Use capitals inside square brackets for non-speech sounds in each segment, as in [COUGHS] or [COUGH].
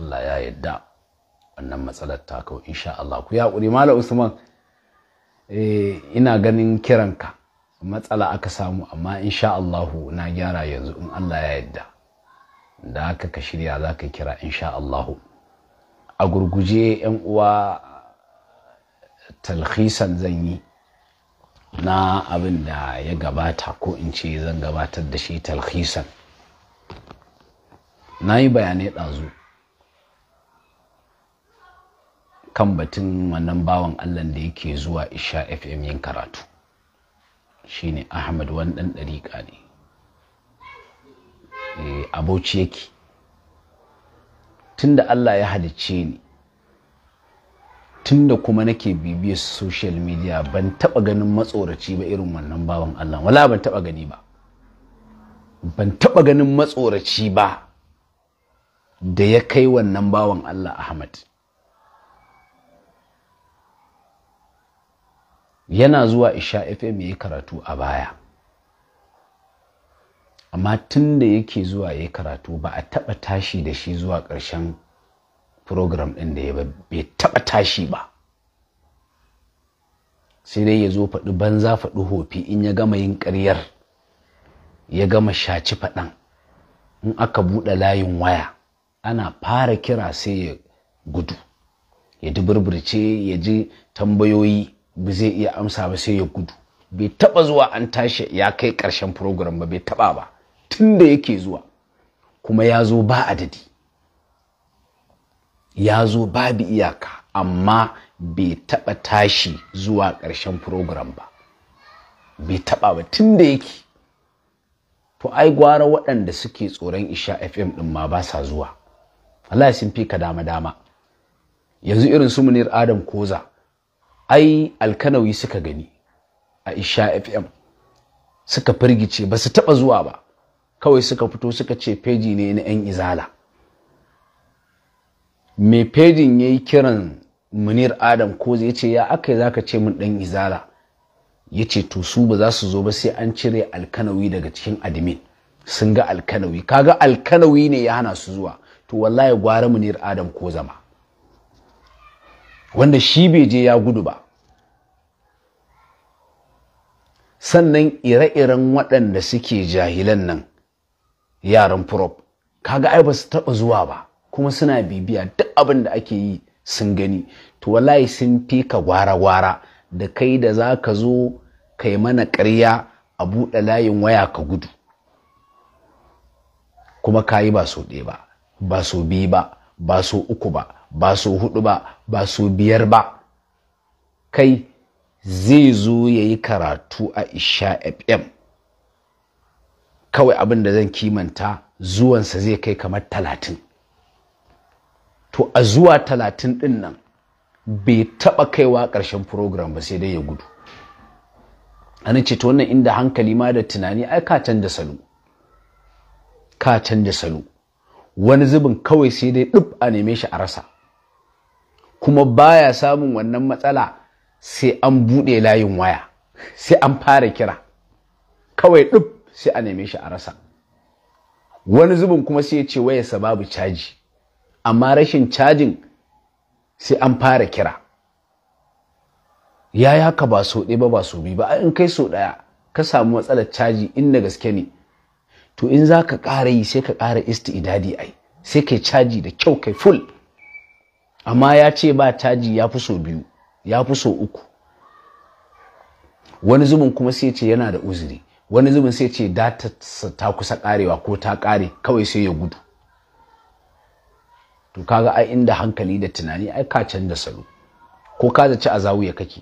Allah ya yadda wannan matsalar ta in insha Allah ku ya Malam Usman eh, ina ganin kiranka matsala aka samu amma insha Allah na gyara yanzu in Allah ya yadda da haka ka shirya za ka kira insha Allah a gurguje yan uwa talhisan zan yi na abin da ya gabata ko in ce zan gabatar da shi talhisan na yi bayanai ɗazu kan batun wannan bawan allah da yake zuwa isha fm yin karatu shine ahmad wani ɗan ɗariƙa ne eh, abauci yake tunda allah ya halicce ni tunda kuma nake bibiyar social media ban taɓa ganin matsoraci ba irin wannan bawan allah wala ban taɓa gani ba ban taɓa ganin matsoraci ba da ya kai wannan bawan allah ahmad yana zuwa isha fm ya yi karatu a baya amma tun da yake zuwa ya yi karatu ba a taɓa tashi da shi zuwa ƙarshen program ɗin da ya bai taɓa tashi ba sai dai ya zo faɗi banza faɗi hofi in ya gama yin ƙaryar ya gama shaci faɗan in aka buɗe layin waya ana fara kira sai ya gudu ya duburburce ya ji tambayoyi ba zai iya amsa ba sai ya gudu bai taba zuwa an tashi ya kai ƙarshen program ba bai taba ba tun da yake zuwa kuma ya zo ba adadi ya zo babu iyaka amma bai taba tashi zuwa ƙarshen program ba bai taba ba tun da yake to ai gwara waɗanda suke tsoron isha fm ɗin ma ba sa zuwa Allah sun fi ka dama dama yanzu irin su munir adam koza ai alkanawi suka gani a isha fm suka firgice ba su taɓa zuwa ba kawai suka fito suka ce feji ne na 'yan izala Me fejin ya yi kiran munir adam ko zai ce ya aka yi za ka ce min ɗan izala ya ce to su ba za su zo ba sai an cire alkanawi daga cikin admin sun ga alkanawi kaga alkanawi ne ya hana su zuwa to wallahi gwara munir adam ko zama wanda shi bai je ya gudu ba sannan ire-iren waɗanda suke jahilan nan yaran prop kaga ai ba su taɓa zuwa ba kuma suna bibiya duk abin da ake yi sun gani to wallahi sun fi ka gwara-gwara da kai da za ka zo kai mana ƙarya a buɗe layin waya ka gudu kuma ka yi ba so ɗaya ba ba so biyu ba ba so uku ba ba su hudu ba ba su biyar ba kai zai zo ya yi karatu a isha fm kawai abin da zan kimanta zuwansa zai kai kamar talatin to a zuwa talatin din nan bai taba kaiwa ƙarshen program ba sai dai ya gudu an ce to wannan inda hankali ma da tunani ai ka canja salo ka canja salo wani zubin kawai sai dai dub a neme shi a rasa kuma baya samun wannan matsala sai an buɗe layin waya sai an fara kira kawai duk sai a neme shi a rasa wani zubin kuma sai ya ce wayarsa babu caji amma rashin cajin sai an fara kira ya haka ba so ɗaya ba ba so biyu ba in kai so ɗaya ka samu matsalar caji In na gaske ne to in za ka ƙara yi sai ka ƙara idadi ai sai kai caji da kyau kai full amma ya ce ba taji ya fi so biyu ya fi so uku wani zubin kuma sai ce yana da uzuri wani zubin sai ce data ta kusa karewa ko ta kare kawai sai ya gudu to kaga ai inda hankali da tunani ai ka canza salo ko ka zaci a ya kake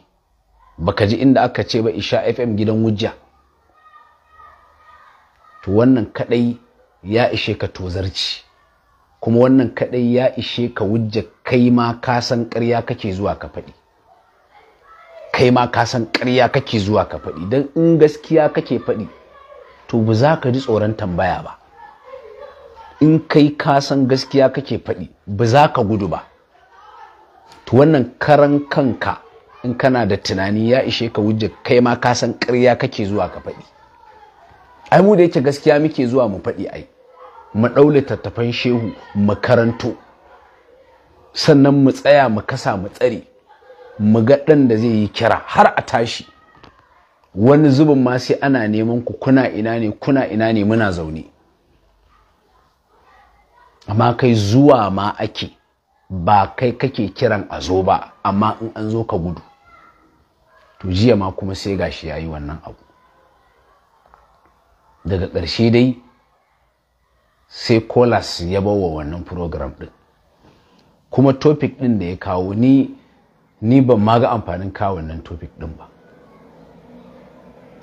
baka ji inda aka ce ba isha fm gidan wujja to wannan kadai ya ishe ka tozarci kuma wannan kaɗai ya ishe ka wujja kai ma ka san ƙarya kake zuwa ka faɗi kai ma ka san ƙarya kake zuwa ka faɗi don in gaskiya kake faɗi to ba za ka ji tsoron tambaya ba in kai ka san gaskiya kake faɗi ba za ka gudu ba to wannan karan kanka in kana da tunani ya ishe ka wujja kai ma ka san ƙarya kake zuwa ka faɗi ai mu da yake gaskiya muke zuwa mu faɗi ai mu ɗau littattafan shehu mu karanto sannan mu tsaya mu kasa mu tsare mu ga ɗan da zai yi kira har a tashi wani zubin ma sai ana neman ku kuna ina ne kuna ina ne muna zaune amma kai zuwa ma ake ba kai kake kiran a zo ba amma in an zo ka gudu to jiya ma kuma sai gashi ya yi wannan abu daga ƙarshe dai sai kolas ya bawa wannan program ɗin kuma topic din da ya kawo ni ni ban ma ga amfanin kawo wannan topic din ba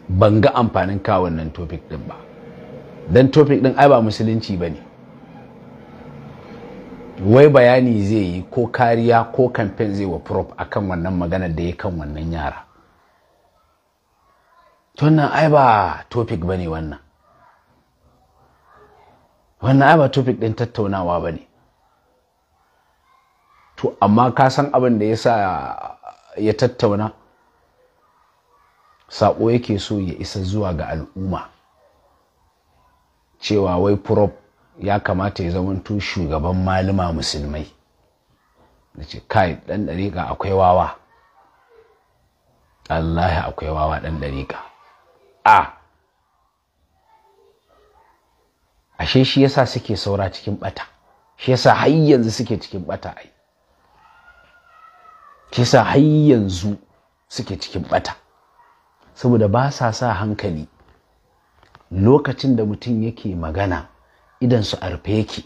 ban ga amfanin ka wannan topic ɗin ba don topic din ai ba musulunci ba ne wai bayani zai yi ko kariya ko kamfen zai wa prop akan wannan magana da ya kan wannan yara tunan ai ba topic ba ne wannan wannan ai ba topic ɗin tattaunawa ba ne to amma ka san abin da ya sa ya tattauna saƙo yake so ya isa zuwa ga al'umma cewa wai prop ya kamata ya zamanto shugaban malama musulmai da ce kai ɗan ɗariƙa akwai wawa allahi akwai wawa ɗan ɗariƙa a ashe shi yasa suke saura cikin bata shi yasa har yanzu suke cikin bata ai shi yasa har yanzu suke cikin bata saboda ba sa sa hankali lokacin da mutum yake magana idan su arfe yake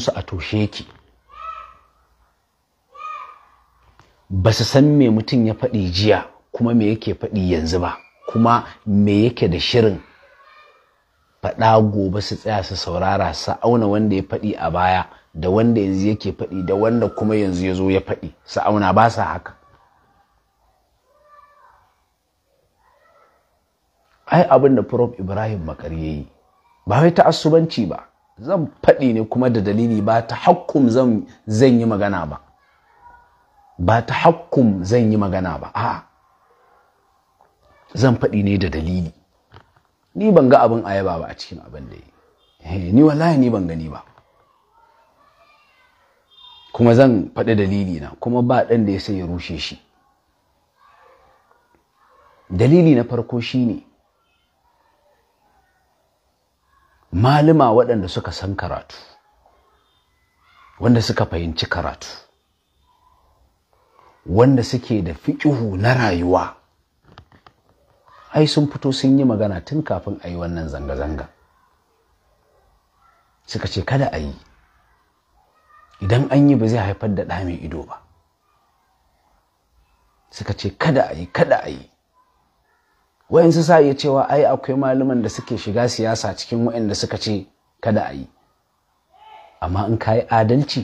su a toshe yake ba su san me mutum ya faɗi jiya kuma me yake faɗi yanzu ba kuma me yake da shirin faɗa gobe su tsaya su saurara su auna wanda ya faɗi a baya da wanda yanzu yake faɗi da wanda kuma yanzu ya zo ya faɗi su auna ba sa haka ai abin da prof ibrahim makar ya yi ba wai ta'assubanci ba zan faɗi ne kuma da dalili ba ta hakkum zan yi magana ba ba ta hakkum zan yi magana ba a zan faɗi ne da dalili ni ban ga abin ayaba ba a cikin abin da yi eh, ni wallahi ni ban gani ba kuma zan faɗi dalili na kuma ba ɗan da ya sai ya rushe shi dalili na farko shine malama waɗanda suka san karatu wanda suka fahimci karatu wanda suke da fiƙihu na rayuwa ai sun fito sun yi magana tun kafin a yi wannan zanga-zanga suka ce kada a yi idan an yi ba zai haifar da ɗa mai ido ba suka ce kada a yi kada a yi wayansu sa iya cewa ai akwai malaman da suke shiga siyasa cikin wayanda suka ce kada a yi amma in ka yi adalci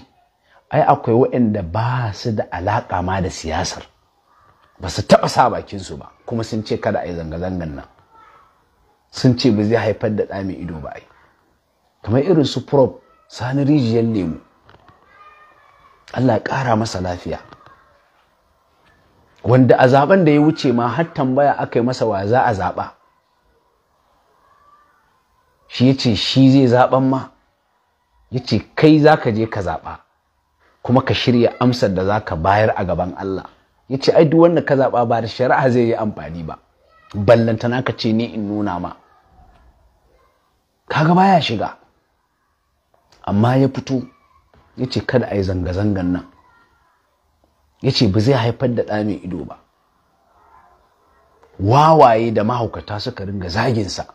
ai akwai wayanda ba su da alaƙa ma da siyasar ba su taɓa sa bakinsu ba kuma sun ce kada a yi zanga-zangan nan sun ce ba zai haifar da ɗa ido ba ai kamar irin su prop sani rijiyar lemu allah ya ƙara masa lafiya wanda a zaben da ya wuce ma har tambaya aka yi masa wa za a zaɓa shi yace shi zai zaɓan ma yace kai za ka je ka zaɓa kuma ka shirya amsar da za ka bayar a gaban allah ya ce ai duk wanda ka zaɓa ba da shari'a zai yi amfani ba ballantana ka ce ni in nuna ma kaga baya shiga amma ya fito ya ce kada a yi zanga-zangan nan ya ce ba zai haifar da ɗa ido ba wawaye da mahaukata suka ringa zaginsa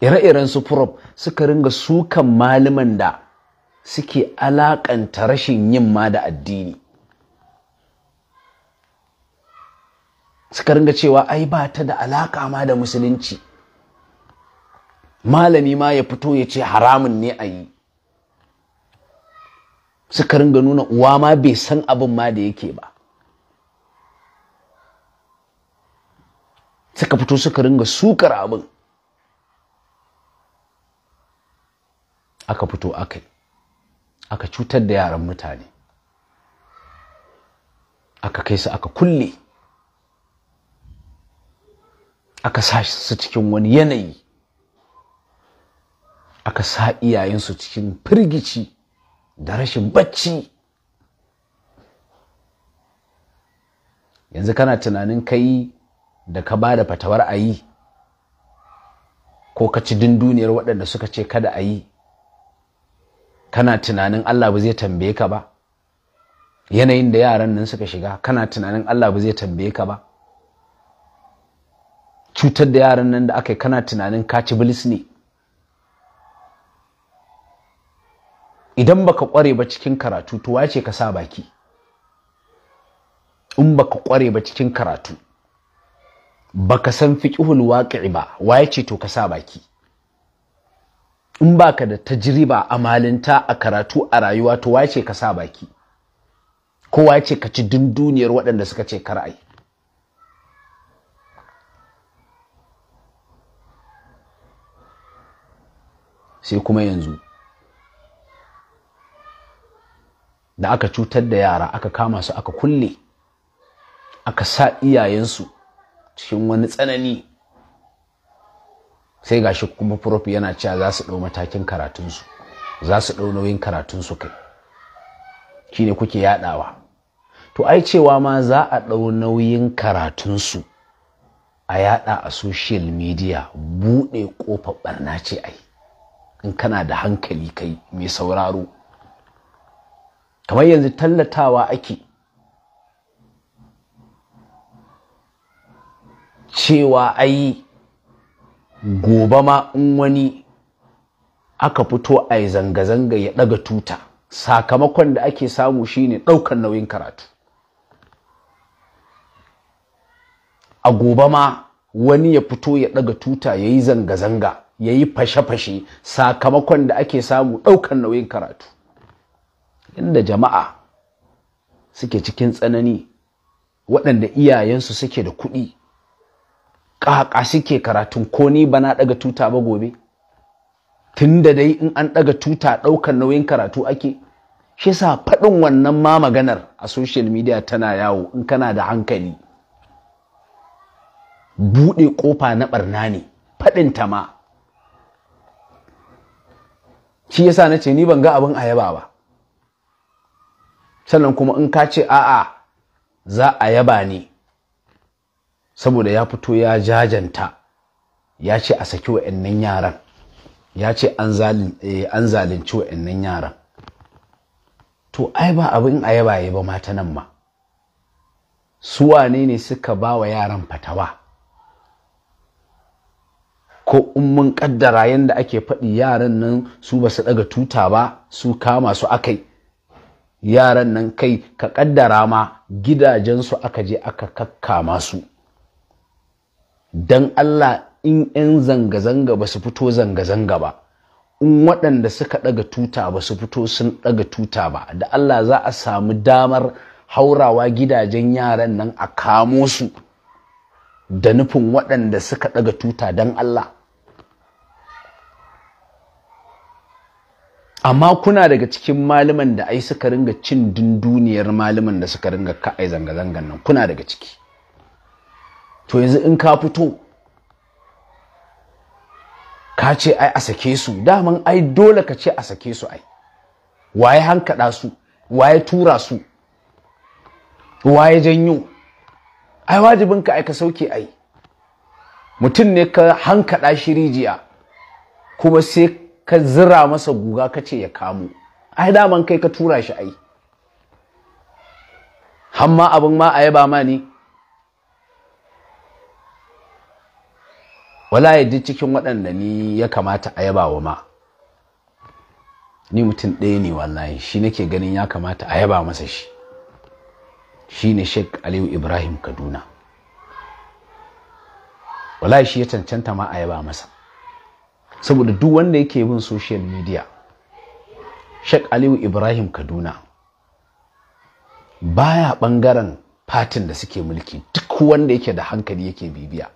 ire-iren su furof suka ringa sukan malaman da suke alaƙanta rashin yin ma da addini suka ringa cewa ai ba ta da alaƙa ma da musulunci malami ma ya fito ya ce haramun ne a yi suka ringa nuna uwa ma bai san abin ma da yake ba suka fito suka ringa sukar abin aka fito aka yi aka cutar da yaran mutane aka kai su aka kulle aka sa su cikin wani yanayi aka sa iyayensu cikin firgici da rashin bacci yanzu kana tunanin kai da ka ba da fatawar a yi ko ka ci dunduniyar waɗanda suka ce kada a yi kana tunanin Allah ba zai tambaye ka ba yanayin da yaran nan suka shiga kana tunanin Allah ba zai tambaye ka ba cutar da yaran nan da aka yi kana tunanin kaci bilis ne idan baka kware ba cikin karatu to wace ka sa baki in baka kware ba cikin karatu baka san fiqhul waqi'i ba wace to ka sa baki in baka da tajriba a malinta a karatu a rayuwa to wace ka sa baki ko wace ka ci dunduniyar waɗanda suka ce kar'ai sai kuma yanzu da aka cutar da yara aka kama su aka kulle aka sa iyayensu cikin wani tsanani sai gashi kuma prof yana cewa za su ɗau matakin karatunsu za su ɗau nauyin karatunsu kai ne kuke yaɗawa to ai cewa ma za a ɗau nauyin karatunsu a yaɗa a social media buɗe ƙofa ɓarna ce ai in kana da hankali kai mai sauraro kamar yanzu tallatawa ake cewa ai gobe ma in wani aka fito a zanga-zanga ya ɗaga tuta sakamakon da ake samu shine ɗaukan nauyin karatu a gobe ma wani ya fito ya ɗaga tuta ya yi zanga-zanga ya yi fashe-fashe sakamakon da ake samu ɗaukan nauyin karatu inda jama'a suke cikin tsanani waɗanda iyayensu suke da kuɗi ƙaƙa suke karatun ko ni ba na ɗaga tuta ba gobe tun da dai in an ɗaga tuta ɗaukar nauyin karatu ake shi sa faɗin wannan ma maganar a social media tana yawo in kana da hankali buɗe ƙofa na ɓarna ne faɗin ta ma shi yasa na ce ni ban ga abin ayaba ba sannan kuma in ka ce a'a za a yaba ne saboda ya fito ya jajanta ya ce a saki wa'annan yaran ya ce an eh, zalunci wa'annan yaran to ai ba abin a yabaye ba mata nan ma su wane ne suka ba wa yaran fatawa ko in mun kaddara yadda ake faɗi yaran nan su ba su ɗaga tuta ba su kama su akai yaran nan kai ka kaddara ma gidajensu aka je aka kakkama su don Allah in 'yan zanga-zanga ba su fito zanga-zanga ba in waɗanda suka ɗaga tuta ba su fito sun ɗaga tuta ba da Allah za a samu damar haurawa gidajen yaran nan a kamo su da nufin waɗanda suka ɗaga tuta don Allah amma kuna daga cikin malaman da ai suka ringa cin dunduniyar malaman da suka ringa ka'ai zanga-zangan nan kuna daga ciki to yanzu in ka fito ka ce ai a sake su daman ai dole ka ce a sake su ai waye hankaɗa su waye tura su waye janyo ai wajibin ka ai ka sauke ai mutum ne ka hankaɗa shi rijiya kuma sai ka zira masa guga ka ce ya kamo ai daman kai ka tura shi ai hamma abin ma a yaba ma ne Wala duk cikin waɗanda ni ya kamata a yaba wa ma ni mutum ɗaya ne wallahi shi nake ganin ya kamata a yaba masa shi shi ne shek aliyu ibrahim kaduna wallahi shi ya cancanta ma a yaba masa saboda duk wanda yake bin social media shek aliyu ibrahim kaduna baya ɓangaren fatin da suke mulki duk wanda yake da hankali yake bibiya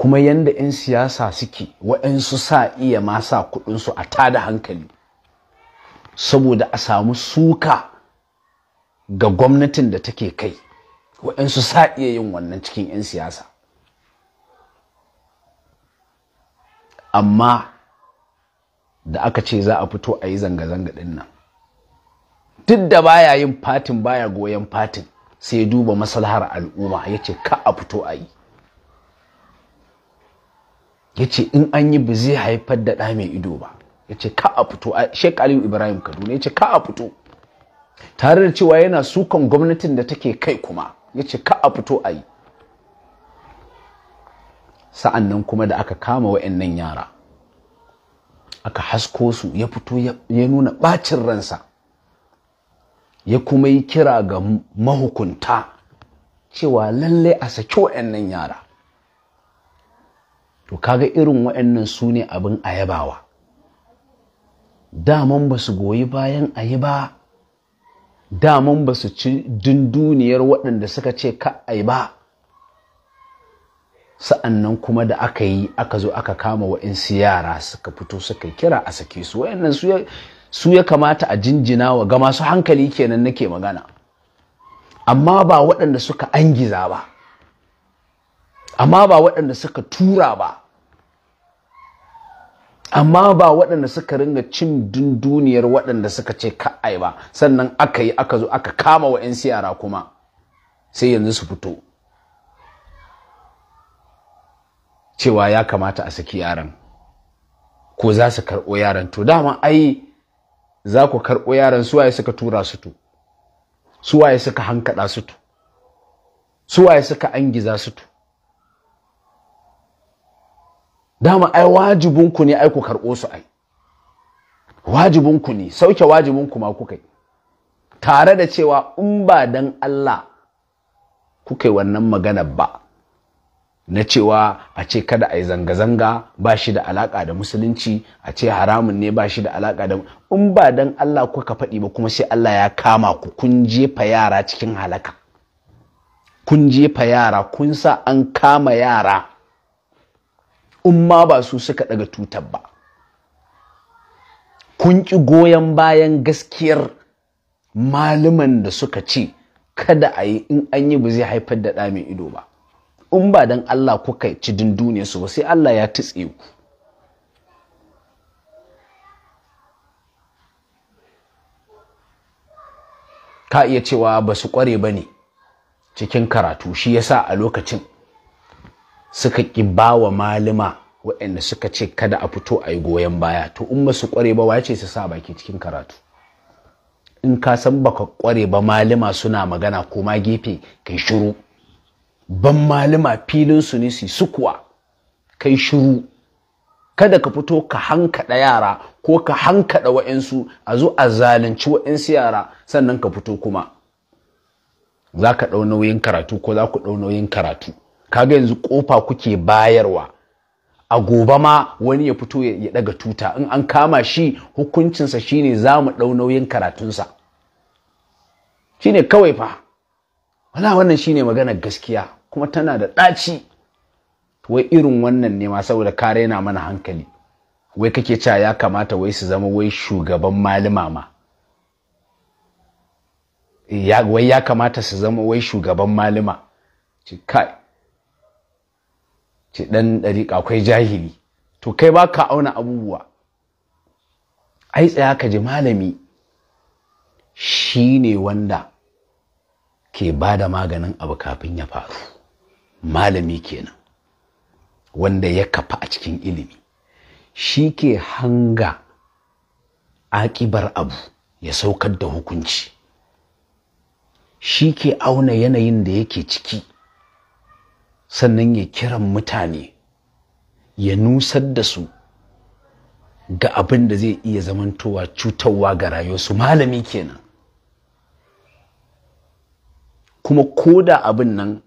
kuma yanda 'yan siyasa suke waɗansu sa iya ma sa su a tada hankali saboda a samu suka ga gwamnatin da take kai waɗansu sa iya yin wannan cikin 'yan siyasa amma da aka ce za a fito a yi zanga-zanga din nan duk da baya yin fatin baya goyon fatin sai duba maslahar al'umma ya ce ka a fito a yi ya ce in an yi ba zai haifar da ɗa mai ido ba ya ce ka a fito shek aliyu ibrahim kaduna ya ce ka a fito tare da cewa yana sukan gwamnatin da take kai kuma ya ce ka a fito a yi sa'an nan kuma da aka kama wa'annan yara aka hasko su ya fito ya nuna ɓacin ransa ya kuma yi kira ga mahukunta cewa lallai a saki wa'annan yara to kaga irin waɗannan su ne abin ayabawa daman ba su goyi bayan a yi ba daman ba su ci dunduniyar waɗanda suka ce ka a yi ba sa'annan kuma da aka yi aka zo aka kama wa'insu yara suka fito suka kira a sake su wayannan su ya kamata a jinjina wa ga masu hankali kenan nake magana amma ba waɗanda suka angiza ba amma ba waɗanda suka tura ba amma ba waɗanda suka ringa cin dunduniyar waɗanda suka ce ka'ai ba sannan aka yi aka zo aka kama wa 'yan siyara kuma sai yanzu su fito cewa ya kamata a saki yaran ko za su karɓo yaran to dama ai za ku karɓo yaran suwaye suka tura su to suwaye suka hankada su to suwaye suka angiza su to dama ai wajibinku ne ai ku karɓo su ai wajibinku ne sauke wajibinku ma kuka yi tare da cewa in ba dan Allah kuka yi wannan magana ba na cewa a ce kada a yi zanga-zanga ba shi da alaƙa da musulunci a ce haramun ne ba shi da alaƙa da in ba dan Allah kuka faɗi ba kuma sai Allah ya kama ku kun jefa yara cikin halaka kun jefa yara kun sa an kama yara umma ba su suka daga tutar ba kun ƙi goyon bayan gaskiyar malaman da suka ce kada a yi in an yi ba zai haifar da ɗa mai ido ba in ba don Allah kuka ci dunduniya su ba sai Allah ya tutse ku ka iya cewa ba su kware ba ne cikin karatu shi yasa a lokacin suka ki bawa malima waɗanda suka ce kada a fito a yi goyon baya to in masu kware ba wace su sa baki cikin karatu in ka san baka kware ba malima suna magana ko ma gefe kai shiru ban malima filin su ne su sukuwa kai shiru kada ka fito ka hankaɗa yara ko ka hankaɗa wa'insu a zo a zalunci wa'insu yara sannan ka fito kuma za ka ɗau nauyin karatu ko za ku ɗau nauyin karatu kaga yanzu kofa kuke bayarwa a gobe ma wani ya fito ya daga tuta in an kama shi hukuncinsa shine za mu ɗau nauyin karatunsa shine kawai fa wala wannan shine maganar gaskiya kuma tana da ɗaci wai irin wannan ne ma saboda ka raina mana hankali wai kake cewa ya kamata wai su zama wai shugaban malima ma wai ya kamata su zama wai shugaban malima kai ce ɗan ɗariƙa akwai jahili to kai ba auna abubuwa ai tsaya ka ji malami shi ne wanda ke ba da maganin abu kafin ya faru malami kenan wanda ya kafa a cikin ilimi shi ke hanga aƙibar abu ya saukar da hukunci shi ke auna yanayin da yake ciki sannan ya kiran mutane ya nusar da su ga abin da zai iya zamantowa cutarwa ga rayuwarsu malami kenan kuma ko da abin nan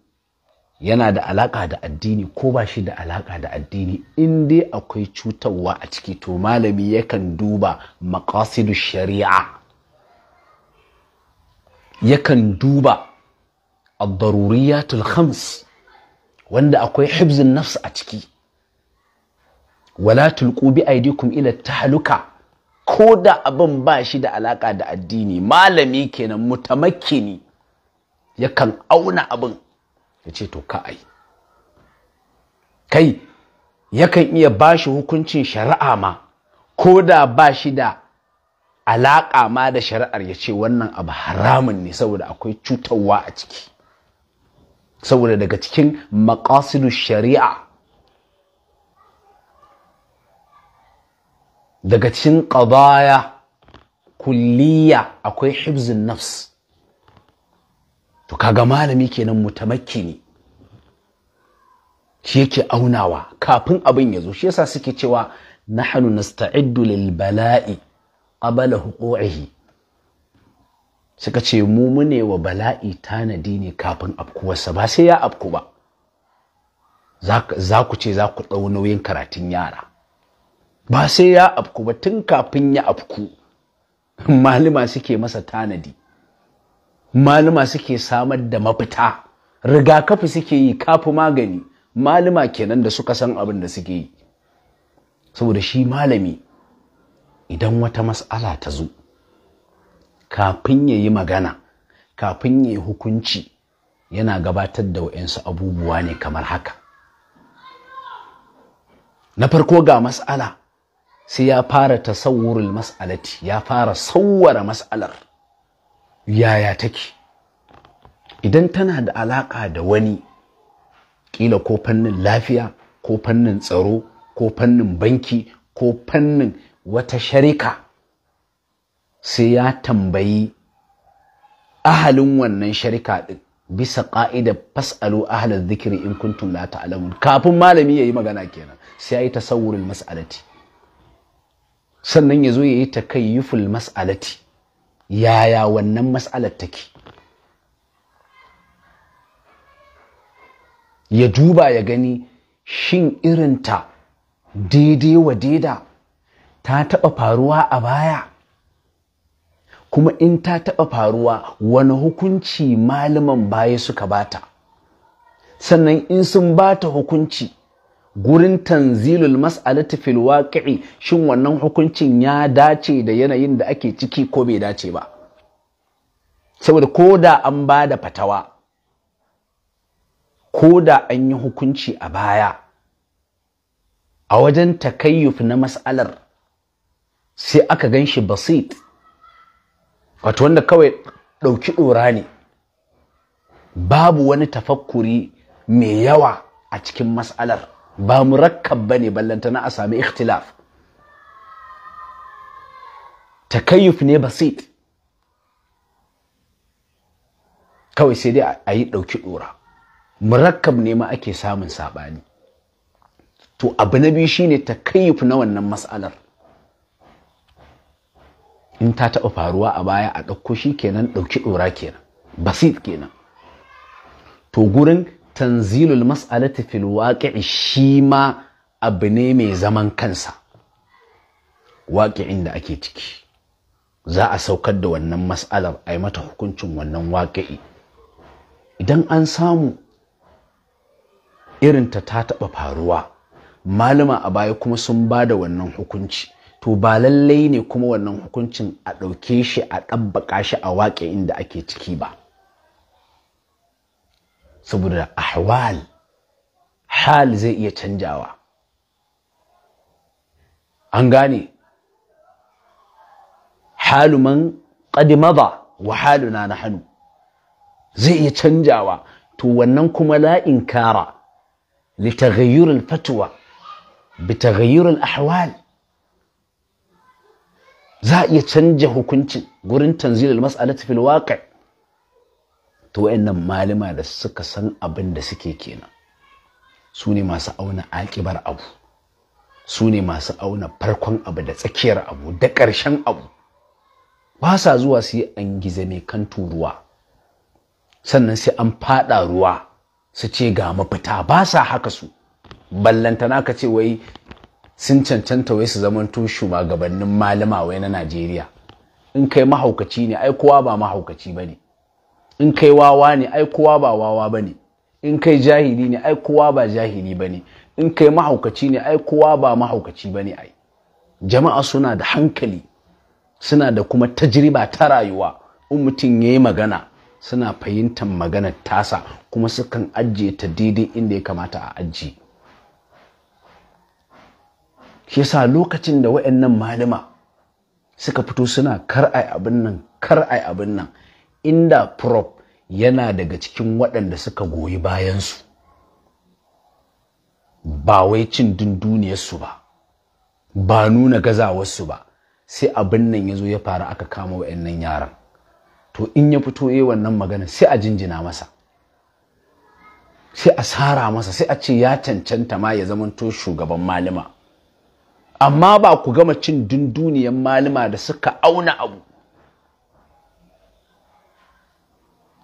yana da alaƙa da addini ko ba shi da alaƙa da addini in dai akwai cutarwa a ciki to malami yakan duba maƙasidu shari'a yakan duba al-daruriyatul الخمس wanda akwai hibzin nafs a ciki wala tulqu bi aydikum ila tahluka ko da abin ba shi da alaka da addini malami kenan mutamakkini yakan auna abin ya ce to ka ai kai yakan iya ba shi hukuncin shari'a ma ko da ba shi da alaƙa ma da shari'ar ya ce wannan abu haramun ne saboda akwai cutarwa a ciki saboda daga cikin maqasidu shari'a daga cikin ƙabaya kulliya akwai hibzin nafs to kaga malami kenan ne shi yake aunawa kafin abin ya zo shi yasa suke cewa nahnu nasta'iddu lil bala'i qabla huqu'ihi suka ce mu mune wa bala'i tanadi ne kafin afkuwarsa ba sai ya afku ba za ku ce za ku ɗau nauyin karatun yara ba sai ya afku ba tun kafin ya afku [LAUGHS] malama suke masa tanadi malama suke samar da mafita rigakafi suke yi kafi magani malama kenan da suka san abin da suke yi saboda shi malami idan wata mas'ala ta zo kafin ya yi magana kafin ya yi hukunci yana gabatar da wa'insu abubuwa ne kamar haka na farko ga mas'ala sai ya fara tasawurul mas'alati ya fara sauwara mas'alar yaya take idan tana da alaƙa da wani ƙila ko fannin lafiya ko fannin tsaro ko fannin banki ko fannin wata sharika sai ya tambayi ahalin wannan sharika ɗin bisa ƙa'idar fas'alu ahalin zikiri in kuntum la ta'lamun kafin malami ya yi magana kenan sai ya yi tasawurin mas'alati sannan ya zo ya yi takayyuful mas'alati yaya wannan mas'alar take ya duba ya gani shin irinta daidai wa daida ta taɓa faruwa a baya kuma in ta taɓa faruwa wani hukunci malaman baya suka bata sannan in sun bata hukunci gurin tanzilul mas'alati fil waqi'i shin wannan hukuncin ya dace da yanayin da ake ciki ko bai dace ba saboda ko da an ba da fatawa ko da an yi hukunci a baya a wajen takayyuf na mas'alar sai aka gan shi basit wato wanda kawai ɗauki ɗora ne babu wani tafakkuri mai yawa a cikin mas'alar ba murakkab ba ne ballantana a sami ikhtilaf takayyuf ne basit kawai sai dai a yi ɗauki ɗora murakkab ne ma ake samun saɓani to abu na biyu shine takayyuf na wannan matsalar in ta taɓa faruwa a baya a ɗauko shi kenan ɗauki ɗora kenan basit kenan to gurin tanzilul mas'alati fil waqi'i shi ma abu ne mai zaman kansa waƙi'in da ake ciki za a saukar da wannan mas'alar ai mata hukuncin wannan waƙi'i idan an samu irinta ta taɓa faruwa malama a baya kuma sun ba da wannan hukunci to ba lallai ne kuma wannan hukuncin a ɗauke shi a ɗabbaƙa shi a waƙe inda ake ciki ba saboda ahwal hal zai iya canjawa an gane haluman ƙadimaba wa haluna na hannu zai iya canjawa to wannan kuma la'in kara litaghayyurul fatwa bitaghayyurul ahwal za a iya canja hukuncin gurin tanzilul mas'alati fil waqi to wayannan malama da suka san abin da suke kenan su ne masu auna aƙibar abu su ne masu auna farkon abu da tsakiyar abu da ƙarshen abu ba sa zuwa su yi an gize mai kan ruwa sannan sai an faɗa ruwa su ce ga mafita ba sa haka su ballantana ka ce wai sun cancanta wai su zamanto shugabannin malama wai na Najeriya in kai mahaukaci ne ai kowa ba mahaukaci bane in kai wawa ne ai kowa ba wawa bane in kai jahili ne ai kowa ba jahili bane in kai mahaukaci ne ai kowa ba mahaukaci bane ai jama'a suna da hankali suna da kuma tajriba ta rayuwa in mutum yayi magana suna fahimtar maganar tasa kuma sukan ajiye ta daidai inda ya kamata a ajiye shi yasa lokacin da wayannan malama suka fito suna kar ai abin nan kar abin nan inda prop yana daga cikin waɗanda suka goyi bayansu ba wai cin dunduniyarsu ba ba nuna gazawarsu ba sai abin nan ya zo ya faru aka kama wayannan yaran to in ya fito yi wannan magana sai a jinjina masa sai a sara masa sai a ce ya cancanta ma ya zamanto shugaban malama amma ba ku gama cin dunduniyar malama da suka auna abu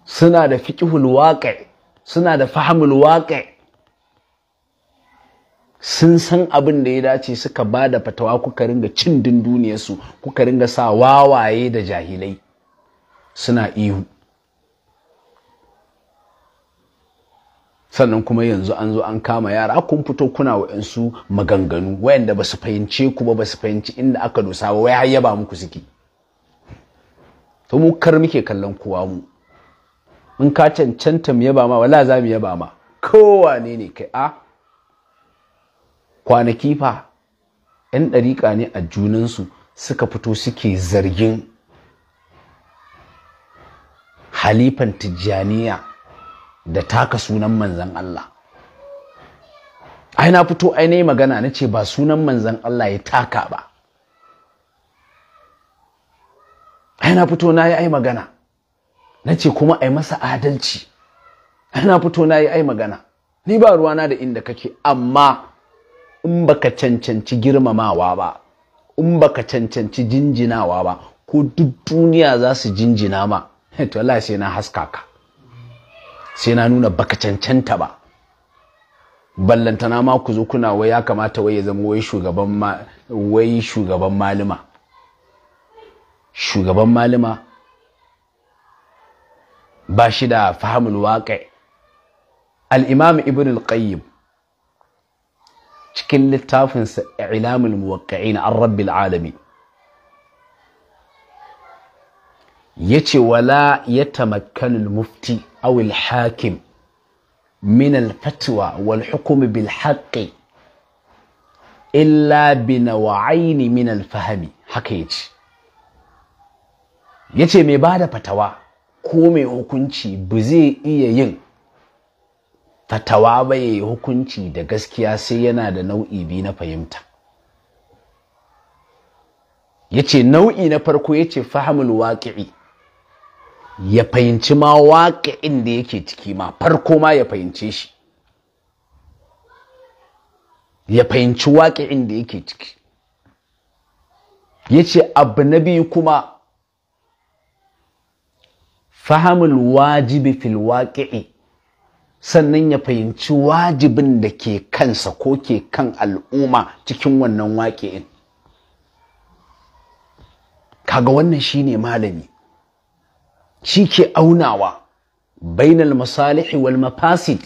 suna da fiƙihul waƙe suna da fahimul waƙe sun san abin da ya dace suka ba da fatawa kuka ringa cin dunduniyarsu kuka ringa sa wawaye da jahilai suna ihu sannan kuma yanzu an zo an kama yara kun fito kuna wa'yansu maganganu wayanda ba su fahimce ku ba ba su fahimci inda aka dosa ba wai har yaba muku suke to mu kar muke kallon kowa mu in ka cancanta mu yaba ma wala za mu yaba ma kowane ne kai a kwanaki fa yan ɗariƙa ne a junansu suka fito suke zargin halifan tijjaniya da taka sunan manzan Allah ai na fito ai yi magana na ce ba sunan manzan Allah ya taka ba ai na fito na yi ai magana na ce kuma ai masa adalci ai na fito na yi ai magana ni ba ruwana da inda kake amma in baka cancanci girmamawa ba in baka cancanci jinjinawa ba ko duk duniya za su jinjina ma [LAUGHS] to Allah sai na haska ka sai na nuna baka cancanta ba ballantana ma ku zo kuna wai ya kamata wai ya zama wai shugaban wai shugaban malima shugaban malima ba shi da fahimul waqi al-imam ibn al-qayyim cikin littafinsa ilamul muwaqqi'in an rabbil alamin yace wala yatamakkanu al-mufti أو الحاكم من الفتوى والحكم بالحق إلا بنوعين من الفهم حكيج yace mai bada fatawa ko mai hukunci ba zai iya yin fatawa ba ya hukunci da gaskiya sai yana da nau'i biyu na fahimta yace nau'i na farko yace fahamul waƙi'i ya fahimci ma waƙa inda yake ciki ma farko ma ya fahimce shi ya fahimci waƙa inda yake ciki ya ce abu na biyu kuma fahimul wajibi fil waƙi'i sannan ya fahimci wajibin da ke kansa ko ke kan al'umma cikin wannan waƙi'in kaga wannan shine malami Cike ke aunawa bainal masalihi wal mafasid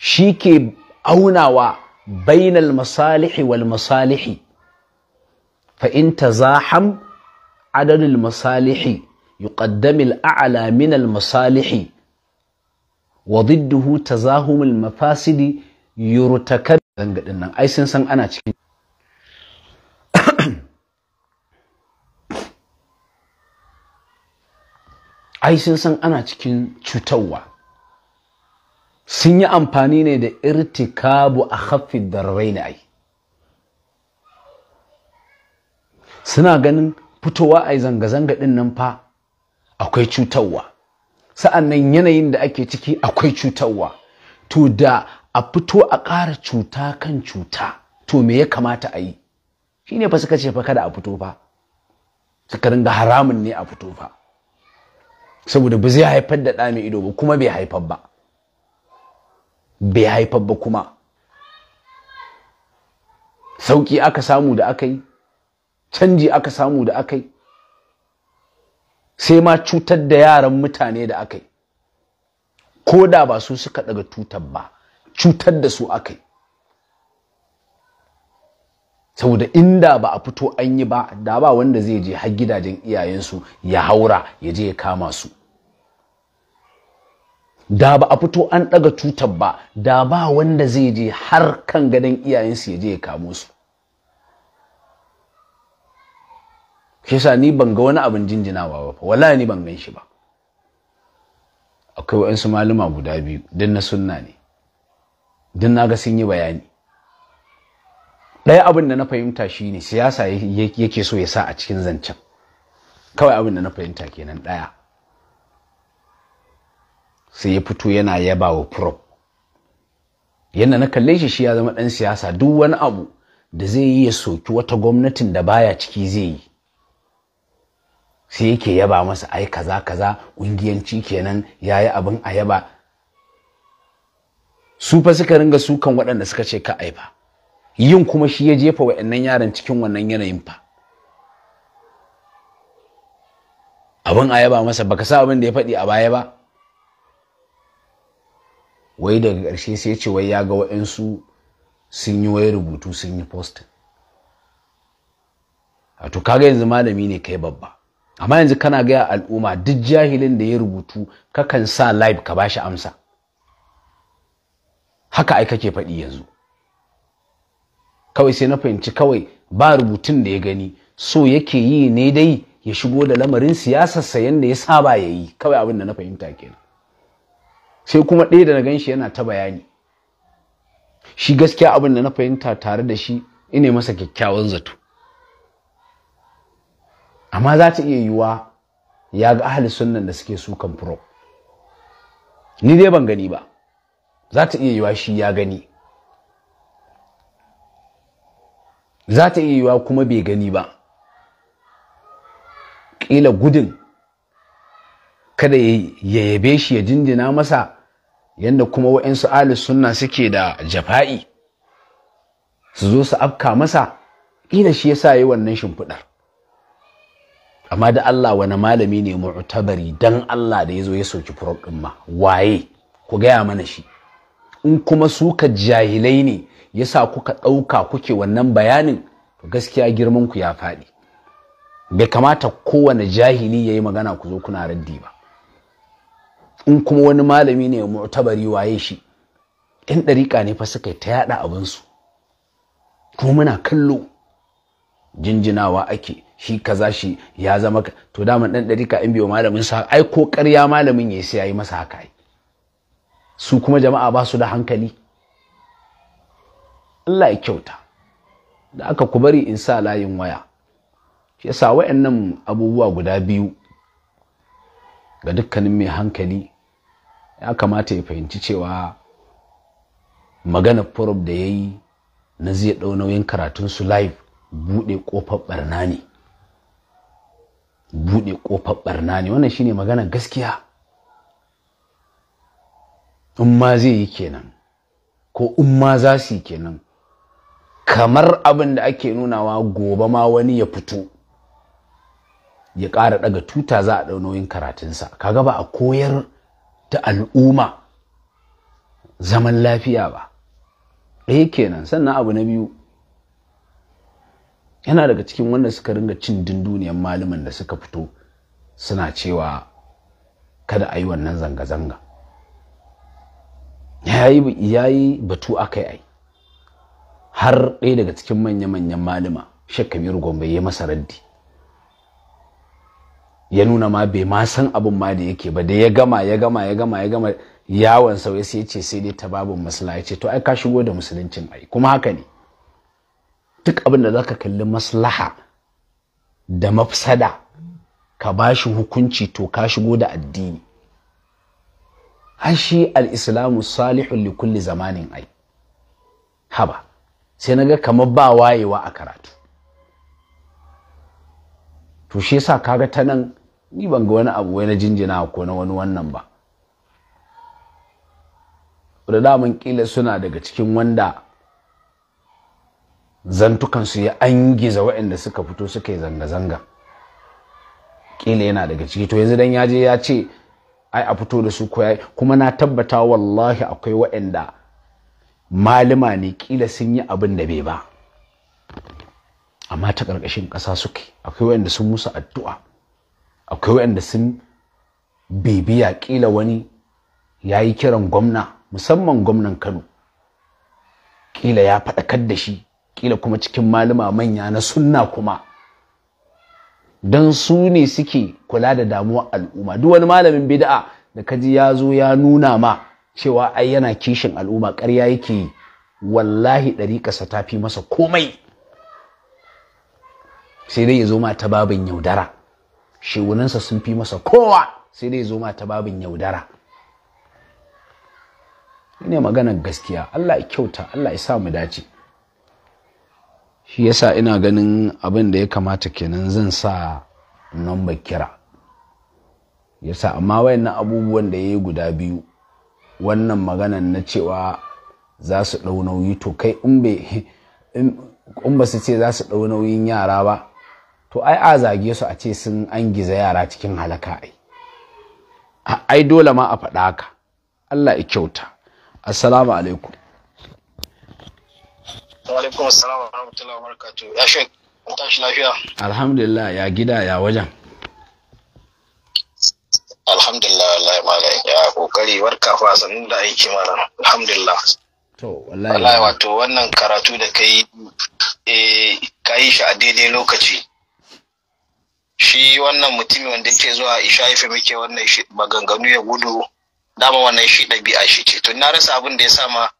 shi ke aunawa bainal masalihi wal masalihi fa in tazaham adadul masalihi yuqaddamu al a'la min al masalihi wa ضده تزاهم المفاسد يرتكب gangadin nan ai sun ana ciki. ai sun san ana cikin cutarwa sun yi amfani ne da irtikabu a haffi da na ai suna ganin fitowa a yi zanga-zanga ɗin nan fa akwai cutarwa sa'an nan yanayin da ake ciki akwai cutarwa to da a fito a ƙara cuta kan cuta to me ya kamata a yi shi ne fa suka ce fa kada a fito fa suka ringa haramun ne a fito fa saboda ba zai haifar da ɗa mai ido ba kuma bai haifar ba bai haifar ba kuma Sauki aka samu da aka yi canji aka samu da aka yi sai ma cutar da yaran mutane da aka yi ko da ba su suka daga tutar ba cutar da su aka yi saboda inda ba a fito an yi ba da ba wanda zai je har gidajen iyayensu ya haura ya je ya kama su da ba a fito an ɗaga tutar ba da ba wanda zai je har kan gadon iyayensu ya je ya kamo su kisa ni ban ga wani abin jinjinawa ba wala ni ban gan shi ba akwai wa'ansu malama guda biyu din na sunna ne din na ga sun yi bayani ɗaya abin da na fahimta shi ne siyasa yake so ya sa a cikin zancen kawai abin da na fahimta kenan ɗaya sai ya fito yana yaba wa prop yadda na kalle shi shi ya zama ɗan siyasa duk wani abu da zai yi ya soki wata gwamnatin da baya ciki zai yi sai yake yaba masa ai kaza kaza ƙungiyanci kenan ya yi abin a yaba su fa suka ringa sukan waɗanda suka ce ka aifa yin kuma shi ya jefa wayannan yaran cikin wannan yanayin fa abin a yaba masa baka sa abin da ya faɗi a baya ba wai daga ƙarshe sai ce wai ya ga wa'insu sun yi wai rubutu sun yi postin a to kaga yanzu malami ne kai babba amma yanzu kana gaya al'umma duk jahilin da ya rubutu kakan sa live ka bashi amsa haka ai kake faɗi yanzu kawai sai na fahimci kawai ba rubutun da ya gani so yake yi ne dai ya shigo da lamarin siyasarsa da ya saba ya yi kawai abin da na fahimta kenan sai kuma ɗaya da na gan shi yana ta bayani shi gaskiya abin da na fahimta tare da shi ina masa kyakkyawan zato amma za ta iya yiwuwa ya ga ahli sunnan da suke sukan furo ni dai ban gani ba za ta iya yiwuwa shi ya gani za ta iya yiwuwa kuma bai gani ba ƙila gudun kada ya yabe shi ya jinjina masa yanda kuma wa'insu ahli sunna suke da jafa'i su zo su afka masa ƙila shi yasa yi wannan shimfiɗar amma da Allah wani malami ne mu'tabari dan Allah da ya zo ya soki furok ɗin ma waye ku gaya mana shi in kuma suka jahilai ne yasa kuka ɗauka kuke wannan bayanin to gaskiya girman ku ya faɗi bai kamata kowane jahili ya yi magana ku zo kuna raddi ba in kuma wani malami ne mu'tabari waye shi yan ɗarika ne fa suka ta yaɗa abinsu kuma muna kallo jinjinawa ake shi kaza shi ya zama to dama dan dariƙa in biyo malamin sa ai ko ƙarya malamin ya sai yayi masa haka su kuma jama'a ba su da hankali Allah ya kyauta da aka ku bari in sa layin waya Ya yasa wayannan abubuwa guda biyu ga dukkanin mai hankali ya kamata ya fahimci cewa magana forum da ya yi na zai ɗau nauyin karatunsu live buɗe ƙofar ɓarna ne buɗe ƙofar ɓarna ne wannan shine magana gaskiya in ma zai yi kenan ko in ma za su yi kenan kamar abin da ake nunawa gobe ma wani ya fito ya ƙara ɗaga tuta za a ɗau nauyin karatunsa kaga ba a koyar ta al'umma zaman lafiya ba ɗaya kenan sannan abu na biyu yana daga cikin wanda suka ringa cin dunduniyar malaman da suka fito suna cewa kada a yi wannan zanga-zanga ya yi batu aka yi har ɗaya daga cikin manya-manyan malama shekabiru gombe ya masa raddi ya nuna ma bai ma san abin ma da yake ba da ya gama ya gama ya gama ya gama yawon sauye sai ce sai dai ta babu maslaha ya ce to ai ka shigo da musuluncin ai kuma haka ne duk abin da za ka kalli maslaha da mafsada ka ba shi hukunci to ka shigo da addini har shi al-islamu salihun li zamanin ai haba sai na ga kamar ba wayewa a karatu to shi yasa kaga ta nan ni ban ga wani abu wai na jinjina ko na wani wannan ba da mun kila suna daga cikin wanda zantukansu ya an giza waɗanda suka fito suka yi zanga-zanga kila yana daga ciki to yanzu dan yaje ya ce ai a fito da su ko yayi kuma na tabbata wallahi akwai waɗanda malama ne kila sun yi abin da bai ba amma ta ƙarƙashin ƙasa suke akwai waɗanda sun musu addu'a akwai waɗanda sun bibiya ƙila wani ya yi kiran gwamna musamman gwamnan kano ƙila ya faɗakar da shi ƙila kuma cikin malama manya na sunna kuma don su ne suke kula da damuwar al'umma duk wani malamin bid'a da kaji ya zo ya nuna ma cewa ai yana kishin al'umma ƙarya yake yi wallahi ɗariƙarsa ta fi masa komai sai dai ya zo ma ta babin yaudara shegunansa sun fi masa kowa sai dai zo ma ta babin yaudara ne maganar gaskiya Allah ya kyauta Allah ya sa mu dace shi yasa ina ganin abin da ya kamata kenan zan sa number kira yasa amma wayannan abubuwan da yayi guda biyu wannan maganan na cewa za su ɗau nauyi to kai [LAUGHS] in ba su ce za su ɗau nauyin yara ba to ai a zage su a ce sun an giza yara cikin halaka ai ai dole ma a faɗa haka Allah ya kyauta assalamu alaikum alaikum assalamu wa wa barakatuh ya shek an tashi lafiya alhamdulillah ya gida ya wajen alhamdulillah wallahi malam ya kokari warka fa sanin da aiki mara. alhamdulillah to wallahi wato wannan karatu da kai eh kai shi a daidai lokaci shi wannan mutumin wanda yake zuwa isha ife muke wannan maganganu ya gudu dama wannan shi ɗabi'a shi ce to na rasa abin da ya sama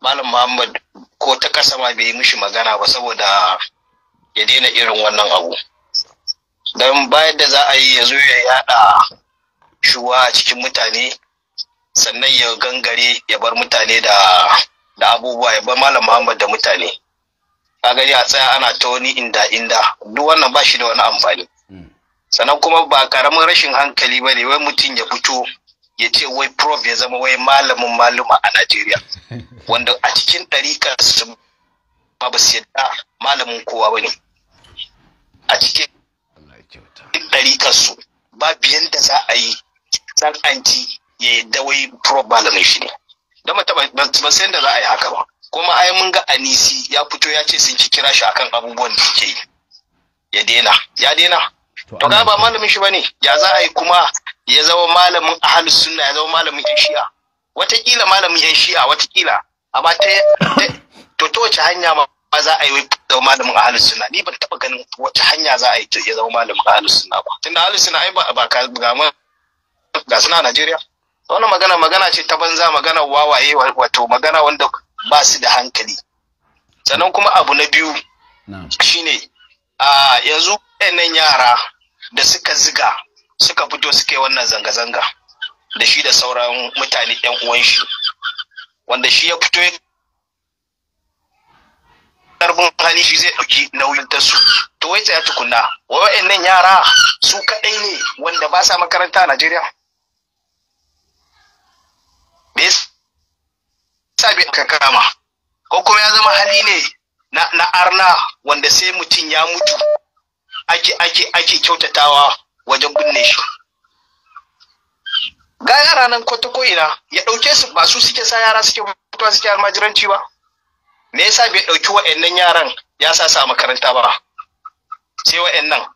malam muhammad ko ta ƙasa ma bai yi mishi magana ba saboda ya daina irin wannan abu don bayan da za a yi ya zo ya yada shuwa a cikin mutane sannan ya gangare ya bar mutane da da abubuwa ya bar malam muhammad da mutane ka gani a tsaya ana ta wani inda inda duk wannan ba shi da wani amfani sannan kuma ba karamin rashin hankali ba ne wai mutum ya fito ya ce wai prof ya zama wai malamin maluma a Najeriya [LAUGHS] wanda a cikin ɗarika su ba ba su yadda malamin kowa ba ne a cikin ɗarika su ba biyan da za a yi san anti ya yadda wai prof malamin shi ne don ba san da za a yi haka ba kuma ai mun ga anisi ya fito ya ce sun ci kira shi akan abubuwan da yake yi ya daina ya daina to ga ba malamin shi bane ya za a yi kuma ya zama malamin ahlus sunna ya zama malamin yan shi'a watakila malamin yan shi'a watakila amma ta to ta wace hanya ma za a yi zama malamin ahlus sunna ni ban taba ganin wata hanya za a yi ya zama malamin ahlus sunna ba tunda ahlus sunna ai ba ka ga ma ga suna Najeriya wannan magana magana ce ta banza magana wawaye wato magana wanda ba su da hankali sannan kuma abu na biyu shine a yanzu nan yara da suka ziga suka fito suke wannan zanga-zanga da shi da sauran mutane yan uwan shi wanda shi ya fito ya karbin hali shi zai ɗauki nauyin ta su to wai tsaya tukunna wa'annan yara su kaɗai ne wanda ba sa makaranta a Najeriya me yasa ka kama ko kuma ya zama hali ne na arna wanda sai mutum ya mutu ake ake ake kyautatawa wajen binne shi ga yara nan kwata ko ina ya dauke su ba su suke sa yara suke mutuwa suke almajiranci ba me yasa bai dauki wa'annan yaran ya sa sa makaranta ba sai wa'annan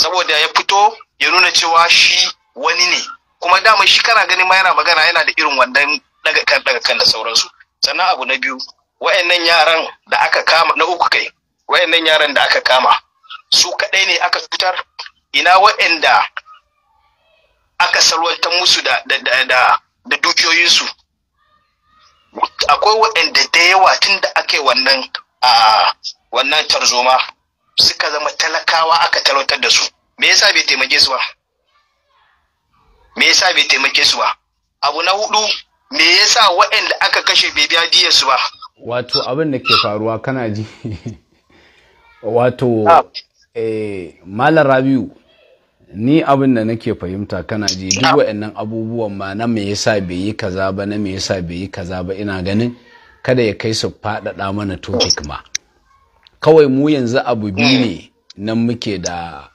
saboda ya fito ya nuna cewa shi wani ne kuma dama shi kana gani ma yana magana yana da irin wannan daga kan daga kan da sauransu sannan abu na biyu wa'annan yaran da aka kama na uku kai wa'annan yaran da aka kama su kaɗai ne aka cutar ina waɗanda aka salwantar musu da da dukiyoyinsu akwai waɗanda da yawa tun da wannan a wannan tarzoma suka zama talakawa aka talautar da su me yasa bai taimake su ba me yasa bai taimake su ba abu na hudu me yasa waɗanda aka kashe bai biya diyar su ba wato abin da ke faruwa kana ji [LAUGHS] wato ah. eh malar rabiu ni abin da nake fahimta kana ji duk waɗannan abubuwan ma na me yasa bai yi kaza ba na me yasa bai yi kaza ba ina ganin kada ya kai su faɗaɗa mana topic ma kawai mu yanzu abu biyu ne nan muke da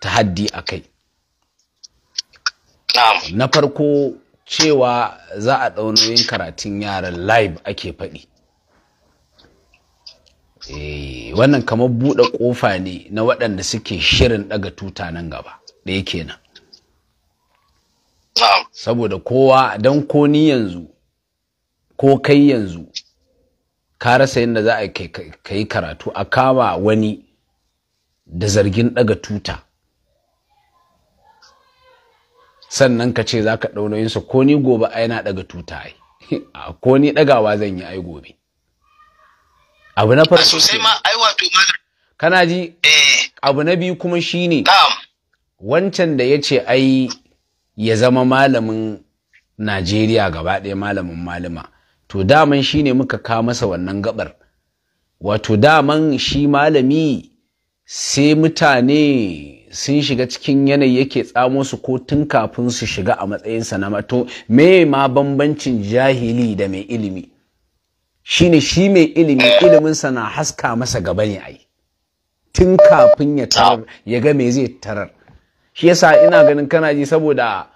tahaddi a kai na farko cewa za a ɗaunoyin karatun yaran live ake faɗi Eh, wannan kamar buɗe ƙofa ne na waɗanda suke shirin ɗaga tuta nan gaba ɗaya kenan saboda kowa don ko ni yanzu ko kai yanzu ka rasa da za a ka yi karatu a kama wani da zargin ɗaga tuta sannan ka ce za ka ɗaunoyinsa ko ni gobe ai na ɗaga tuta ai [LAUGHS] ko ni ɗagawa zan yi ai gobe abu na farko sosai ma ai wato kana ji eh abu na biyu kuma shine wancan da yace ai ya zama malamin Najeriya gaba ɗaya malamin malama to daman shine muka ka masa wannan gabar wato daman shi malami sai mutane sun shiga cikin yanayi yake tsamo su ko tun kafin su shiga a matsayinsa na mato me ma bambancin jahili da mai ilimi shine shi mai ilimi iliminsa na haska masa gaba ne ai tun kafin ya tarar ya ga me zai tarar shi yasa ina ganin kana ji saboda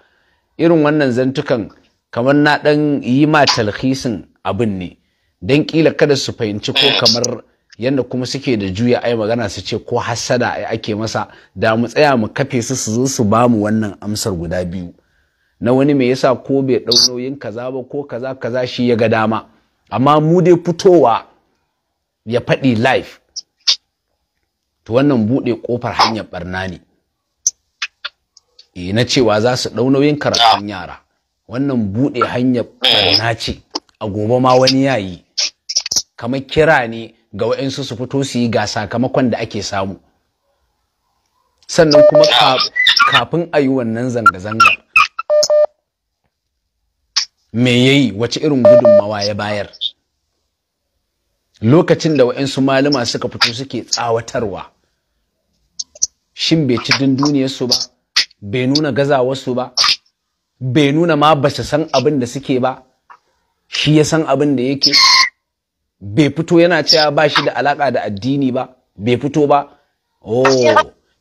irin wannan zantukan kamar na ɗan yi ma talhisin abin ne dan kila kada su fahimci ko kamar yadda kuma suke da juya ai magana su ce ko hassada ai ake masa da mu tsaya mu kafe su su zo su bamu wannan amsar guda biyu na wani me yasa ko bai ɗau nauyin kaza ba ko kaza kaza shi ya ga dama amma mu dai fitowa ya faɗi live to wannan buɗe ƙofar hanyar barna ne eh, na cewa za su ɗau nauyin karatun yara wannan buɗe hanyar barna ce a gobe ma wani yayi kamar kira ne ga wa'insu su fito su yi ga sakamakon da ake samu sannan kuma kafin a yi wannan zanga-zangar me ya yi wace irin gudunmawa ya bayar lokacin da wa'insu malama suka fito suke tsawatarwa shin bai ci dunduniyarsu ba bai nuna gazawarsu ba bai nuna ma ba su san abin da suke ba shi ya san abin da yake bai fito yana cewa ba shi da alaka da addini ba bai fito ba oh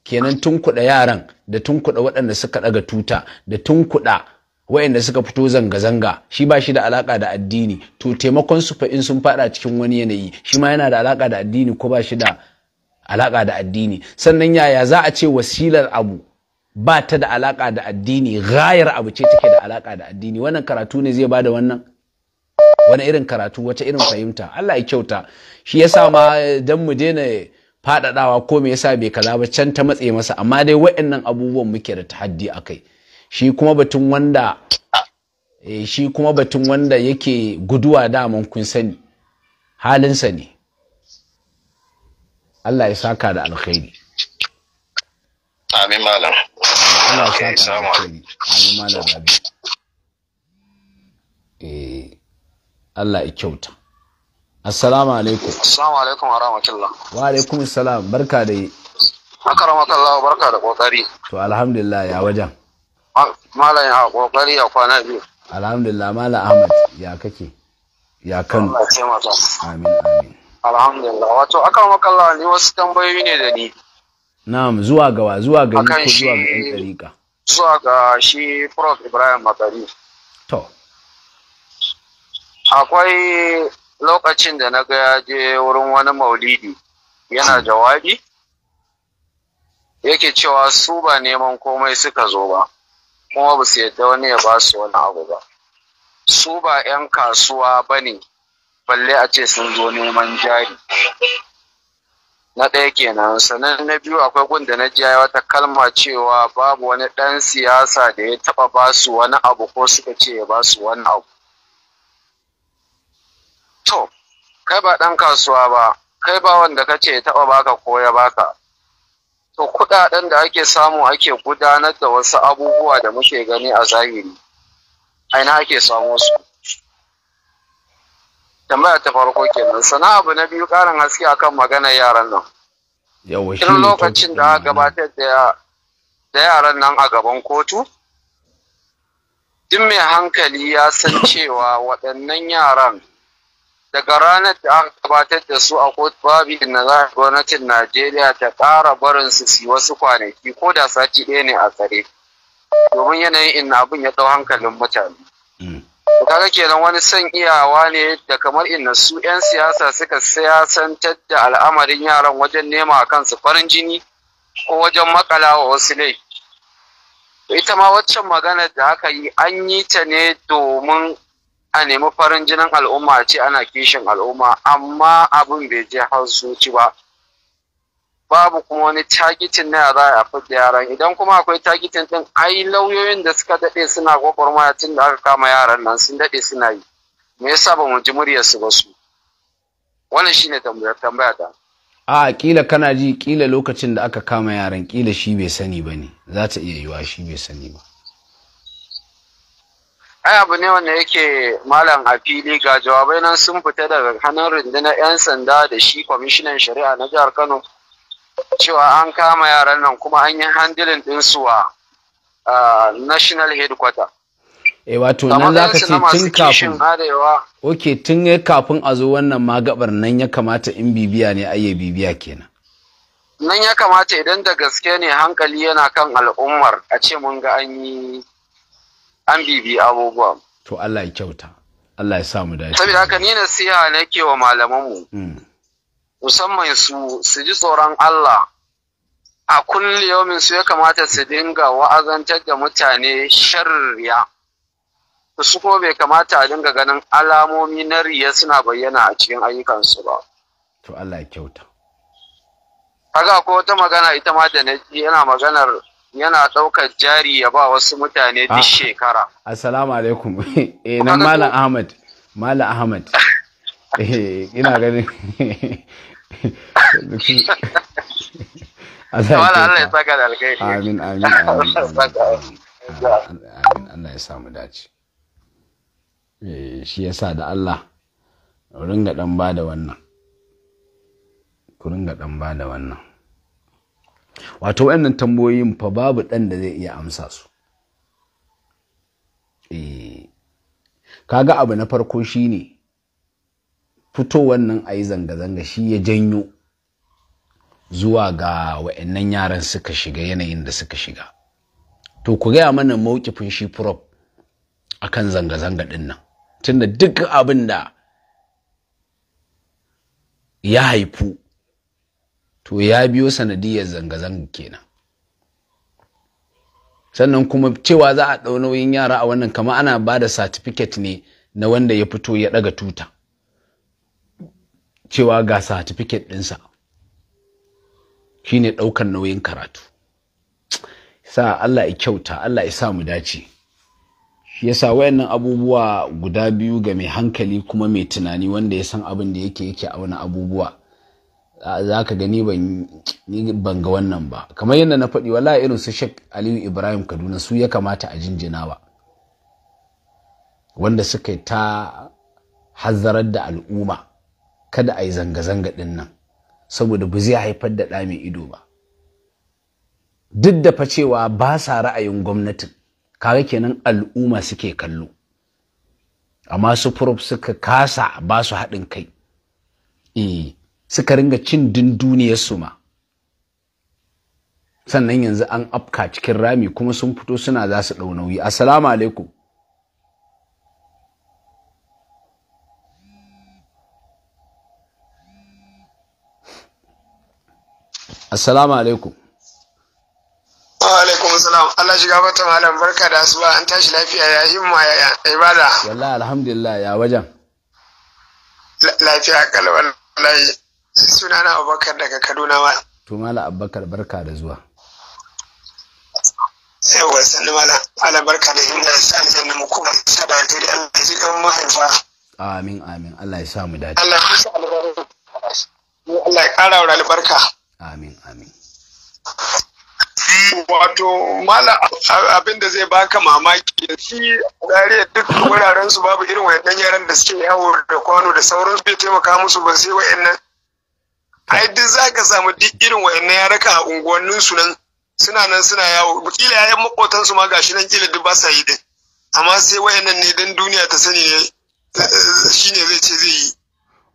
kenan tunkuɗa yaran da tunkuɗa waɗanda suka ɗaga tuta da tunkuɗa waɗanda suka fito zanga-zanga shi ba shi da alaka da addini to taimakon su fa in sun fada cikin wani yanayi shi ma yana da alaka da addini ko ba shi da alaka da addini sannan yaya za a ce wasilar abu ba ta da alaka da addini gayar abu ce take da alaka da addini wannan karatu ne zai ba da wannan wani irin karatu wata irin fahimta Allah ya kyauta shi yasa ma dan mu daina faɗaɗawa ko me yasa bai kaza ba can ta matse masa amma dai waɗannan abubuwan muke da tahaddi kai. shi kuma batun wanda eh, shi kuma batun wanda yake guduwa daman kun sani halinsa ne Allah ya saka da alkhairi amin malam Allah ya saka da alkhairi amin malam eh Allah ya kyauta assalamu alaikum assalamu alaikum wa rahmatullah wa alaikum assalam barka da akramakallahu barka da kokari to alhamdulillah ya wajen Malam ya kokari ya kwana biyu. Alhamdulillah Malam Ahmad ya kake? Ya Kano. Amin amin. Alhamdulillah wato akan makalla ni wasu tambayoyi ne da ni. Na'am zuwa ga wa zuwa ga ni ko zuwa ga ɗan ɗariƙa. Zuwa ga shi Prof Ibrahim Makari. To. Akwai lokacin da na ga ya je wurin wani maulidi yana jawabi yake cewa su ba neman komai suka zo ba. kuma ba su yadda wani ya ba su wani abu ba su ba 'yan kasuwa ba ne balle a ce sun zo neman jari na ɗaya kenan sannan na biyu akwai gunda na jiya wata kalma cewa babu wani ɗan siyasa da ya taɓa ba su wani abu ko suka ce ya ba su wani abu to kai ba ɗan kasuwa ba kai ba wanda ka ce ya taɓa baka ko ya baka to kudaden da ake samu ake gudanar da wasu abubuwa da muke gani a zahiri aina ake samu su tambaya ta farko kenan sana abu na biyu karin haske akan maganar yaran nan irin lokacin da aka gabatar da yaran nan a gaban kotu duk mai hankali ya san cewa waɗannan yaran daga ranar da aka gabatar da su a kotu babi na za gwamnatin najeriya ta ƙara barin su su wasu kwanaki ko da sati ɗaya ne a tsare domin yanayin in abin ya ɗau hankalin mutane mm. kaga kenan wani son iyawa ne da kamar inna su 'yan siyasa suka siyasantar da al'amarin yaran wajen nema a kansu farin jini ko wajen makala wa wasu laifi ita ma waccan magana da aka yi an yi ta ne domin a nemi farin jinin al'umma a ce ana kishin al'umma amma abin bai je har zuci ba babu kuma wani tagitin na yara a fi yaran idan kuma akwai tagitin din ai lauyoyin da suka daɗe suna gwagwarmaya tun da aka kama yaran nan sun daɗe suna yi me yasa ba mu ji muryarsu ba su wannan shine tambayar tambaya ta a kila kana ji kila lokacin da aka kama yaran kila shi bai sani ba ne za ta iya yiwa shi bai sani ba ai abu ne wanda yake malam a fili ga jawabai nan sun fita daga hannun rundunar 'yan sanda da shi kwamishinan shari'a na jihar kano cewa an kama yaran nan kuma an yi handilin ɗinsu a national headquarter e wato nan za ka ce tun kafin ok tun ya kafin a zo wannan magabar nan ya kamata in bibiya ne ayye kenan nan ya kamata idan da gaske ne hankali yana kan al'ummar a ce mun ga an yi an bibi abubuwa to Allah ya kyauta Allah ya sa mu dace saboda haka ni nake wa malaman mu hmm. musamman su su ji tsoron Allah a kulle yaumin su ya kamata su dinga wa'azantar da mutane sharriya su kuma bai kamata a dinga ganin alamomi na riya suna bayyana a cikin ayyukansu ba to Allah ya kyauta kaga ko wata magana ita ma da na ji yana maganar yana ɗaukar jari ya ba wasu mutane duk ah. shekara. Assalamu alaikum. [LAUGHS] Eh nan Malam Ahmad. Malam Ahmad. [LAUGHS] Eh ina ganin. [LAUGHS] Allah ya saka da Amin amin amin. Allah ya samu dace. Eh, shi shi sa da Allah ringa dan bada wannan. Ku ringa dan bada wannan. wato waɗannan tambayoyin fa babu ɗan da zai iya amsa su eh. kaga abu na farko shine fito nan a yi zanga-zanga shi ya janyo zuwa ga wa'annan yaran suka shiga yanayin da suka shiga to ku gaya mana maukifin shi prop akan zanga-zanga ɗin nan tunda duk abin da ya haifu to ya biyo sanadiyar zanga-zanga kenan sannan kuma cewa za a ɗau nauyin yara a wannan kama ana ba da satifiket ne na wanda ya fito ya ɗaga tuta cewa ga satifiket ɗinsa shine ɗaukar nauyin karatu sa Allah ya kyauta Allah ya sa mu dace shi yasa wayannan abubuwa guda biyu ga mai hankali kuma mai tunani wanda ya san abin da yake yake auna abubuwa za ka gani ban ga wannan ba kamar yadda na faɗi wala irin su shek aliyu ibrahim kaduna su ya kamata a ba wanda suka ta hazzarar da al'umma kada a yi zanga-zanga ɗin nan saboda ba zai haifar da ɗa ido ba duk da facewa ba sa ra'ayin gwamnatin kaga kenan al'umma suke kallo amma su prof suka kasa ba su haɗin kai eh suka ringa cin su ma sannan yanzu an afka cikin rami kuma sun fito suna za su ɗau nauyi assalamu alaikum assalamu alaikum alaikum salam Allah shiga bata malam barka da asuba an tashi lafiya ya ma ya ibada wallahi alhamdulillah ya wajen lafiya kalwallahi sunana abubakar daga kaduna ma to mala abubakar barka da zuwa yawon sannu mala ala barka da ina sa aljanna mu kuma sa da kai da Allah ji kan mahaifa amin amin Allah ya sa mu dace Allah ya sa albarka Allah ya kara wa albarka amin amin wato mala abinda zai baka mamaki da shi zariya duk wuraren su babu irin wayannan yaran da suke yawo da kwano da sauransu bai taimaka musu ba sai wayannan ai duk za ka samu duk irin waannan ya raka a unguwannin su nan suna nan suna yawo kila yayan makotan su ma gashi nan kila duk ba sa yi din amma sai wayannan ne dan duniya ta sani ne eh, shine zai ce zai yi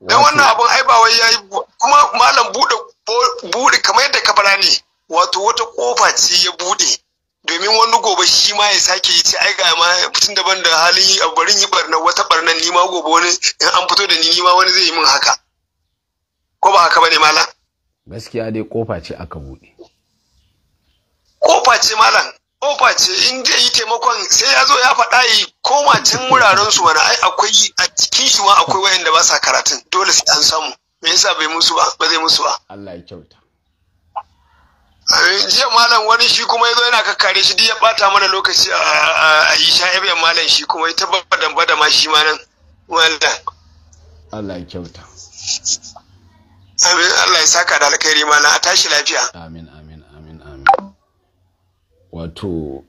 dan wannan abun ai ba wai yayi kuma malam bude bude kamar yadda ka ne wato wata kofa ce ya bude domin wani gobe shi ma ya sake yi ce ai ga ma tun daban da halin yi a barin yi barna wata barna ni ma gobe wani in an fito da ni ni ma wani zai yi min haka ko ba haka bane malam gaskiya dai kofa ce aka bude kofa ce malam kofa ce in dai yi taimakon sai ya zo ya faɗa yi koma cin wuraren su wani ai akwai a cikin shi ma akwai wayanda ba sa karatun dole sai an samu me yasa bai musu ba ba zai musu ba Allah ya kyauta jiya malam wani shi kuma ya zo yana kakkare shi duk ya bata mana lokaci a yi sha'ibiyan malam shi kuma ya tabbatar da ma shi ma nan wanda Allah ya kyauta Amin Allah ya saka da alkhairi mana a tashi lafiya. Amin amin amin amin. Wato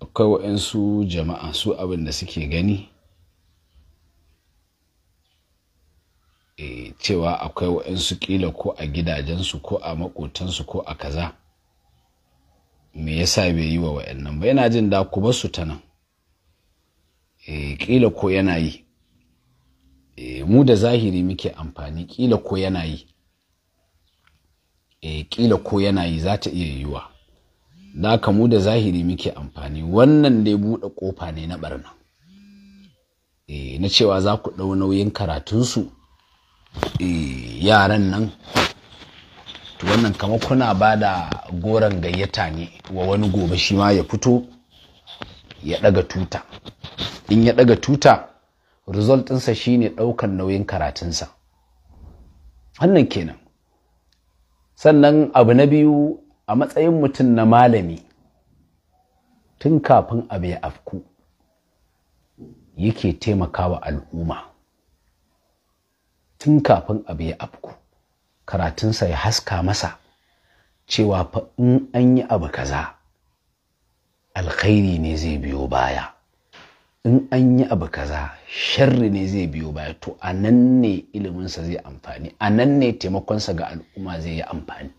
akwai waɗansu jama'a su abin da suke gani e, cewa akwai waɗansu ƙila ko a gidajensu ko a maƙotansu ko a kaza me yasa bai yi wa waɗannan ba yana jin da ku su ta nan ƙila eh, ko yana yi e, mu da zahiri muke amfani kila ko yana yi e, eh, kila ko yana yi za ta iya yiwuwa da ka mu da zahiri muke amfani wannan dai buɗe ƙofa ne na ɓarna e, na cewa za ku ɗau nauyin karatunsu e, yaran nan to wannan kama kuna ba da goron gayyata ne wa wani gobe shi ma ya fito ya ɗaga tuta in ya ɗaga tuta result ɗinsa ne ɗaukan nauyin karatunsa hannun kenan sannan abu na biyu a matsayin mutum na malami tun kafin abu ya afku yake taimakawa al'umma tun kafin abu ya afku karatunsa ya haska masa cewa fa in an yi abu kaza alkhairi ne zai biyo baya in an yi abu kaza sharri ne zai biyo baya to a nan ne iliminsa zai amfani a nan ne taimakonsa ga al'umma zai yi amfani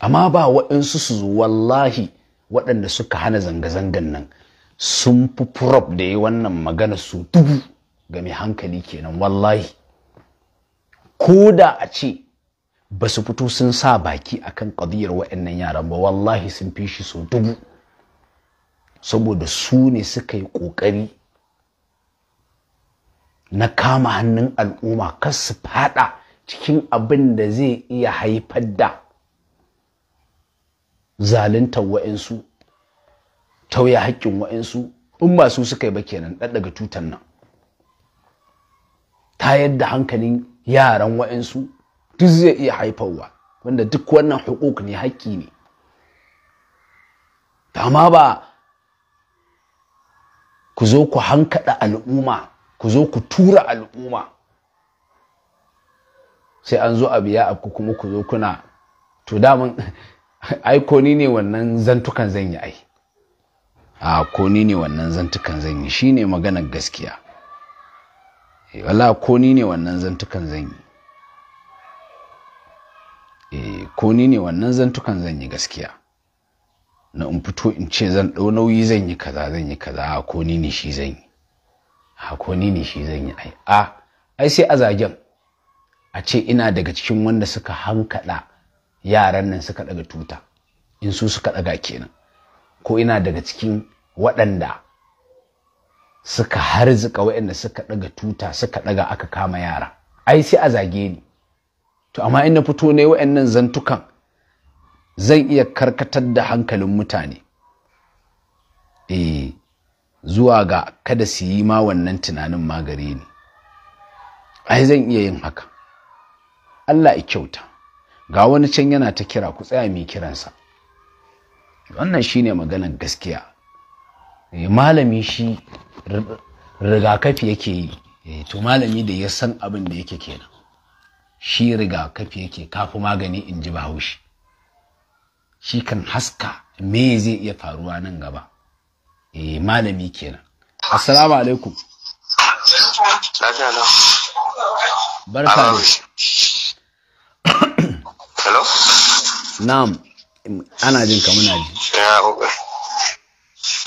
amma ba waɗansu su zo wallahi waɗanda suka hana zanga-zangan nan sun fi furof da yi wannan magana su dubu ga mai hankali kenan wallahi ko da a ce ba su fito sun sa baki akan kan waɗannan yaran ba wallahi sun fi shi su dubu saboda su ne suka yi ƙoƙari na kama hannun al'umma kar su fada cikin abin da zai iya haifar da zaluntar wa'insu tauya haƙƙin wa'insu in ba su suka yi ba kenan daga tutan nan ta yadda hankalin yaran wa'insu duk zai iya haifarwa wanda duk wannan hukuk ne haƙƙi ne amma ba ku zo ku hankada al'umma ku zo ku tura al'umma sai an zo a biya abu kuma ku zo kuna to mun, [LAUGHS] ai ko ni ne wannan zantukan zan yi ai a ko ni ne wannan zantukan zan yi shine maganar gaskiya eh, wala ko ni ne wannan zantukan zan yi eh, ko ni ne wannan zantukan zan yi gaskiya na in fito in ce zan ɗau nauyi zan yi kaza zan yi kaza ko ni ne shi zan yi ko ni ne shi zan yi ai a ai sai a zagen a ce ina daga cikin wanda suka hankaɗa yaran nan suka daga tuta in su suka daga kenan ko ina daga cikin waɗanda suka harzuka waɗanda suka daga tuta suka daga aka kama yara ai sai a zage ni to amma in na fito ne waɗannan zantukan zan iya karkatar da hankalin mutane e zuwa ga kada su yi ma wannan tunanin magare ne ai zan iya yin haka Allah ya kyauta ga wani can yana ta kira ku tsaya mai kiransa wannan shine maganan gaskiya eh, malami shi rigakafi yake yi eh, to malami da ya san abin da yake kenan shi rigakafi yake kafi magani in ji bahaushe shi kan haska me zai iya faruwa nan gaba eh malami kenan assalamu alaikum barka da hello na'am ana jin ka muna ji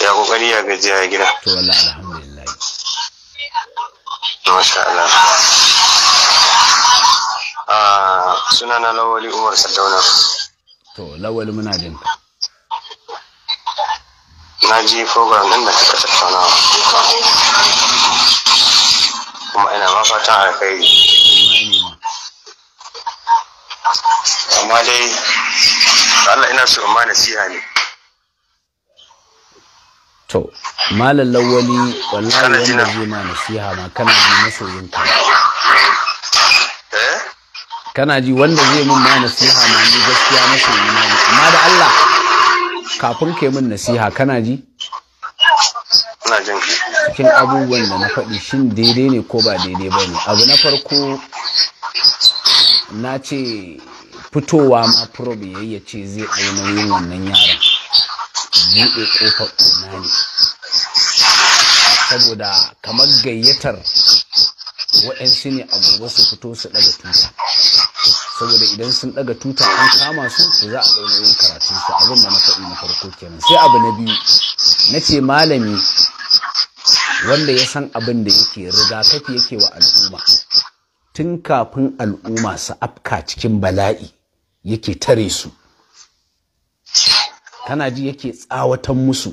ya kokari ya gaji ya gida to wallahi alhamdulillah masha Allah ah, sunana lawali umar sadauna to lawal muna jin ka na ji program din da kika tattauna kuma ina ma fatan kai. amma dai Allah ina so ma nasiha ne to malam lawali wallahi yana ji ma nasiha ma kana ji masoyinka eh kana ji wanda zai min ma nasiha na ni gaskiya na so amma da Allah kafin kai min nasiha kana ji cikin abubuwan da na faɗi shin daidai ne ko ba daidai bane? abu na farko na ce fitowa ma yayyace ya ce zai ainihin wannan yaran buɗe ƙofar ƙuna ne saboda kamar gayyatar waɗansu ne a gobe su fito su ɗaga tuta saboda idan sun ɗaga tuta an kama su to za a ɗau nauyin karatun su abin da na faɗi na farko kenan sai abu na biyu na ce malami wanda ya san abin da yake rigakafi yake wa al'umma tun kafin al'umma su afka cikin bala'i yake tare su kana ji yake tsawatan musu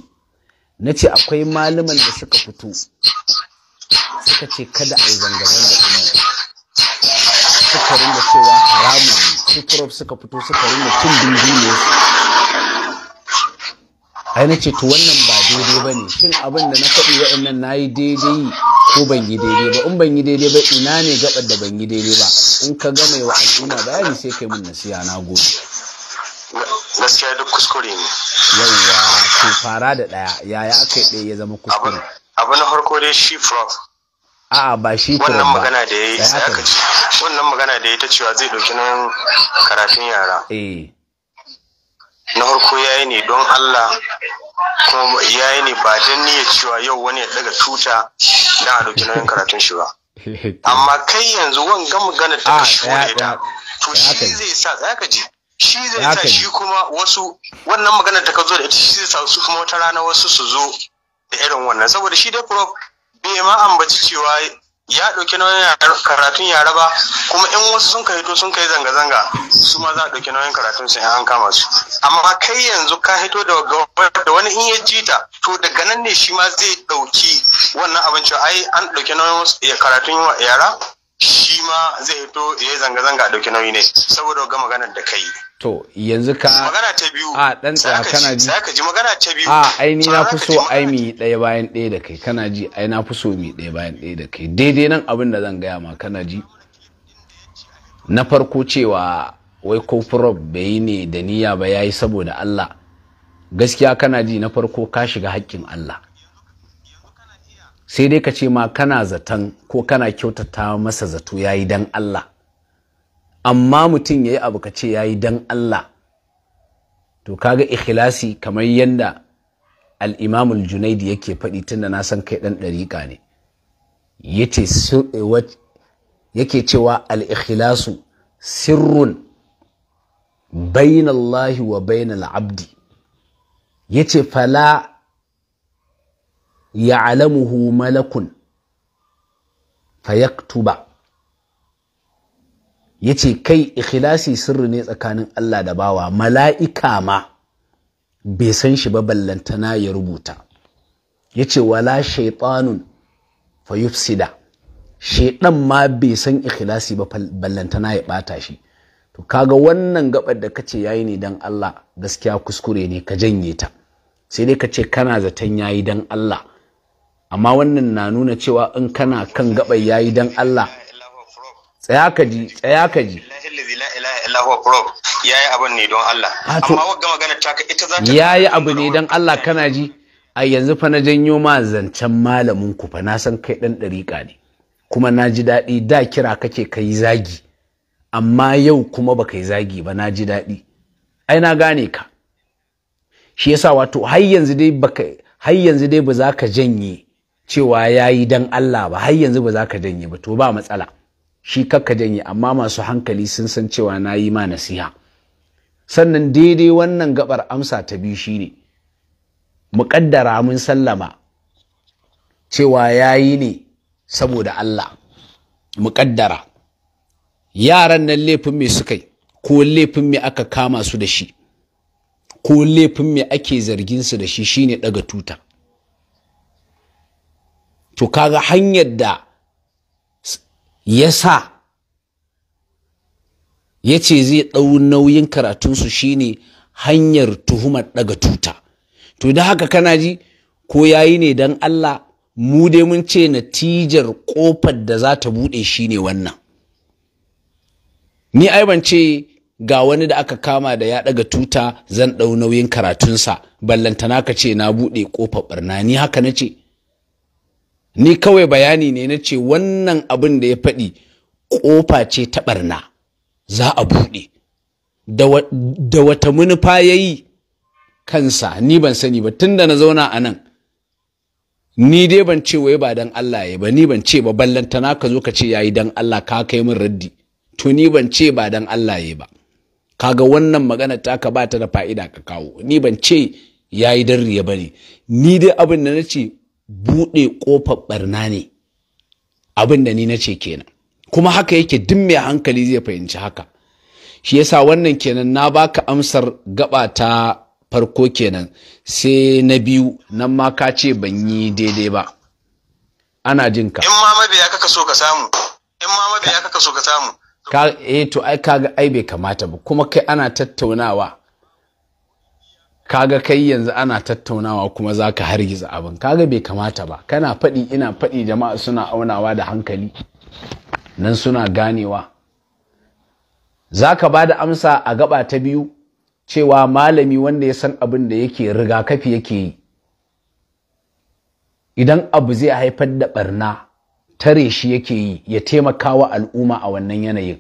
na ce akwai malaman da suka fito suka ce kada a yi zanga-zanga kuma suka rinda cewa haramun su prof suka fito suka rinda cin su ai na ce to wannan ba daidai ba ne shin abin da na faɗi waɗannan na yi daidai ko ban yi daidai ba in ban yi daidai ba ina ne gaɓar da ban yi daidai ba in ka gama wa al'umma bayani sai kai mun nasiya na gode gaskiya duk kuskure ne Yawwa! ke fara da ɗaya yaya aka yi ɗaya ya zama kuskure abu na farko dai shi prof a'a ba shi wannan magana da yayi sai aka ce wannan magana da yayi ta cewa zai dauki nan karatun yara eh na farko yayi ne don Allah kuma yayi ne ba dan niyyar cewa yau wani ya daga tuta dan a dauki nan karatun shi ba [LAUGHS] amma kai yanzu gan magana ta ah, shi wani ta to shi zai sa ka ji shi zai sa shi kuma wasu wannan magana ta ka zo da ita shi zai sa su kuma wata rana wasu su zo da irin wannan saboda shi dai prof bai ma ambaci cewa ya ɗauki nauyin karatun yara ba kuma in wasu sun kai to sun kai zanga-zanga su ma za a ɗauki nauyin karatun su in an kama su amma kai yanzu ka hito da wani in ya ji ta to daga nan ne shi ma zai ɗauki wannan abin cewa ai an ɗauki nauyin wasu karatun yara shi ma zai hito ya yi zanga-zanga a ɗauki nauyi ne saboda ga maganar da kai. To yanzu ka magana ta biyu a dan tsaya kana ji a ai na fi so ai mi ɗaya bayan ɗaya da kai kana ji ai na fi so mi ɗaya bayan ɗaya da kai daidai nan abin da zan gaya ma kana ji na farko cewa wai ko furof bai ne da niyya ba yayi saboda Allah gaskiya kana ji na farko ka shiga haƙƙin Allah sai dai ka ce ma kana zaton ko kana kyautata masa zato yayi dan Allah amma mutum ya yi abu ka ce ya yi don Allah to kaga ikhlasi kamar yadda al'imamul junaidi yake faɗi tunda na san kai ɗan ɗariƙa ne yake cewa al'ikhilasu sirrun bainallahi wa bainal abdi yace fala alamuhu malakun fayaktuba ya ce kai ikhlasi sirri ne tsakanin Allah da bawa mala'ika ma bai san shi ba ballantana ya rubuta ya ce wala shaitanun fayufsida shaiɗan shaidan ma bai san ikhilasi ba ballantana ya bata shi to kaga wannan gabar da kace yayi ne dan Allah gaskiya kuskure ne ka janye ta sai dai ka ce kana zaton yayi dan Allah amma wannan na nuna cewa in kana kan gabar yayi dan Allah tsaya ka ji tsaya ka ji yayi abin ne don Allah abu ne don Allah kana ji a yanzu fa na janyo ma zancen malamin ku fa na san kai dan dariƙa ne kuma na ji daɗi da kira kake kai zagi amma yau kuma baka yi zagi ba na ji daɗi ai na gane ka shi yasa wato har yanzu dai baka har yanzu dai ba za ka janye cewa yayi dan Allah ba har yanzu ba za ka janye ba to ba matsala shi kakka janye amma masu hankali sun san cewa na yi ma nasiha sannan daidai wannan gabar amsa ta biyu shine muƙaddara mun sallama cewa ya yi ne saboda Allah muƙaddara yaran nan laifin me suka yi ko laifin me aka kama su da shi ko laifin me ake zargin su da shi shine ɗaga tuta to kaga hanyar da ya sa ya ce zai ɗau nauyin karatunsu shine hanyar tuhumar ɗaga tuta to da haka kana ji ko ya yi ne don Allah mu dai mun ce natijar ƙofar da za ta buɗe shi ne wannan ni ai ban ce ga wani da aka kama da ya ɗaga tuta zan ɗau nauyin karatunsa ballantana ka ce na buɗe ƙofar ɓarna ni haka na ce ni kawai bayani ne na ce wannan abin da ya faɗi ƙofa ce ta ɓarna za a buɗe da wata manufa ya yi kansa ni ban sani ba tun da na zauna a nan ni dai ban ce wai ba dan Allah ya ba ni ban ce ba ballantana ka zo ka ce ya yi dan Allah ka kai min raddi to ni ban ce ba dan Allah ya ba kaga wannan magana ka ba ta da fa'ida ka kawo ni ban ce ya yi dan riya ba ne. ni dai abin da na ce. buɗe ƙofar ɓarna ne abin da ni na ce kenan kuma haka yake duk mai hankali zai fahimci haka shi yasa wannan kenan na baka amsar gaba ta farko kenan sai na biyu nan ma ka ce ban yi daidai ba ana jin ka in ma mabiya kaka so ka samu in ma mabiya kaka so ka samu ka eh to ai kaga ai bai kamata ba kuma kai ana tattaunawa kaga kai yanzu ana tattaunawa kuma za ka hargiza abin kaga bai kamata ba kana faɗi ina faɗi jama'a suna aunawa da hankali nan suna ganewa za ka ba da amsa a gaba ta biyu cewa malami wanda ya san abin da yake rigakafi yake yi idan abu zai haifar da barna tare shi yake yi ya taimaka wa al'umma a wannan yanayin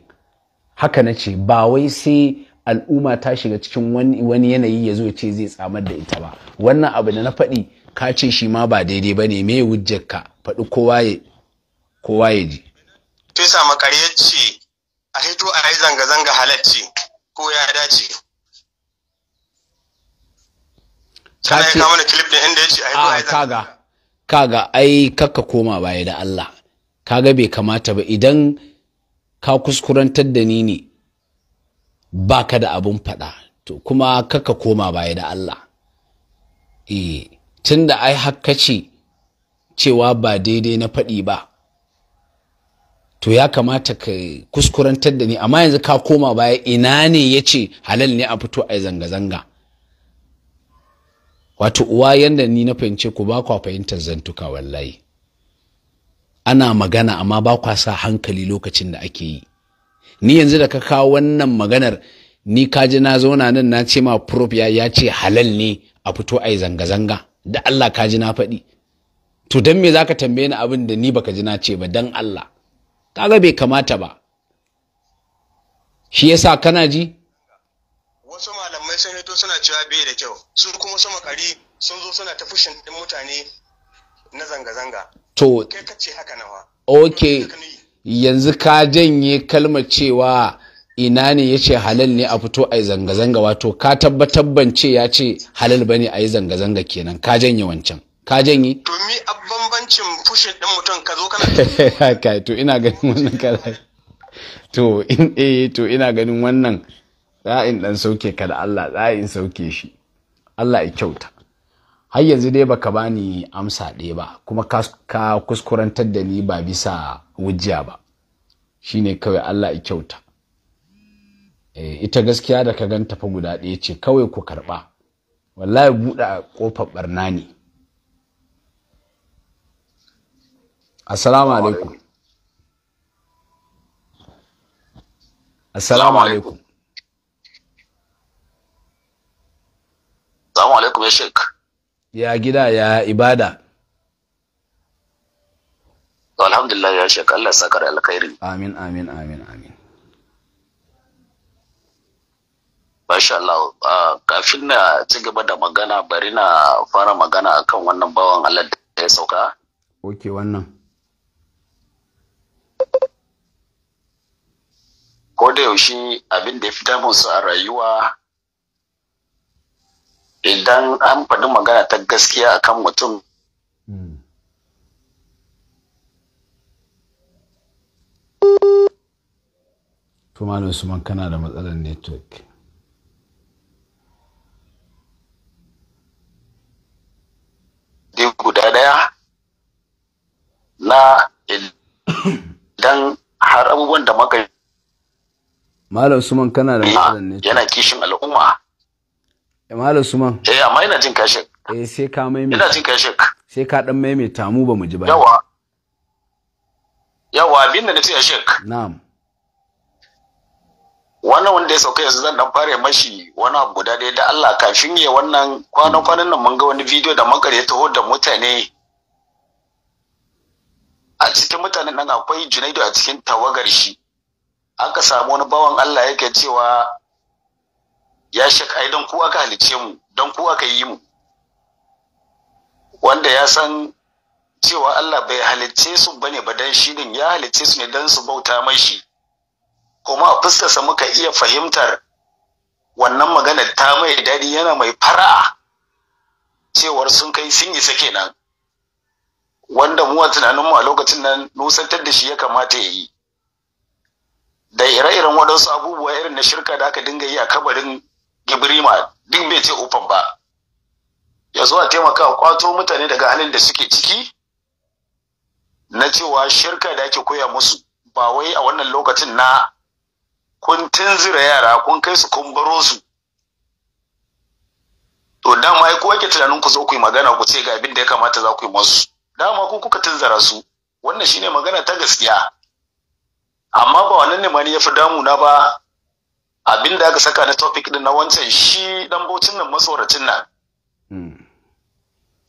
haka na ce ba wai sai al'umma ta shiga cikin wani yanayi ya zo ce zai tsamar da ita ba wannan abu da na faɗi ka ce shi ma ba daidai ba ne me wujjar ka faɗi kowa ya ji fisa makariyar ce a hito a yi zanga-zanga halarci ko ya dace ka ce a a kaga ai kakka koma baya da Allah kaga bai kamata ba idan ka kuskurantar da ni ne ba ka da abun faɗa to kuma kaka koma baya da Allah eh tun da ai hakka ce cewa ba daidai na faɗi ba to ya kamata ka kuskurantar da ni amma yanzu ka koma baya ina ne ya ce halal ne a fito a zanga-zanga wato uwa yadda ni na fahimce ku ba kwa fahimtar zantuka wallahi ana magana amma ba kwa sa hankali lokacin da ake yi ni yanzu da ka kawo wannan maganar ni kaji na zauna nan na ce ma prof ya ce halal ne a fito a yi zanga-zanga da Allah kaji na faɗi to don me za ka tambaye ni abin da ni baka ji na ce ba don Allah kaga bai kamata ba shi yasa kana ji wasu malamai sanato suna cewa bai da kyau su kuma su makari sun zo suna ta fushin mutane na zanga-zanga to kai ka ce haka nawa okay yanzu ka janye kalmar cewa ina ne ya ce halal ne a fito a yi zanga-zanga wato ka tabbatar bance ya ce halal bane a yi zanga-zanga kenan ka janye wancan ka janye to mi a bambancin fushin din mutum ka zo kana [LAUGHS] kai to ina ganin wannan kala to in eh to ina ganin wannan za in dan sauke ka da Allah za in sauke shi Allah ya kyauta har yanzu dai baka bani amsa ɗaya ba kuma ka kuskurantar da ni ba bisa wujiya ba shine kawai Allah ya kyauta eh, ita gaskiya da ka ganta fa guda ɗaya ce kawai ku karɓa wallahi buɗe ƙofar ɓarna ne assalamu alaikum assalamu alaikum assalamu alaikum ya ya gida ya ibada alhamdulillah ya shek Allah sakar alkhairi amin amin amin amin Masha Allah, kafin na ci gaba da magana bari na fara magana akan wannan bawan Allah da ya sauka. Ok, wannan. Ko da yaushe abin da ya fita musu a rayuwa idan an faɗi magana ta gaskiya a kan mutum kuma hmm. Tumani Usman kana da matsalar network. Dai guda ɗaya na idan har abubuwan da maka Malam Usman kana da matsalar network. Yana kishin al'umma. Malam Suman. Eh amma ina jin kashin. Eh sai ka maimaita. Ina jin kashin. Sai ka dan maimaita mu ba mu ji ba. Yawa. Yawa abin da nace shek. Na'am. Wannan wanda ya sauka yanzu zan dan fara mashi wani abu guda ɗaya da Allah kafin ya wannan kwanan kwanan nan mun ga wani bidiyo da makar ya taho da mutane a cikin mutanen nan akwai Junaidu a cikin tawagar shi aka samu wani bawan Allah yake cewa ya shek ai don ku aka halice mu don ku aka yi mu wanda ya san cewa Allah bai halicce su bane ba dan shi din ya halicce su ne dan su bauta mai shi kuma a fuskarsa muka iya fahimtar wannan magana ta mai dadi yana mai fara'a cewar sun kai sun yi isa nan. wanda mu a tunaninmu a lokacin nan nusantar da shi ya kamata ya yi da ire-iren waɗansu abubuwa irin na shirka da aka dinga yi a kabarin ibrima duk bai ce ufan ba ya zuwa taimaka kwato mutane daga halin da suke ciki na cewa shirka da ake koya musu ba wai a wannan lokacin na kun tunzura yara kun kai su kun baro su to dama ai kowa ke tunanin ku zo ku yi magana ku ce ga abin da ya kamata za ku yi musu dama ku kuka tunzara su wannan shine magana ta gaskiya amma ba wannan ne ma ni fi damuna ba abin da aka saka na topic din na wancan shi dan bocin nan masoracin nan hmm.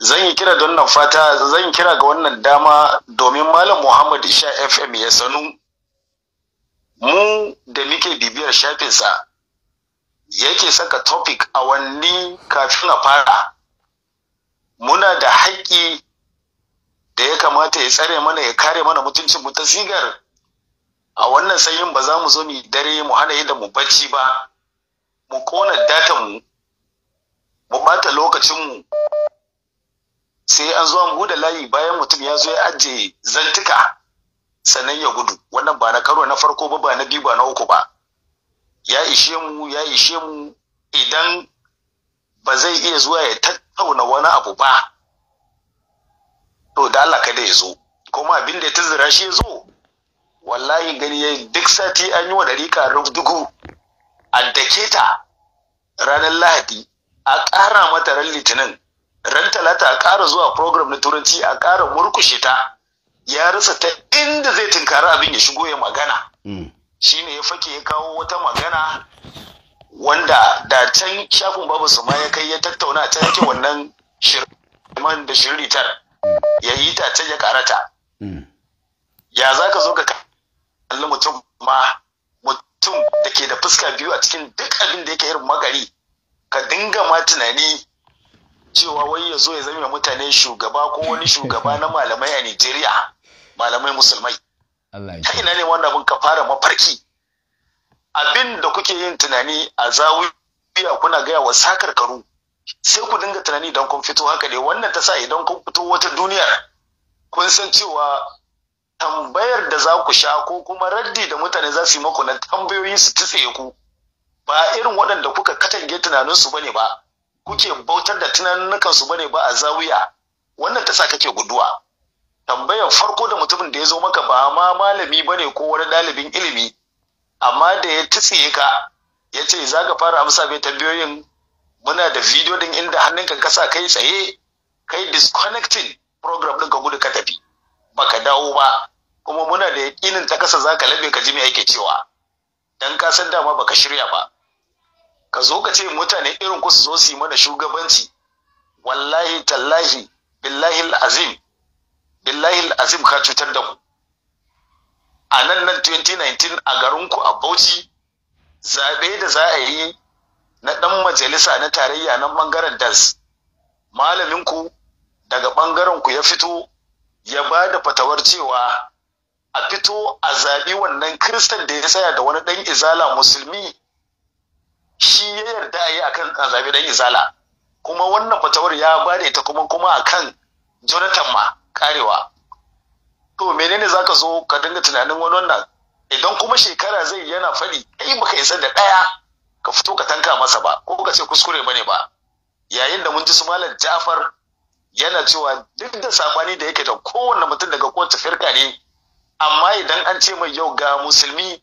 zan yi kira don nan fata zan yi kira ga wannan dama domin malam muhammad isha fm ya sanu mu da muke bibiyar shafinsa yake saka topic awanni kafin a fara muna da haƙƙi da ya kamata ya tsare mana ya kare mana mutuncin mu ta sigar a wannan sanyin ba za mu zo mu dare mu hana yadda mu bacci ba mu kona datan mu mu bata lokacin mu sai an zo mu bude layi bayan mutum ya zo ya ajiye zantuka sannan ya gudu wannan ba na karo na farko ba ba na biyu ba na uku ba ya ishe mu ya ishe mu idan ba zai iya zuwa ya tattauna wani abu ba to da Allah kada ya zo kuma abin da ya tazira shi ya zo wallahi gani yayi duk sati an yi wa ɗarika rubdugu a dake ta ranar lahadi a ƙara mata ran litinin ran talata a ƙara zuwa program na turanci a ƙara murkushe ta ya rasa ta inda zai tunkari abin ya shigo ya magana mm. shine ya fake ya kawo wata magana wanda da can shafin babu su ma ya kai ya tattauna ta yake wannan shirman da shirritar mm. ya yi ta can ya karata mm. ya za ka zo ka kalli mutum ma mutum da ke da fuska biyu a cikin duk abin da yake yin magari ka dinga ma tunani cewa wai ya zo ya zama mutane shugaba ko wani shugaba na malamai a Nijeriya malamai musulmai ta ina ne wannan abin ka fara mafarki abin da kuke yin tunani a zawiya kuna gaya wa sakar karu sai ku dinga tunani don kun fito haka ne wannan ta sa idan kun fito wata duniya kun san cewa tambayar da za ku sha ko kuma raddi da mutane za su yi maku na tambayoyi su tsaye ku ba irin waɗanda kuka katange tunaninsu bane ba kuke bautar da tunaninkansu bane ba a zawiya wannan ta sa kake guduwa tambayar farko da mutumin da ya zo maka ba ma malami bane ko wani ɗalibin ilimi amma da ya tsiye ka ya ce za ka fara amsa mai tambayoyin muna da bidiyo din inda hannunka kasa kai tsaye kai disconnecting program ɗin ka gudu ka tafi baka dawo ba kuma muna da yaƙinin ta kasa za ka labe ka ji me cewa dan ka san dama baka shirya ba ka zo ka ce mutane irin ku su zo su yi mana shugabanci wallahi tallahi billahi azim billahi azim ka cutar da ku a nan nan 2019 a garinku a Bauchi zaɓe da za a yi na ɗan majalisa na tarayya na ɓangaren das ku daga ɓangarenku ku ya fito ya ba da fatawar cewa a fito a zaɓi wannan kiristan da ya tsaya da wani ɗan izala musulmi shi ya yarda a yi akan a zaɓi ɗan izala kuma wannan fatawar ya ba da ita kuma kuma akan jonathan ma karewa to menene za ka zo ka dinga tunanin wani wannan idan kuma shekara zai yana faɗi kai baka isa da ɗaya ka fito ka tanka masa ba ko ka ce kuskure bane ba yayin da mun ji su malam jafar yana cewa duk da sabani da yake da kowanne mutum daga kowace firka ne amma idan an ce mai yau ga musulmi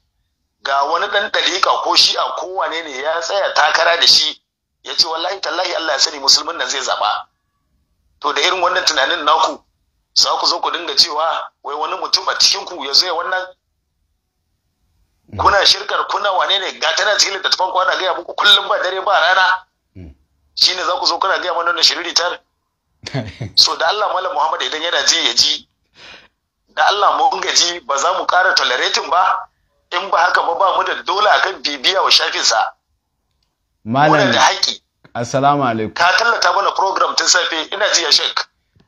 ga wani ɗan ɗariƙa ko shi ko wane ne ya tsaya takara da shi ya ce wallahi tallahi Allah ya sani musulmin nan zai zaɓa to da irin wannan tunanin naku za ku zo ku dinga cewa wai wani mutum a cikin ku ya zo wannan kuna shirkar kuna wane ne ga tana cikin littattafan kwana gaya muku kullum ba dare ba rana hmm. shine za ku zo kuna gaya mana wannan shiriritar [LAUGHS] so da Allah malam Muhammad idan yana je ya ji da Allah mun gaji ba za mu ƙara toleratin ba in ba haka ba ba mu da dole akan bibiya wa shafinsa malam da haƙi assalamu alaikum ka tallata mana program tun safe ina ji ya shek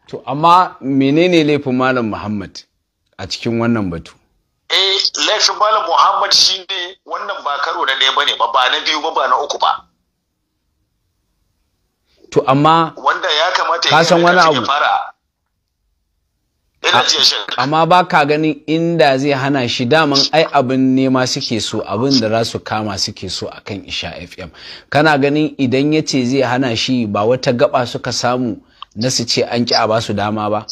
to amma menene laifin malam Muhammad a cikin wannan batu eh laifin malam Muhammad shine wannan ba karo na ɗaya bane ba ba na biyu ba ba na uku ba to amma wanda ya kamata ya fara amma ba ka ganin inda zai hana shi daman ai abin nema suke so abin da za su kama suke so a kan isha fm kana ganin idan ya ce zai hana shi ba wata gaba suka samu na su ce an ki a ba su dama ba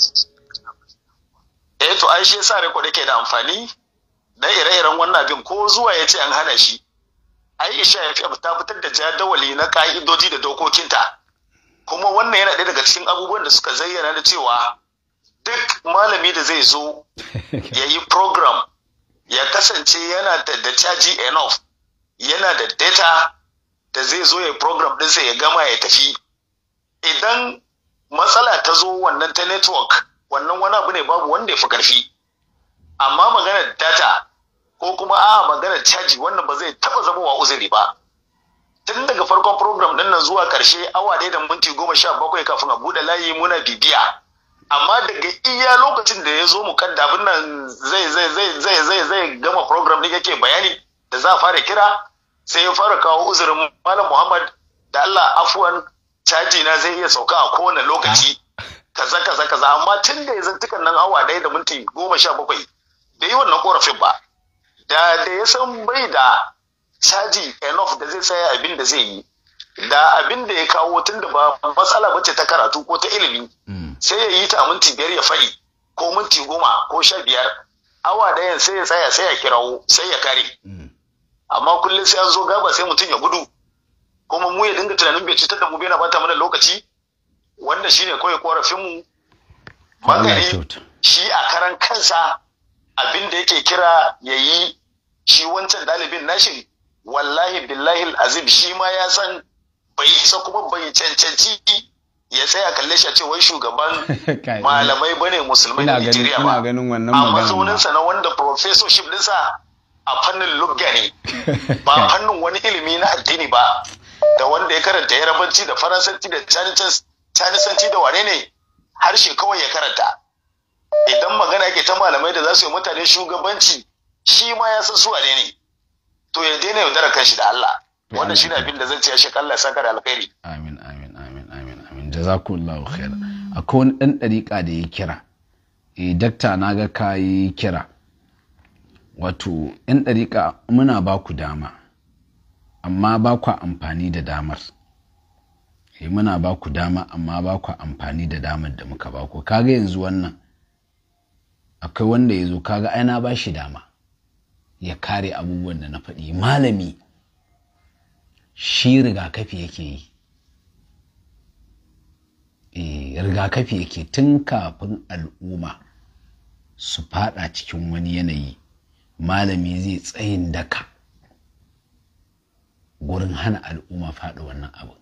eh to ai shi sa riko da ke da amfani na ire-iren wannan abin ko zuwa ya ce an hana shi ai isha fm ta fitar da jadawali na ka'idodi da dokokinta kuma wannan yana ɗaya daga cikin abubuwan da suka zayyana da cewa duk malami da zai zo ya yi program ya kasance yana da da caji enough yana da data da zai zo ya yi program ɗinsa ya gama ya tafi idan matsala ta zo wannan ta network wannan wani abu ne babu wanda ya fi ƙarfi amma maganar data ko kuma a maganar caji wannan ba zai taba zama wa uzuri ba tun daga farkon program ɗin nan zuwa karshe awa ɗaya da minti goma sha bakwai kafin a buɗe layi muna bibiya amma daga iya lokacin da ya zo mu nan zai zai zai zai zai zai gama program ne yake bayani da za a fara kira sai ya fara kawo uzurin malam muhammad da allah afuwan caji na zai iya sauka a kowane lokaci kaza kaza kaza amma tun da ya tukan nan awa ɗaya da minti goma sha bakwai da yi wannan korafin ba da da ya san bai da caji enough da zai tsaya abin da zai yi da abin da ya kawo tun da ba matsala bace ta karatu ko ta ilimi mm. sai ya yi ta minti biyar ya faɗi ko minti goma ko sha biyar awa ɗayan sai ya tsaya sai ya kirawo sai ya kare mm. amma kullum sai an zo gaba sai mutum ya gudu kuma mu ya dinga tunanin bai cutar da mu bai na bata mana lokaci wannan shine kawai korafin mu magani shi a karan kansa abin da yake kira ya yi shi wancan dalibin nashin wallahi billahi azib shi ma ya san bai isa kuma bai cancanci ya tsaya kalle shi a ce wai shugaban [LAUGHS] malamai bane musulmai na Najeriya ba a sa na wanda professorship ɗinsa a fannin lugga ne [LAUGHS] ba fannin wani ilimi na addini ba da wanda ya karanta yarabanci da faransanci da canisanci da wane ne harshe kawai ya karanta idan magana yake ta malamai da za su yi mutane shugabanci shi ma ya san su wane ne to ya daina yaudara kan shi da Allah wannan shine abin da zan ce shi Allah saka da alkhairi amin amin amin amin amin jazakumullahu khair akwai wani dan dariƙa da ya kira eh dakta naga ka yi kira wato yan dariƙa muna ba ku dama amma ba ku amfani da damar eh muna ba ku dama amma ba ku amfani da damar da muka ba ku kaga yanzu wannan akwai wanda ya zo kaga ai na ba shi dama ya kare abubuwan da na faɗi malami shi rigakafi yake yi e, rigakafi yake tun kafin al'umma su fada cikin wani yanayi malami zai tsayin daka gurin hana al'umma fada wannan abu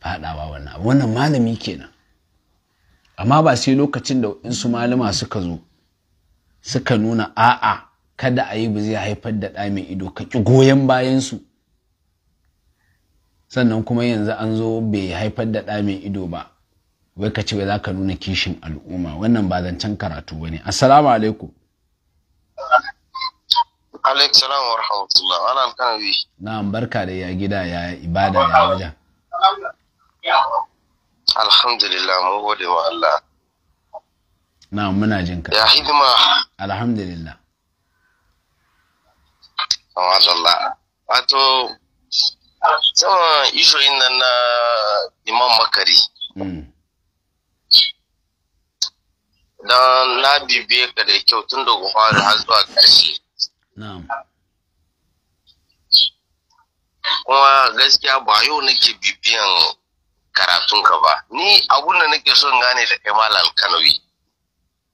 fadawa wannan abu wannan malami kenan amma ba sai lokacin da waɗansu malama suka zo suka nuna a'a kada a yi ba zai haifar da ɗa mai ido ka ƙi goyon bayansu sannan kuma yanzu an zo bai haifar da mai ido ba wai ka ce wai za ka nuna kishin al'umma wannan ba zancen karatu ba ne assalamu alaikum alaikum salam wa rahmatullah ala bi. na'am barka da ya gida ya ibada ya wajen alhamdulillah mu gode wa Allah na'am muna jin ka ya hidima alhamdulillah Allah wato Saman ishoyin nan na Imam Makari. Mm. Don na bibiye ka da kyau tun da gwamnati har zuwa ƙarshe. Kuma gaskiya ba yau nake bibiyan karatunka ba. Ni abunda da nake son gane da kai Malam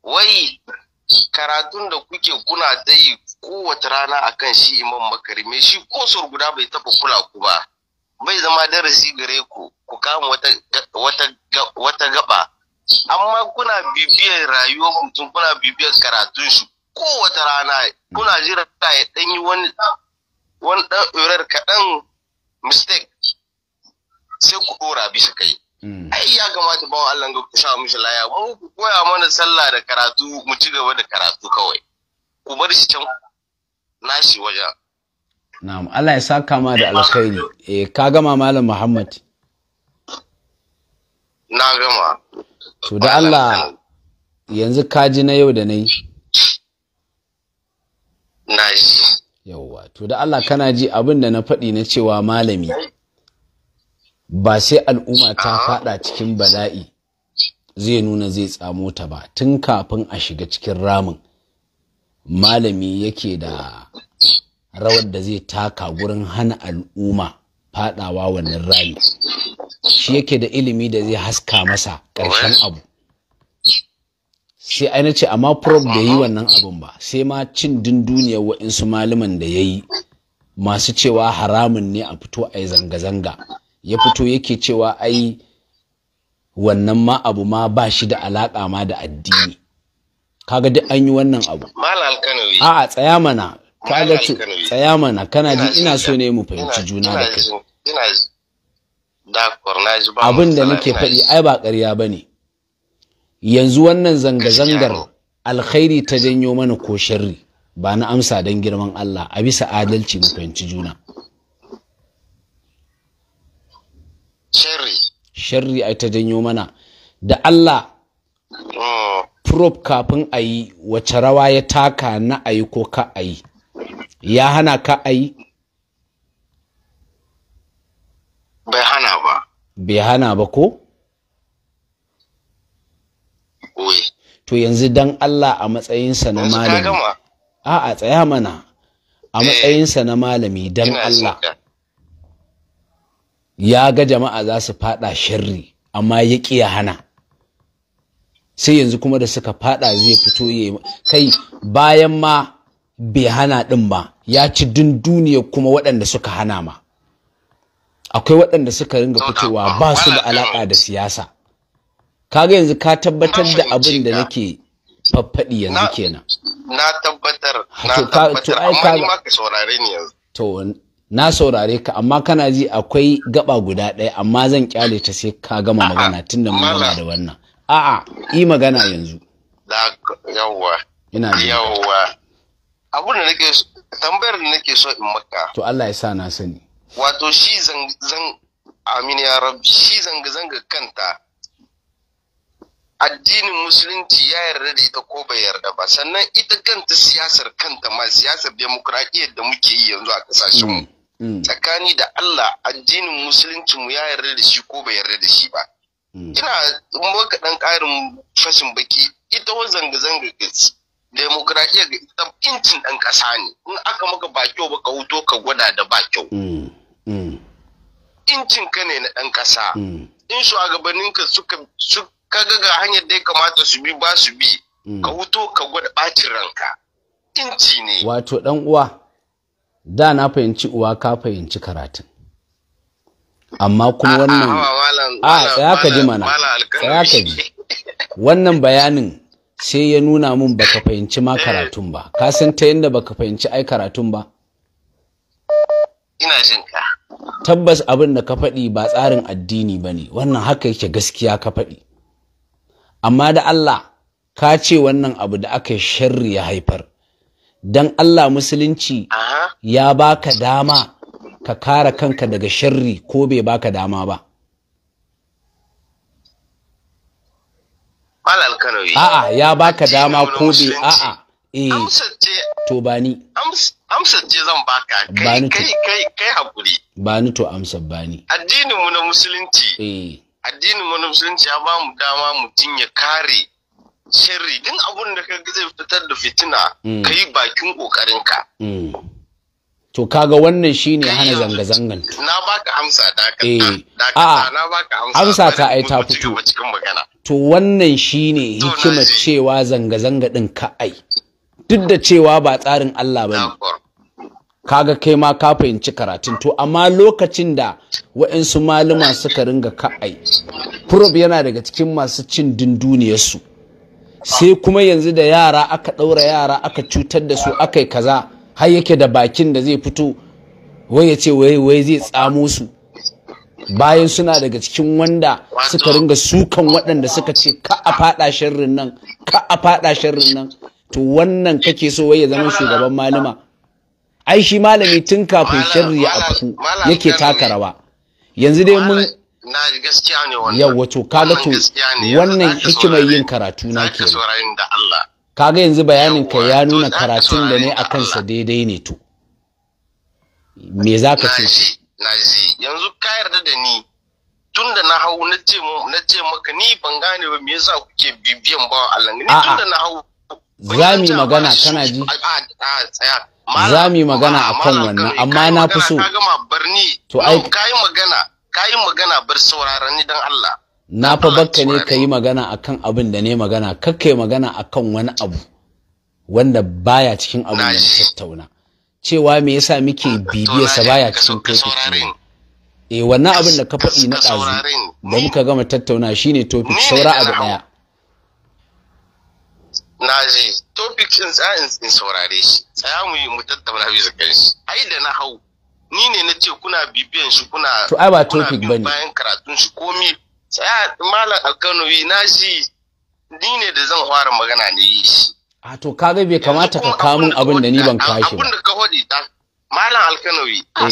Wai karatun da kuke kuna dai kowace rana akan shi imam makari mai shi kosor guda bai taba kula ku ba bai zama darasi gare ku ku kama wata wata gaba amma kuna bibiyar rayuwar mutum kuna bibiyar karatun shi kowace rana kuna jira ya dan wani wani dan kaɗan mistake sai ku ɗora bisa kai hmm. ai ya kamata bawan Allah ga ku sa mishi laya mu ku koya mana sallah da karatu mu ci gaba da karatu kawai ku bar shi can nashi waje. na'am Allah ya saka ma da alkhairi eh ka gama malam Muhammad na gama to da Allah yanzu ka ji na yau da nai Nashi. na to da Allah kana ji abin da na faɗi na cewa malami ba sai al'umma ta faɗa cikin bala'i zai nuna zai tsamo ta ba tun kafin a shiga cikin ramin malami yake da rawar da zai taka gurin hana al'umma fadawa wannan rami shi yake da ilimi da zai haska masa ƙarshen abu sai aina ce amma prof da yi wannan abin ba sai ma cin dunduniyar wa'insu malaman da ya yi masu cewa haramun ne a fito a yi zanga-zanga ya fito yake cewa ai wannan ma abu ma ba shi da alaƙa ma da addini kaga duk an yi wannan abu a'a tsaya mana kaga tsaya mana kana ji ina so ne mu fahimci juna da kai abin da nake faɗi ai ba ƙarya ba ne yanzu wannan zanga-zangar alkhairi ta janyo mana ko sharri ba na amsa don girman Allah a bisa adalci mu fahimci juna sharri sharri ai ta janyo mana da Allah probe kafin a yi wace rawa ya taka na a yi ko ka a yi ya hana ka a yi bai hana ba bai hana ba ko to yanzu don Allah a matsayinsa na malami a a tsaya mana a eh. matsayinsa na malami don Allah ya ga jama'a za su fada shirri amma ya ƙi ya hana sai yanzu kuma da suka fada zai fito ya kai bayan ma bai hana din ba ya ci dunduniya duniya kuma waɗanda suka hana ma akwai waɗanda suka ringa fitowa ba su da alaƙa da siyasa kaga yanzu ka tabbatar da abin da nake faffaɗi yanzu kenan na tabbatar na tabbatar amma ni ka saurare ni yanzu to na saurare ka amma kana ji akwai gaba guda ɗaya amma zan kyale ta sai ka gama magana tunda mun gama da wannan a'a yi magana yanzu yawwa ina yawwa abun da nake tambayar da nake so in maka to Allah ya sa na sani wato shi zan amin ya rabbi shi zanga-zanga kanta addinin musulunci ya yarda da ita ko bai yarda ba sannan ita kanta siyasar kanta ma siyasar demokradiyyar da muke yi yanzu a mu. Mm, mm. tsakani da Allah addinin musulunci mu ya yarda da shi ko bai yarda da shi ba Mm. ina maka dan karin fashin baki ita wa zanga-zanga gaci demokradiyya ga ita incin ɗan ƙasa ne in aka maka ba kyau ba ka wuto ka gwada da ba kyau mm. Mm. incin ka ne na ɗan ƙasa? in shugabannin ka suka ka ga hanyar da ya kamata su bi ba su bi ka wuto ka gwada ɓacin ranka inci ne wato ɗan uwa da na fahimci uwa ka fahimci karatun amma kuma wannan a tsaya ka ji mana tsaya ka ji wannan bayanin sai ya nuna min baka fahimci ma eh. karatun ba ka san ta yadda baka fahimci ai karatun ba ina jin ka tabbas abin da ka faɗi ba tsarin addini ba ne wannan haka yake gaskiya ka faɗi amma da Allah ka ce wannan abu da aka sharri ya haifar don Allah musulunci ya baka dama ka kare kanka daga sharri ko bai baka dama ba a'a ya baka dama ko bai a'a eh to ba ni amsar ce zan baka kai kai kai kai hakuri ba ni to amsar ba ni addinin mu na musulunci eh addinin mu na musulunci ya ba mu dama mutum ya kare sharri din abun da ka zai fitar da fitina mm. kai bakin kokarin ka mm. to kaga wannan shine hana zanga-zangan na baka amsa a eh, na baka amsa ta ai ta fito to wannan shine hikimar cewa zanga-zanga din ka'ai, duk da cewa ba tsarin Allah bane kaga kai ma ka fahimci karatun to amma lokacin da wa'insu malama suka ringa ka ai yana daga cikin masu cin dunduniyarsu sai kuma yanzu da yara aka ɗaura yara aka cutar da su aka yi kaza har yake da bakin da zai fito wai ya ce wai zai tsamo su bayan suna daga cikin wanda suka ringa sukan waɗanda suka ce ka a faɗa sharrin nan ka a faɗa sharrin nan to wannan kake so wai ya zama shugaban malama ai shi malami tun kafin sharri ya afku yake taka rawa yanzu dai mun yawa to kaga to wannan hikimar yin karatu na ke da kaga yanzu bayanin ka ya nuna karatun da ne a kansa daidai ne to me za ka ce yanzu ka yarda da ni tun da na hau na ce na ce maka ni ban gane ba me yasa kuke bibiyan ba Allah ni tun da na hau zami magana kana ji zami magana akan wannan amma na fi so to ai kai magana kai magana bar sauraron ni dan Allah na fa ah, bakka ne ka yi magana akan abin da ne magana kakka yi magana akan wani abu wanda baya cikin abin da na tattauna cewa me yasa muke bibiyarsa baya cikin topic eh wannan abin da ka faɗi na ɗazu da muka gama tattauna shine topic saura abu ɗaya na ji topic in tsayin in saurare shi tsaya mu yi mu tattauna bisa kan shi ai da na hau ni ne na ce kuna bibiyan shi kuna to ai ba topic bane bayan karatun shi komi sai malam alkanowi na shi ni ne da zan fara magana ne yi shi a to kaga bai kamata ka kamun abin da ni ban kashi abin da ka hodi da malam alkanowi eh. a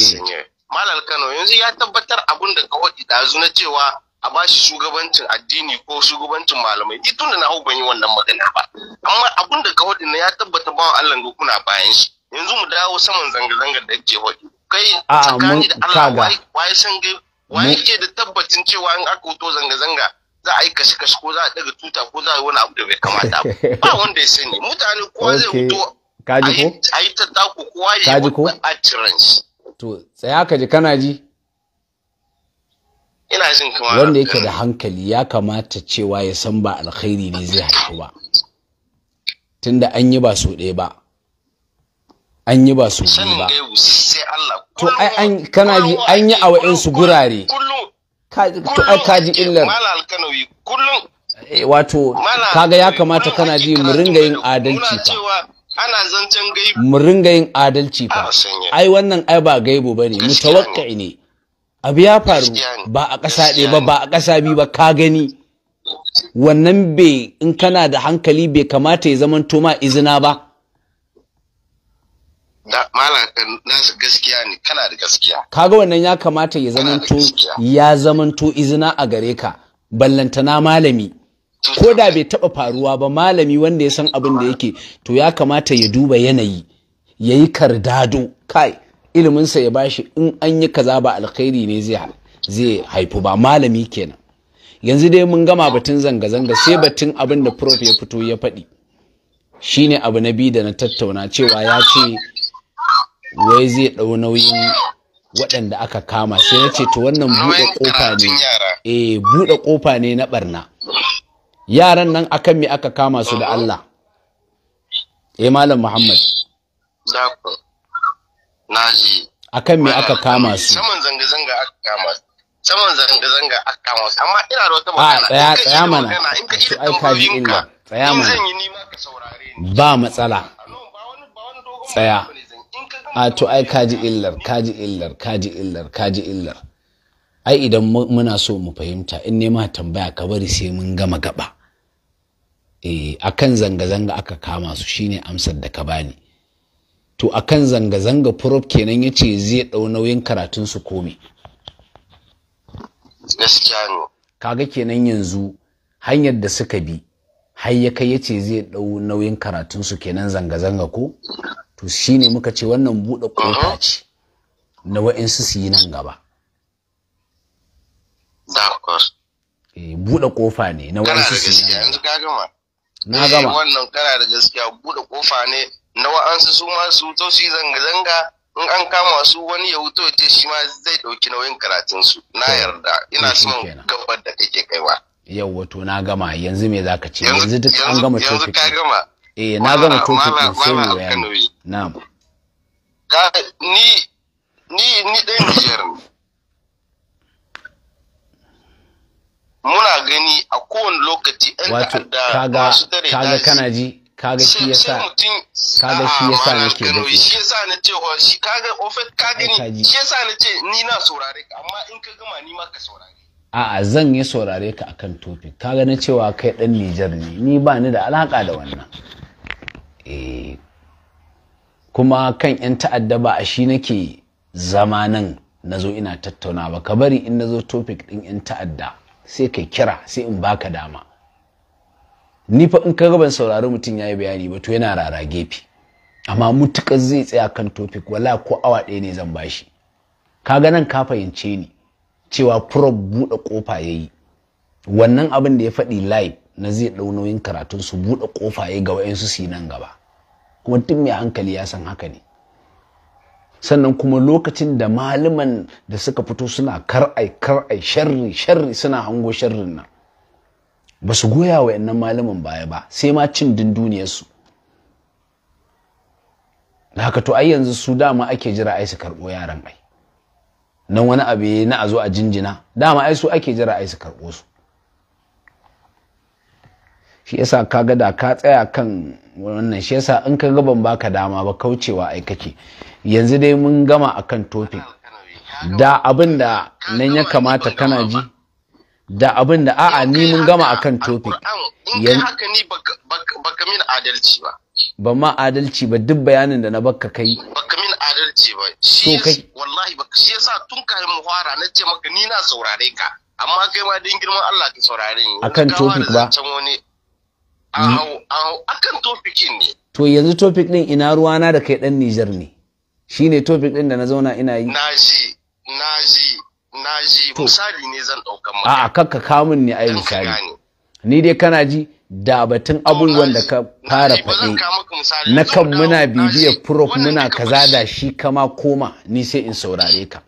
malam alkanowi yanzu ya tabbatar abin da ka hodi da na cewa a ba shi shugabancin addini ko shugabancin malamai ni tun da na hau ban yi wannan magana ba amma abin da ka hodi na ya tabbata ba Allah ga kuna bayan shi yanzu mu dawo saman zanga-zangar da ke hodi kai tsakani da Allah wai san gai Wani ke da tabbacin cewa in aka wuto zanga-zanga za a yi kashe-kashe ko za a daga tuta ko za a yi wani abu da bai kamata ba [LAUGHS] wanda ya sani mutane kowa zai wuto a yi ta taku kowa ya yi wani attirance. To tsaya ka ji kana ji? Ina jin kamar. Wanda yake da hankali ya kamata cewa ya san ba alkhairi ne zai haifu ba. Tunda an yi ba so ɗaya ba. an yi ba su ba to ai an kana ji an yi a wa'insu gurare to ai ka ji illar eh, wato kaga ya kamata kana ji mu ringa yin adalci fa ana zancen gaibu mu ringa yin adalci fa ai wannan ai ba gaibu bane mutawakkai ne abu ya faru ba a ƙasa ɗaya ba ba a ƙasa biyu ba ka gani wannan bai in kana da hankali bai kamata ya zama ma izina ba Eh, ka gaskiya kaga wannan ya kamata ya zamanto ya zamanto izina a gare ka ballantana malami ko da bai taɓa faruwa ba malami wanda ya san abin da yake to ya kamata ya duba yanayi ya yi kardado kai iliminsa ya bashi in an yi kaza ba alkhairi ne zai haifu ba malami kenan yanzu dai mun gama batun zanga-zanga sai batun abin da prof ya fito ya faɗi shi ne abu na bi da na tattauna cewa ya ce wai zai ɗau nauyin waɗanda aka kama sai na ce to wannan buɗe ƙofa ne eh buɗe ƙofa ne na ɓarna yaran nan akan me aka kama su da Allah eh malam Muhammad naji akan me aka kama su saman zanga zanga aka kama su saman zanga zanga aka kama su amma ina da wata magana a ah, tsaya tsaya mana to ai ka ji illa tsaya mana zan yi ni ka saurare ba matsala tsaya a to ai kaji illar kaji illar kaji illar kaji illar ai idan muna so mu fahimta in nema tambaya ka bari sai mun gama gaba eh akan zanga-zanga aka kama su shine amsar da ka bani to akan zanga-zanga prof kenan yace zai ɗau nauyin karatun su komi gaskiya kaga kenan yanzu hanyar da suka bi har ya kai ya ce zai dau nauyin karatun su kenan zanga-zanga ko to shine muka ce wannan buɗe ƙofa ce na wa'insu su yi nan gaba buɗe ƙofa ne na wa'insu su yi nan gaba na gama wannan kara da gaskiya buɗe ƙofa ne na wa'ansu su ma su to su yi zanga-zanga in an kama su wani ya wuto ya ce shi ma zai ɗauki nauyin karatunsu na yarda ina son gabar da kake kaiwa yau wato na gama yanzu me zaka ce yanzu duk an gama topic yanzu eh na gama topic din sai mu Na na'am ni ni ni dan Niger muna gani a kowane lokaci ɗan ta'adda kaga kaga kana ji kaga shi yasa kaga shi yasa nake da shi yasa na ce shi kaga ofet kaga ni shi yasa na ce ni na saurare amma in ka gama ni ma ka saurare a'a zan yi saurare ka akan topic ka gani cewa kai dan Nijar ne ni ba ni da alaka da wannan Eh, kuma kan 'yan ta'adda ba a shi nake zama nan na zo ina tattauna ba ka bari in na zo topic ɗin 'yan ta'adda sai ka kira sai in baka dama ni fa in ka gaban saurari mutum ya yi bayani ba to yana rara gefe amma mutukar zai tsaya kan topic wala ko awa ɗaya ne zan bashi ka ga nan ka fahimce ni cewa prof buɗe ƙofa ya yi wannan abin da ya faɗi live na zai ɗau nauyin karatun su buɗe ƙofa ya ga wa'yansu su nan gaba kuma duk mai hankali ya san haka ne sannan kuma lokacin da malaman da suka fito suna kar'ai kar'ai sharri sharri suna hango sharrin nan ba su goya wa yannan malaman baya ba sai ma cin dinduniyarsu da haka to ai yanzu su dama ake jira ai su karɓo yaran ai nan wani abu na a zo a jinjina dama ai su ake jira ai su karɓo su shi yasa ga da ka tsaya kan wannan shi yasa in ka ga ban baka dama ba kaucewa ai kake yanzu dai mun gama akan topic da abin da nan ya kamata kana ji da abin da a'a ni mun gama akan topic yan haka ni baka mini adalci ba Ba ma adalci ba duk bayanin da na baka kai baka min adalci ba shi wallahi baka shi yasa tun kai mu fara na ce maka ni na saurare ka amma kai ma din girman Allah ka saurare ni akan topic ba hmm. akan topic ne to yanzu topic din ina ruwana da kai dan Niger ne shine topic din da na zauna ina yi na ji na ji na ji misali ne zan dauka maka a'a kakka kamun ne ai misali ni dai kana ji da batun abubuwan da ka fara faɗi na kan muna bibiya prof muna kaza da shi kama koma ni sai in saurare ka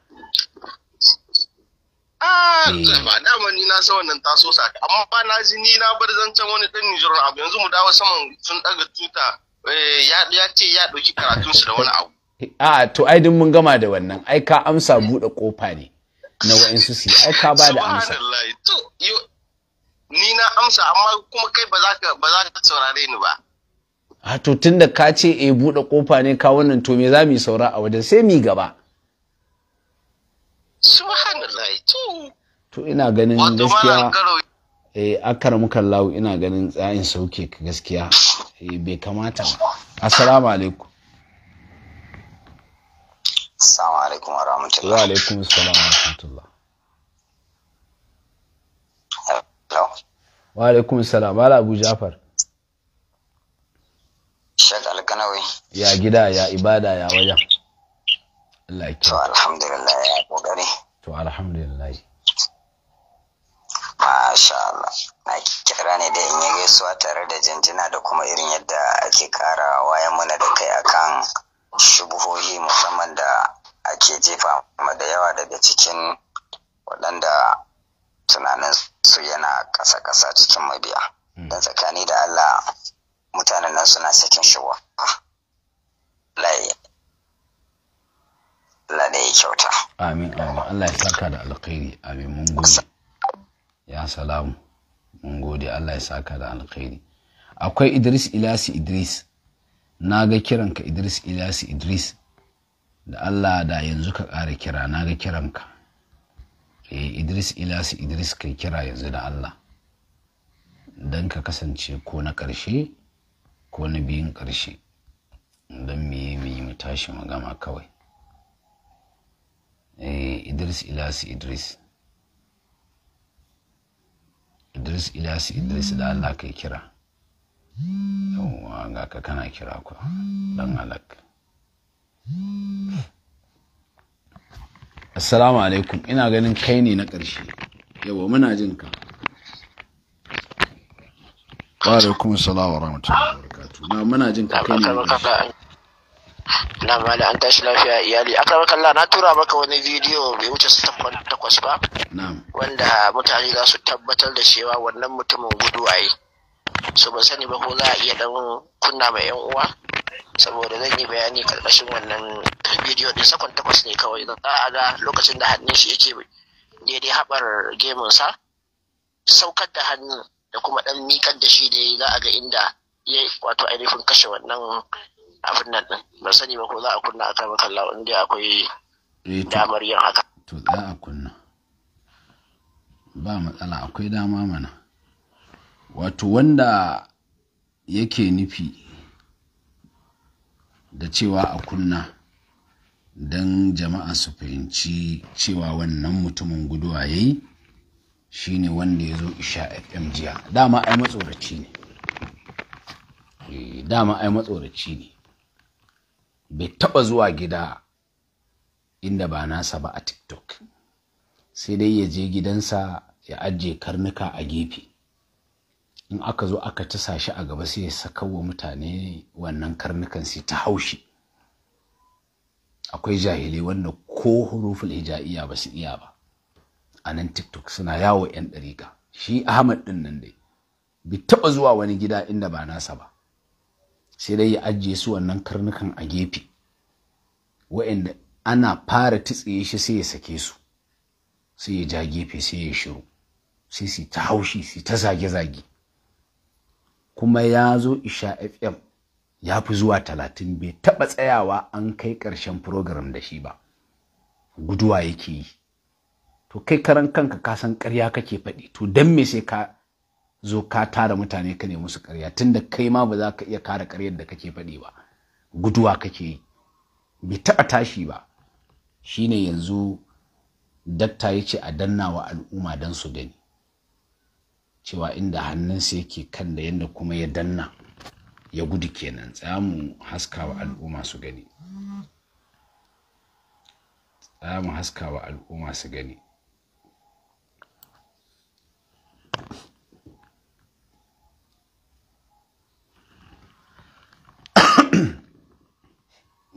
ah, eh. Eh, ba na bar zancen wani abu da wani abu [LAUGHS] ah, to ai din mun gama da wannan ai ka amsa buɗe kofa ne na wa'insu su ai ka ba da amsa ni na amsa amma kuma kai ba za ka ba za ka saurare ni ba a to tunda ka ce e buɗe kofa ne ka wannan to me za mu yi saura a wajen sai mu gaba subhanallahi to to ina ganin gaskiya eh akar muka lawo ina ganin tsayin sauke ka gaskiya eh bai kamata assalamu alaikum assalamu alaikum wa rahmatullahi wa alaikum assalam wa rahmatullahi wa alaikum salam ala abu jafar shek alkanawi ya gida ya ibada ya wajen to alhamdulillah ya kokari to alhamdulillah masha Allah na kira ne da in yage suwa tare da jinjina da kuma irin yadda ake kara wayan muna da kai akan shubuhohi musamman da ake jefa da yawa daga cikin waɗanda tunanin su yana ƙasa-ƙasa cikin mabiya hmm. don tsakani da Allah mutanen nan suna sakin shi wa Allah da ya kyauta amin amin Allah ya saka da alkhairi amin mun gode ya salamu mun gode Allah ya saka da alkhairi akwai Idris Ilyasu Idris na ga kiranka Idris Ilyasu Idris da Allah da yanzu ka ƙara kira na ga kiranka E, idris ilasi idris kai kira yanzu da allah don ka kasance ko na ƙarshe ko na biyun ƙarshe don miye yi mu tashi magama kawai e, idris ilasi idris idris ilasi idris da allah kai kira yawon ga ka kira kwa don halak assalamu alaikum ina ganin kai ne na ƙarshe yawa muna jin ka wa alaikum assalam wa rahmatullahi wa barakatu na muna jin ka kai ne na mali an tashi lafiya iyali akan kalla na tura maka wani bidiyo bai wuce su takwas ba wanda mutane za su tabbatar da cewa wannan mutumin gudu a yi so ba sani ba ko za a iya dan kunna mai yan uwa saboda zan yi bayani karkashin wannan bidiyo din sakon takwas ne kawai idan za a ga lokacin da hannun shi yake daidai haɓar gemunsa saukar da hannun da kuma ɗan miƙar da shi da ya za a ga inda ya yi. wato ainihin kashe wannan abin nan ɗin ba sani ba ko za a kunna maka makalla inda akwai eh damar yin haka. To za a kunna ba matsala akwai dama mana wato wanda yake nufi da cewa a kunna don jama'a su fahimci cewa wannan mutumin guduwa ya yi shi ne wanda ya zo isha fm jiya dama ai matsoraci ne eh, dama ai matsoraci ne bai taba zuwa gida inda ba nasa ba a tiktok sai dai ya je gidansa ya ajiye karnuka a gefe in aka zo aka tasa shi a gaba sai ya saka wa mutane wannan karnukan sai ta haushi akwai jahilai wanda ko huruful hija'iya ba su iya ba a nan tiktok suna yawo 'yan ɗariƙa shi ahmad ɗin nan dai bi taɓa zuwa wani gida inda ba nasa ba sai dai ya ajiye su wannan karnukan a gefe wa'inda ana fara titsiye shi sai ya sake su sai ya ja gefe sai ya shiru sai su ta haushi su ta zage-zage kuma ya zo isha fm ya fi zuwa talatin bai taɓa tsayawa an kai ƙarshen program da shi ba guduwa yake yi to kai karan kanka ka san ƙarya kake faɗi to don me sai ka zo ka tara mutane ka ne musu ƙarya tunda kai ma ba za ka iya kara karyar da kake faɗi ba guduwa kake yi bai taɓa tashi ba shine yanzu dakta ya ce a danna wa al'umma don su gani cewa inda hannunsa yake kan da yadda kuma ya danna ya gudu kenan tsamu haskawa al'umma su gani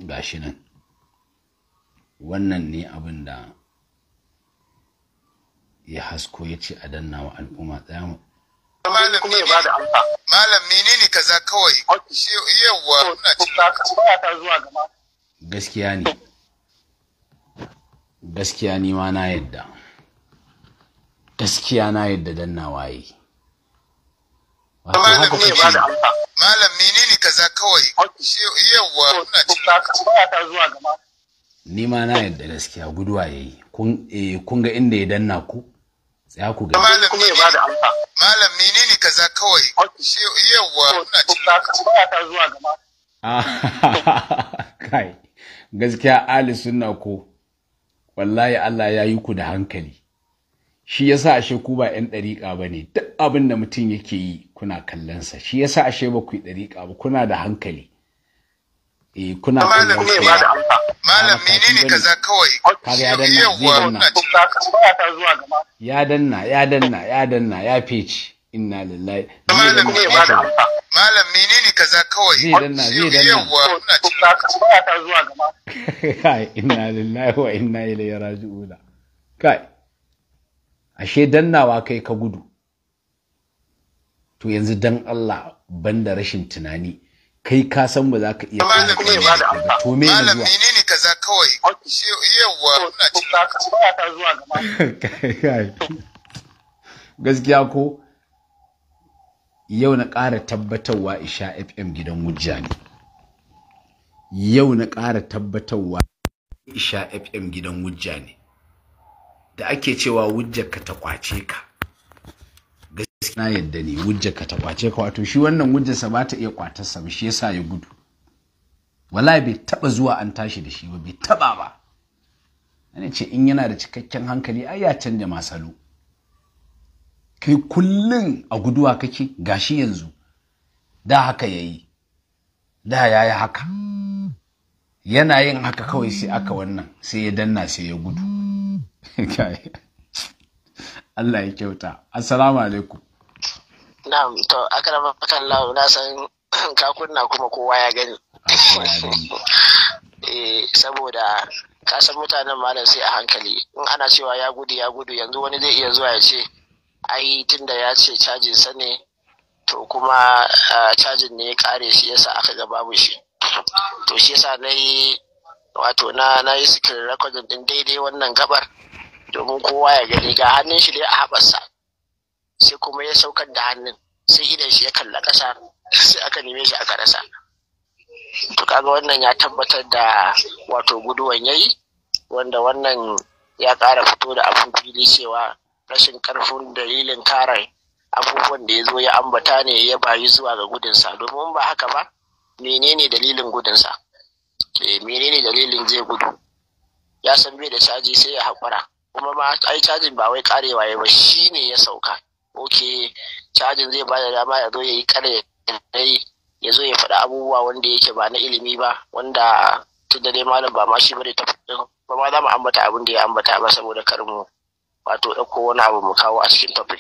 Ga [COUGHS] shi nan wannan ne abin da ya hasko ya ce a danna wa al'umma tsaya malam kuma ya bada amsa malam menene kaza kawai yawa ina cikin zuwa gaba gaskiya ne gaskiya ne ma na yadda gaskiya na yadda danna na waye malam menene kaza kawai yawa ina cikin zuwa gaba ni ma na yadda gaskiya guduwa yayi yi. Eh, kun ga inda ya danna ku ya ku malam kuma ya da amsa malam menene kaza kawai yawa ina cikin baya ta zuwa gaba ah, [LAUGHS] kai gaskiya ali sunna ko wallahi Allah ya yi ku da hankali shi yasa ashe ku ba yan dariƙa bane duk abin da mutum yake yi kuna kallon sa shi yasa ashe ba ku yi dariƙa ba kuna da hankali eh kuna malam ne ba da amsa malam menene kaza kawai ya danna zai danna ya danna ya danna ya danna ya fice inna lillahi malam ne ba da amsa malam menene kaza kawai zai danna zai danna kai inna lillahi wa inna ilaihi raji'un kai ashe dannawa kai ka gudu to yanzu dan Allah banda rashin tunani kai ka san ba za ka iya kuma to me ne zuwa menene kaza kawai yawa ina cikin [LAUGHS] gaskiya ko yau na ƙara tabbatarwa isha fm gidan wujja ne yau na ƙara tabbatarwa isha fm gidan wujja ne da ake cewa wujjar ka ta kwace ka na yadda ne wujja ka ta kwace ka wato shi wannan wujjarsa ba ta iya kwatarsa ba shi yasa ya gudu wallahi bai taba zuwa an tashi da shi ba bai taba ba ana ce in yana da cikakken hankali ai ya canja masalo kai kullun a guduwa kake gashi yanzu da haka yayi da yayi haka yana yin haka kawai sai aka wannan sai ya danna sai ya gudu [LAUGHS] Allah ya kyauta assalamu alaikum Na'am, to na san [CLEARS THROAT] ka kuma kowa ya gani. [LAUGHS] Eh, saboda ka mutanen malam sai a hankali in ana cewa ya gudu ya gudu yanzu wani zai iya zuwa ya ce ai tunda ya ce cajin sa ne to kuma cajin ne ya kare shi yasa aka ga babu shi to shi yasa na yi wato na na yi sikirin rekodin din daidai wannan gabar domin kowa ya gani ga hannun shi dai a haɓarsa sai kuma ya saukar da hannun sai idan shi ya kalla ƙasa sai aka neme shi aka rasa to kaga wannan ya tabbatar da wato guduwan yayi wanda wannan ya ƙara fito da abin fili cewa rashin ƙarfin dalilin kare abubuwan da ya zo ya ambata ne ya bayi zuwa ga gudunsa domin ba haka ba menene dalilin gudunsa eh, menene dalilin zai gudu ya san bai da caji sai ya haƙura kuma ma ai cajin ba wai karewa ya ba shi ne ya sauka ok cajin zai bada dama ya zo ya yi kare ya zo ya faɗi abubuwa wanda yake ba na ilimi ba wanda tun da dai malam ba ma shi bane ta ba ma za mu ambata abin da ya ambata ba saboda kar mu wato ɗauko wani abu mu kawo a cikin tafi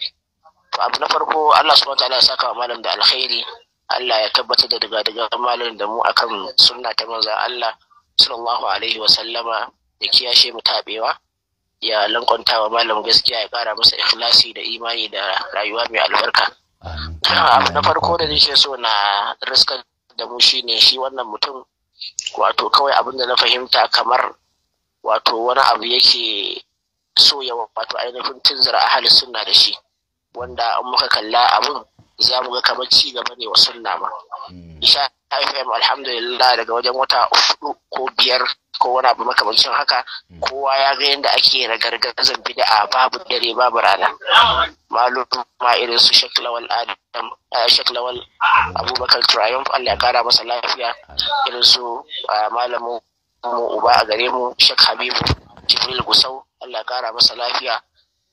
to abu na farko Allah subhanahu wataala ya saka wa malam da alkhairi Allah ya tabbatar da daga daga malam da mu akan sunna ta manzon Allah sallallahu alaihi wa sallama da kiyashe mu tabewa ya wa malam gaskiya ya kara masa ikhlasi da imani da rayuwa mai albarka ah, abu na farko da nake so na riskar da mu ne, shi wannan mutum wato kawai abin da na fahimta kamar wato wani abu yake so yawan wato ainihin a halin suna da shi wanda in muka kalla abin za mu ga kamar ci gaba ne wa sunna ba hmm. isha fm alhamdulillah daga wajen wata hudu ko biyar ko wani abu makamancin haka hmm. kowa ya ga yadda ake ragargazan bid'a babu dare babu rana malum ma irin su shaklawal adam eh, shaklawal abubakar triumph allah ya kara masa lafiya irin su eh, malamin mu uba a gare mu shek habibu jibril gusau allah ya kara masa lafiya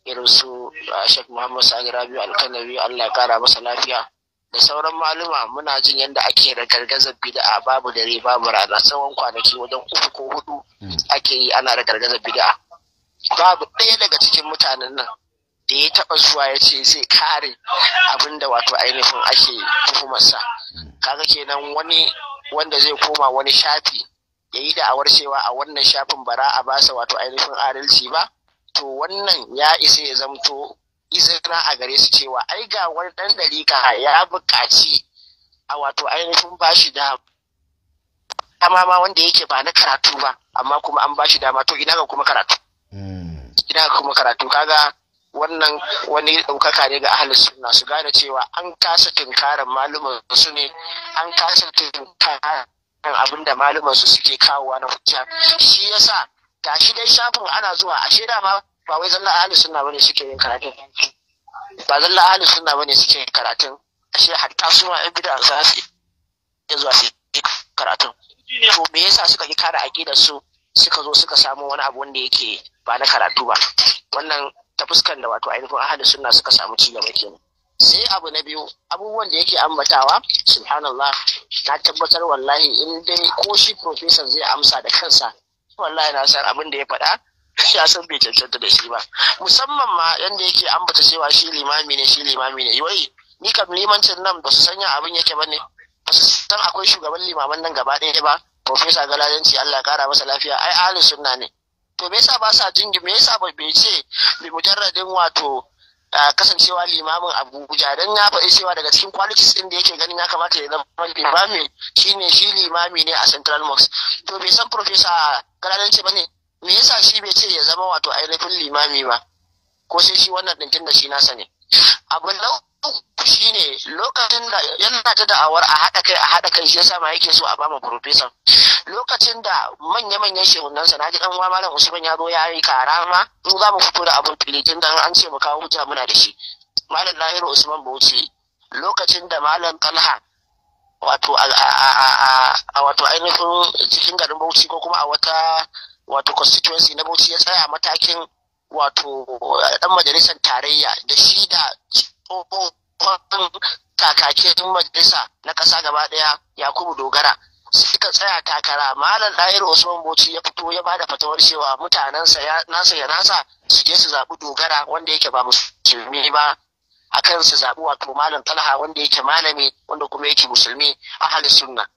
irin su Sheikh Muhammad Sani Rabiu Alkanawi Allah kara masa lafiya da sauran maluma muna jin yadda ake gargaza bid'a babu dare babu rana tsawon kwanaki wajen uku ko hudu hmm. ake yi ana da ragargazar bid'a babu ɗaya daga cikin mutanen nan da ya taɓa zuwa ya ce zai kare abin da wato ainihin ake tuhumarsa hmm. kaga kenan wani wanda zai koma wani shafi ya yi da'awar cewa a wannan shafin bara a basa wato ainihin adalci ba to wannan ya isa ya zamto izina a gare su cewa ai ga wani ɗan dalika ya buƙaci a wato ainihin ba shi da dama ma wanda yake ba na karatu ba amma kuma an ba shi dama to ina ga kuma karatu hmm. ina ga kuma karatu kaga wannan wani ɗaukaka ne ga ahalin suna su gane cewa an kasa tunkarar malumin su ne an kasa tunkarar abin da malumin su suke kawowa na hujja shi yasa gashi dai shafin ana zuwa ashe ma ba wai zalla ahli sunna bane suke yin karatun ba zalla ahli sunna bane suke yin karatun ashe hatta su ma da za su iya zuwa su yi karatun to me yasa suka yi kare aqidar su suka zo suka samu wani abu wanda yake ba na karatu ba wannan ta fuskan da wato ainihin ahli sunna suka samu ci gaba kenan sai abu na biyu abubuwan da yake ambatawa subhanallah na tabbatar wallahi in dai ko shi professor zai amsa da kansa wallahi na san abin da ya faɗa ya san bai cancanta da shi ba musamman ma yanda yake ambata cewa shi limami ne shi limami ne wai ni kam limancin nan ba su sanya abin yake ba ne ba su san akwai shugaban limaman nan gaba ɗaya ba profesa galadanci Allah kara masa lafiya ai ahli sunna ne to me yasa ba sa jingi me yasa ba bai ce bi mujarradin wato kasancewa limamin Abuja don ya faɗi cewa daga cikin qualities din da yake ganin ya kamata ya zama limami shine shi limami ne a Central Mosque to bai san professor ba ne me yasa shi bai ce ya zama wato ainihin limami ba ko sai shi wannan ɗinkin da shi nasa ne abu na shine lokacin da yana ta da'awar a haɗa kai a haɗa kai shi yasa ma yake so a bama professor lokacin da manya-manyan shehunan sa naji dan uwa malam Usman ya zo ya yi karama mu za mu fito da abin filitin dan an ce mu kawo hujja muna da shi malam Lahiru Usman Bauchi lokacin da malam Talha wato a wato ainihin cikin garin Bauchi ko kuma a wata wato constituency na Bauchi ya tsaya matakin wato dan eh, majalisar tarayya da shi da tsohon kakakin majalisa na ƙasa gaba ɗaya yakubu dogara suka tsaya takara malam ɗahiru usman bauchi ya fito ya bada fatawar cewa mutanensa ya nasa ya nasa su je su zaɓi dogara wanda yake ba musulmi ba akan su zaɓi wato malam talha wanda yake malami wanda kuma yake musulmi a halin sunna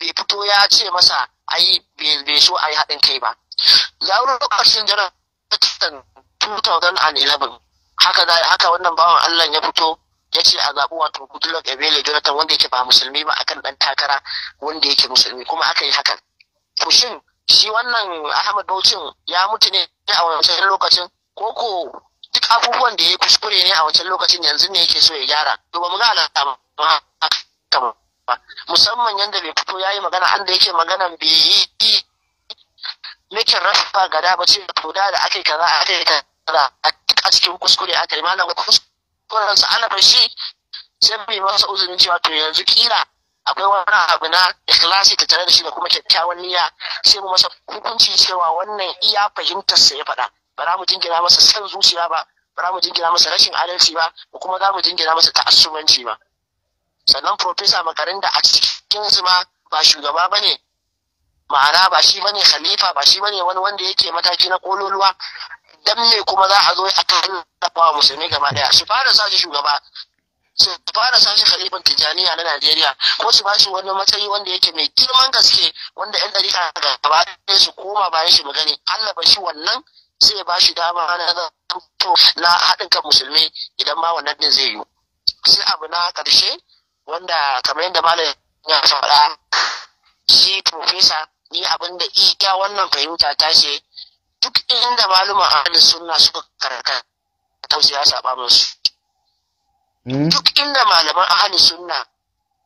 bai fito ya ce masa ayi bai so ayi haɗin kai ba zaɓar lokacin jiran 2011 haka haka wannan bawan Allah ya fito ya ce a zaɓi wato Goodluck Ebele Jonathan wanda yake ba musulmi ba akan ɗan takara wanda yake musulmi kuma aka yi hakan. To shin shi wannan Ahmad Bauchin ya mutu ne a wancan lokacin ko ko duk abubuwan da ya kuskure ne a wancan lokacin yanzu ne yake so ya gyara. To ba mu ga alaƙa ba musamman yadda bai fito ya yi magana an da yake maganan bai yi mikin rafa gada ba ce to da da aka kaza aka yi kaza a cikin kuskure aka yi malam kuskuren sa ana shi sai bai masa uzurin cewa to yanzu kila akwai wani abu na ikhlasi ta tare da shi da kuma kyakkyawan niyya sai mu masa hukunci cewa wannan iya fahimtar sa ya faɗa ba za mu jingina masa san zuciya ba ba za mu jingina masa rashin adalci ba Ba kuma za mu jingina masa ta'assubanci ba sannan profesa da a cikin su ma ba shugaba ba ne ma'ana ba shi bane khalifa ba shi bane wani wanda yake mataki na kololuwa dan me kuma za a zo a tallafa wa musulmi gaba daya su fara sa shi shugaba su fara sa shi khalifan tijaniya na Najeriya ko su bashi wani matsayi wanda yake mai girman gaske wanda yan dariƙa gaba ɗaya su koma bayan shi magani Allah ba shi wannan zai ba shi dama na na haɗin kan musulmi idan ma wannan din zai yi sai abu na ƙarshe wanda kamar yadda malam ya faɗa shi profesa ni abin da iya wannan fahimta ta ce duk inda a ahlus suna suka karkata tausi ya saba musu hmm? duk inda malaman ahlus sunna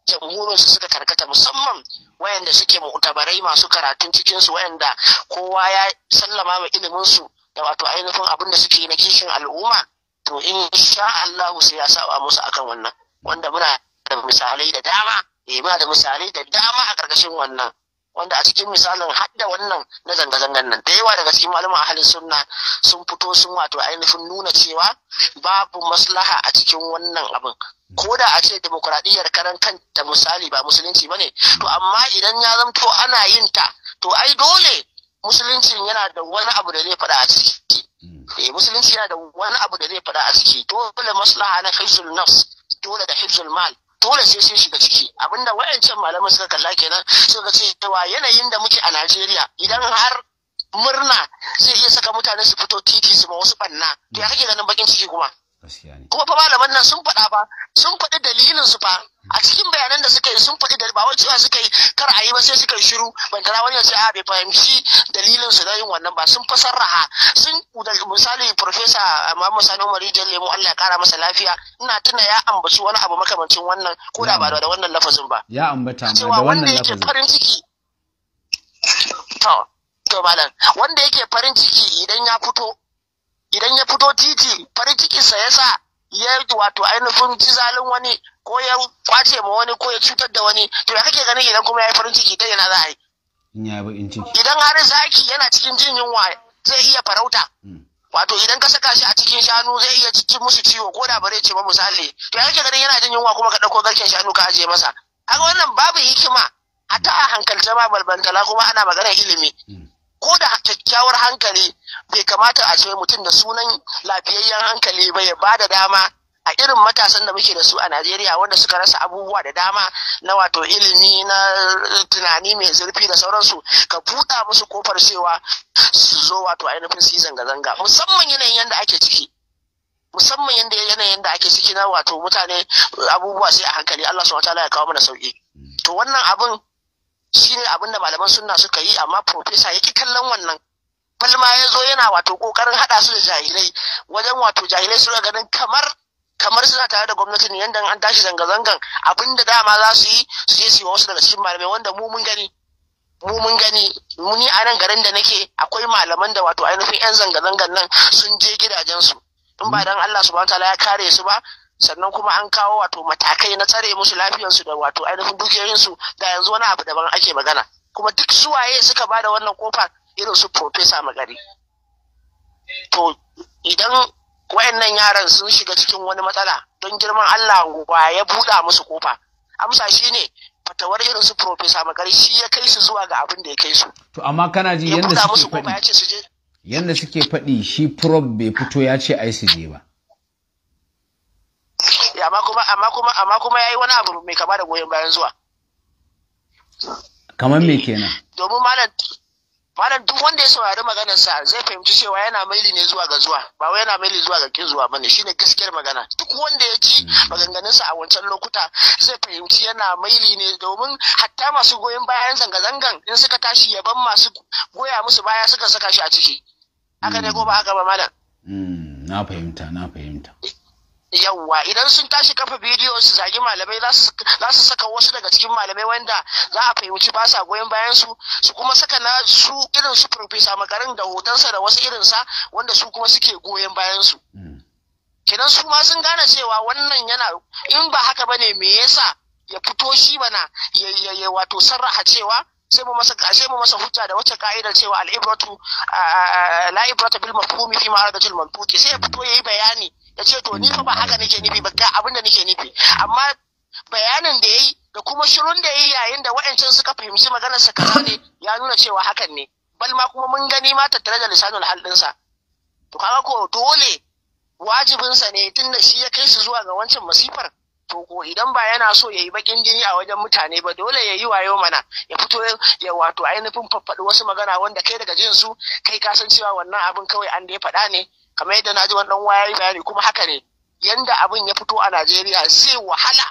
jamhurin su suka karkata musamman wayanda suke mu'tabarai masu karatun cikinsu, wayanda kowa ya sallama ma ilimin su da wato ainihin abin da suke na kishin al'umma to in sha Allah sai ya saba musu akan wannan wanda muna da misalai da dama eh muna da misalai da dama a karkashin wannan wanda a cikin misalin hadda wannan na zanga-zangan nan da yawa daga cikin malaman ahalin sunna sun fito sun wato ainihin nuna cewa babu maslaha a cikin wannan abin ko da a ce demokuraɗiyyar karan kanta misali ba musulunci ba ne to amma idan ya zamto ana yin ta to ai dole musuluncin yana da wani abu da zai faɗa a ciki hmm. eh musulunci yana da wani abu da zai faɗa a ciki dole maslaha na hizul nafs dole da hizul mal dole sai sun shiga ciki abinda wayancan malamai suka kalla kenan suka ce cewa yanayin da muke a Najeriya idan har murna zai iya saka mutane su fito titi su ma wasu banna to ya kake ganin bakin ciki kuma kuma fa malaman nan sun faɗa ba sun faɗi dalilin su fa a cikin bayanan da suka yi sun faɗi dalilin ba wai cewa suka yi kar a yi ba sai suka yi shiru ban kira wani ya ce a ah, bai fahimci dalilin su da yin wannan ba sun fasar raha sun misali profesa Muhammad Sani Umar Rijal Lemu Allah ya kara masa lafiya ina tuna ya ambaci wani abu makamancin wannan ko da ba da wannan lafazin ba ya ambata ma da wannan lafazin cewa wanda yake farin ciki to to malam wanda yake farin ciki idan ya fito idan ya fito titi farin cikinsa ya sa ya wato ainihin jizalin wani ko ya kwace ma wani ko ya cutar da wani to ya kake ganin idan kuma ya yi farin ciki ta yana za a yi idan har zaki yana cikin jin yunwa zai iya farauta hmm. wato idan ka saka shi a cikin shanu zai iya ci musu ciwo ko da bare ce ba misali to ya kake ganin yana jin yunwa kuma ka ɗauko garken shanu ka ajiye masa haka wannan babu hikima a a hankalce ma balbantala kuma ana maganar ilimi hmm. ko da kyakkyawar hankali bai kamata a ce mutum da sunan lafiyayyen hankali bai ya ba da dama a irin matasan da muke da su a Najeriya wanda suka rasa abubuwa da dama na wato ilimi na tunani mai zurfi da sauransu ka buɗa musu kofar cewa su zo wato ainihin su yi zanga-zanga musamman yanayin yadda ake ciki musamman yadda yanayin da ake ciki na wato mutane abubuwa sai a hankali Allah subhanahu wataala ya kawo mana sauki to wannan abin Shi shine abinda malaman sunna suka yi amma profesa yake kallon wannan Falma ya zo yana wato kokarin hada su da jahilai wajen wato jahilai suka ganin kamar kamar suna tare da gwamnati ne yadda an tashi zanga-zangan abinda dama za su yi su je su yi wasu daga cikin malamai wanda mu mun gani mu mun gani muni a nan garin da nake akwai malaman da wato ainihin yan zanga-zangan nan sun je gidajensu in ba mm. dan Allah subhanahu wataala ya kare su ba sannan kuma an kawo wato matakai na tsare musu lafiyarsu da wato ainihin dukiyoyinsu da yanzu wani abu daban ake magana kuma duk suwaye suka ba da wannan kofa irin su profesa magari to idan wayannan yaran sun shiga cikin wani matsala don girman Allah wa ya buɗa musu kofa amsa shine fatawar irin su profesa magari shi ya kai su zuwa ga abin da ya kai su to amma kana ji yanda suke faɗi yanda suke faɗi shi prof bai fito ya ce ai su je ba Eh, amma kuma amma kuma amma kuma yayi wani abu mai kama da goyon bayan zuwa kamar me kenan domin malam malam duk wanda ya saurari maganar sa zai fahimci cewa yana maili ne zuwa ga zuwa ba wai yana maili zuwa ga kin zuwa bane shine gaskiyar magana duk wanda ya ji maganganun sa a wancan lokuta zai fahimci yana maili ne domin hatta masu goyon bayan zanga zangan in suka tashi yaban masu goya musu baya suka saka shi a ciki haka ne ko ba haka ba malam hmm, na fahimta na fahimta eh, yawwa idan sun tashi kafa bidiyo su zagi malamai za su saka wasu daga cikin malamai wanda za a fahimci ba sa goyon bayan su su kuma saka na su irin su profesa makarin da hotonsa da wasu sa wanda su kuma suke goyon bayan su hmm. kidan su ma sun gane cewa wannan yana in ba haka bane me yasa ya fito shi bana ya wato sarraha cewa sai mu masa kashe mu masa hujja da wacce ka'idar cewa al-ibratu la ibrata bil mafhumi fi ma'aradatil mantuqi sai ya fito yayi bayani ya ce to ni fa ba hmm. haka nake nufi ba ga abin da nake nufi amma bayanin da yayi da kuma shirun da yayi yayin da wa'ancin suka fahimci maganar sa kaza ne ya nuna cewa hakan ne bal ma kuma mun gani ma tattare da lisanul hal sa to kaga ko dole wajibinsa ne tunda shi ya kai su zuwa ga wancan masifar to ko idan ba yana so ya yi bakin jini a wajen mutane ba dole ya yi wayo mana ya fito ya wato ainihin faffaɗi wasu magana wanda kai daga jin su kai kasan cewa wannan abin kawai an da ya faɗa ne kamar yadda na ji wannan waya bayani kuma haka ne yanda abin ya fito a Najeriya zai wahala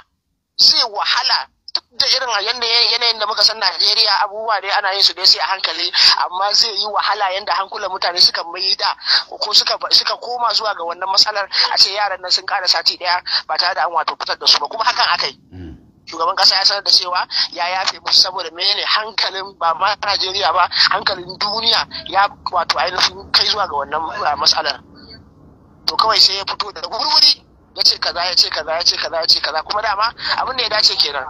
zai wahala duk da irin yanda yanayin da muka san Najeriya abubuwa ne ana yin su ne sai a hankali amma zai yi wahala yanda hankulan mutane suka mai da ko suka suka koma zuwa ga wannan matsalar a ce yaran nan sun kara sati daya ba tare da an wato fitar da su ba kuma hakan akai mm. shugaban kasa ya sanar da cewa ya yafe musu saboda menene hankalin ba ma Najeriya ba hankalin duniya ya wato ainihin kai zuwa ga wannan uh, matsalar to kawai sai ya fito da wuri ya ce kaza ya ce kaza ya ce kaza ya ce kaza kuma dama abin da ya dace kenan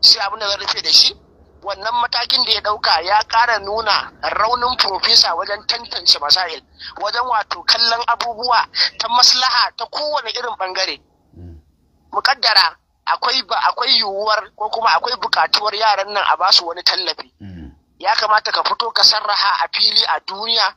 sai abin da zan rufe da shi wannan matakin da ya dauka ya kara nuna raunin profesa wajen tantance masail wajen wato kallon abubuwa ta maslaha ta kowane irin bangare mukaddara akwai ba akwai yiwuwar ko kuma akwai bukatuwar yaran nan a basu wani tallafi mm. ya kamata ka fito ka sarraha a fili a duniya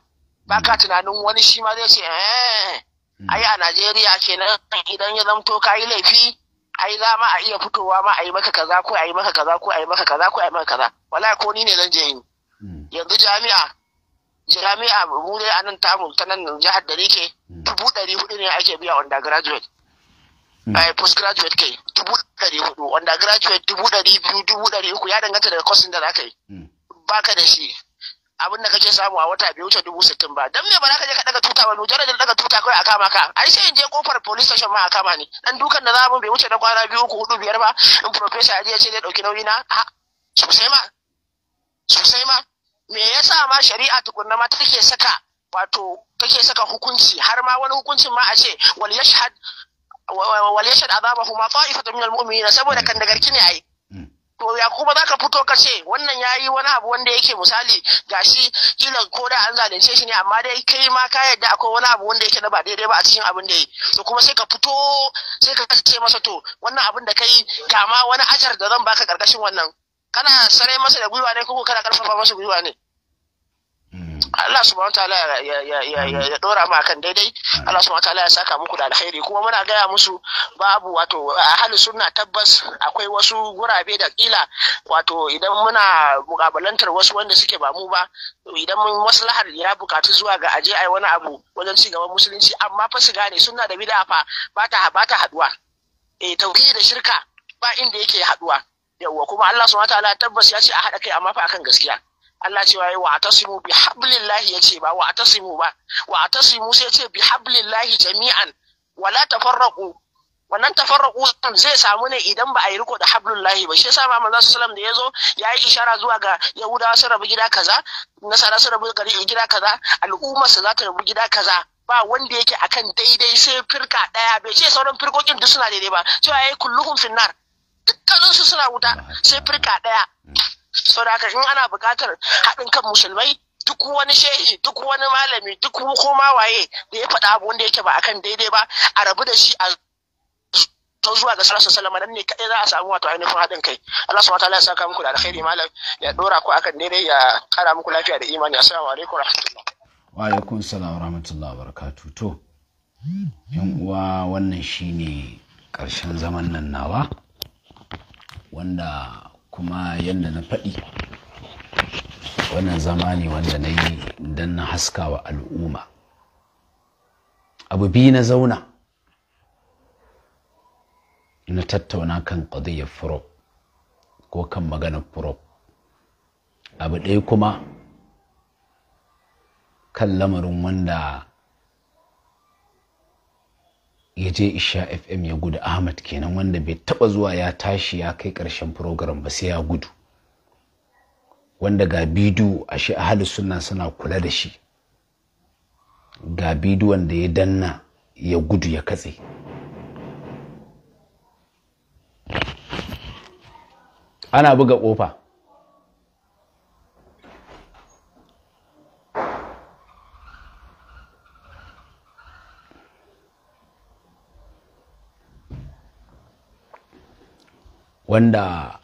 ba ka tunanin wani shi ma zai ce eh hmm. ai a Najeriya kenan idan ya zamto ka yi laifi ai za ma a iya fitowa ma a yi maka kaza ko a yi maka kaza ko a yi maka kaza ko a yi maka kaza wallahi ko ni ne zan je yi hmm. yanzu jami'a jami'a mu dai a nan tamu ta nan jihar da nake hmm. dubu ɗari hudu ne ake biya undergraduate ai eh, postgraduate kai dubu ɗari hudu undergraduate dubu ɗari biyu dubu ɗari uku ya danganta daga kwasin da za ka yi baka da shi abin da kake samu a wata bai wuce dubu sittin ba dan me ba za ka je ka daga tuta ba mujarradin daga tuta kai a kama ka ai sai in je kofar police station ma a kama ni dan dukan da za mu bai wuce na kwana biyu uku hudu biyar ba in professor ya ce zai dauki nauyi na sosai ma sosai ma me yasa ma shari'a tukunna ma take saka wato take saka hukunci har ma wani hukuncin ma a ce wal yashhad wal yashhad ma ta'ifatu min al-mu'minin saboda kan da garki ne ai to ya kuma za ka fito ka ce wannan ya yi wani abu wanda yake misali gashi kila ko da an zalunce shi ne amma dai kai ma ka yadda akwai wani abu wanda yake na ba daidai ba a cikin abin da yi to kuma sai ka fito sai ka ce masa to wannan abin da kai kama wani ajar da zan baka karkashin wannan kana sare masa da gwiwa ne ko kana karfafa masa gwiwa ne Allah subhanahu ta'ala ya ya dora mu akan daidai Allah subhanahu ta'ala ya saka muku da alkhairi kuma muna gaya musu babu wato ahli sunna tabbas akwai wasu gurabe da kila wato idan muna mukabalantar wasu wanda suke ba mu ba idan mun maslahar ya bukatu zuwa ga aje ai wani abu wajen ci gaban musulunci amma fa su gane sunna da bid'a fa ba ta ba ta haduwa eh da shirka ba inda yake haduwa yawwa kuma Allah subhanahu ta'ala tabbas ya ce a hada kai amma fa akan gaskiya Allah cewa ya wa tasimu bi hablillahi ce ba wa tasimu ba wa tasimu sai ce bi hablillahi jami'an wala tafarraqu wannan tafarraqu zai samu ne idan ba a yi riko da hablullahi ba shi yasa ma manzo sallam da yazo yi ishara zuwa ga yahudawa su rabu gida kaza nasara su rabu gari gida kaza al'umma su za ta rabu gida kaza ba wanda yake akan daidai sai firka daya bai ce sauran firkokin duk suna daidai ba cewa yayi kulluhum finnar dukkaninsu suna wuta sai firka daya saboda haka in ana buƙatar haɗin kan musulmai duk wani shehi duk wani malami duk koma waye da ya faɗa abu wanda yake ba akan daidai ba a rabu da shi a zo zuwa ga sallallahu alaihi Dan ne kadai za a samu wato ainihin haɗin kai Allah subhanahu ta'ala ya saka muku da alkhairi malam ya dora ku akan daidai ya kara muku lafiya da imani assalamu alaikum rahmatullah wa alaikum salam wa rahmatullahi wa barakatuh to yan uwa wannan shine karshen zaman nan nawa wanda kuma yadda na faɗi wannan zama ne wanda na yi don na haska wa al'umma abu biyu na zauna na tattauna kan ƙadiyar furo ko kan maganar furo abu ɗaya kuma kan lamarin wanda ya je isha fm ya gudu ahmad kenan wanda bai taba zuwa ya tashi ya kai karshen program ba sai ya gudu wanda ga bidu a shi ahalu suna suna kula da shi ga wanda wanda ya danna ya gudu ya katse ana buga kofa wanda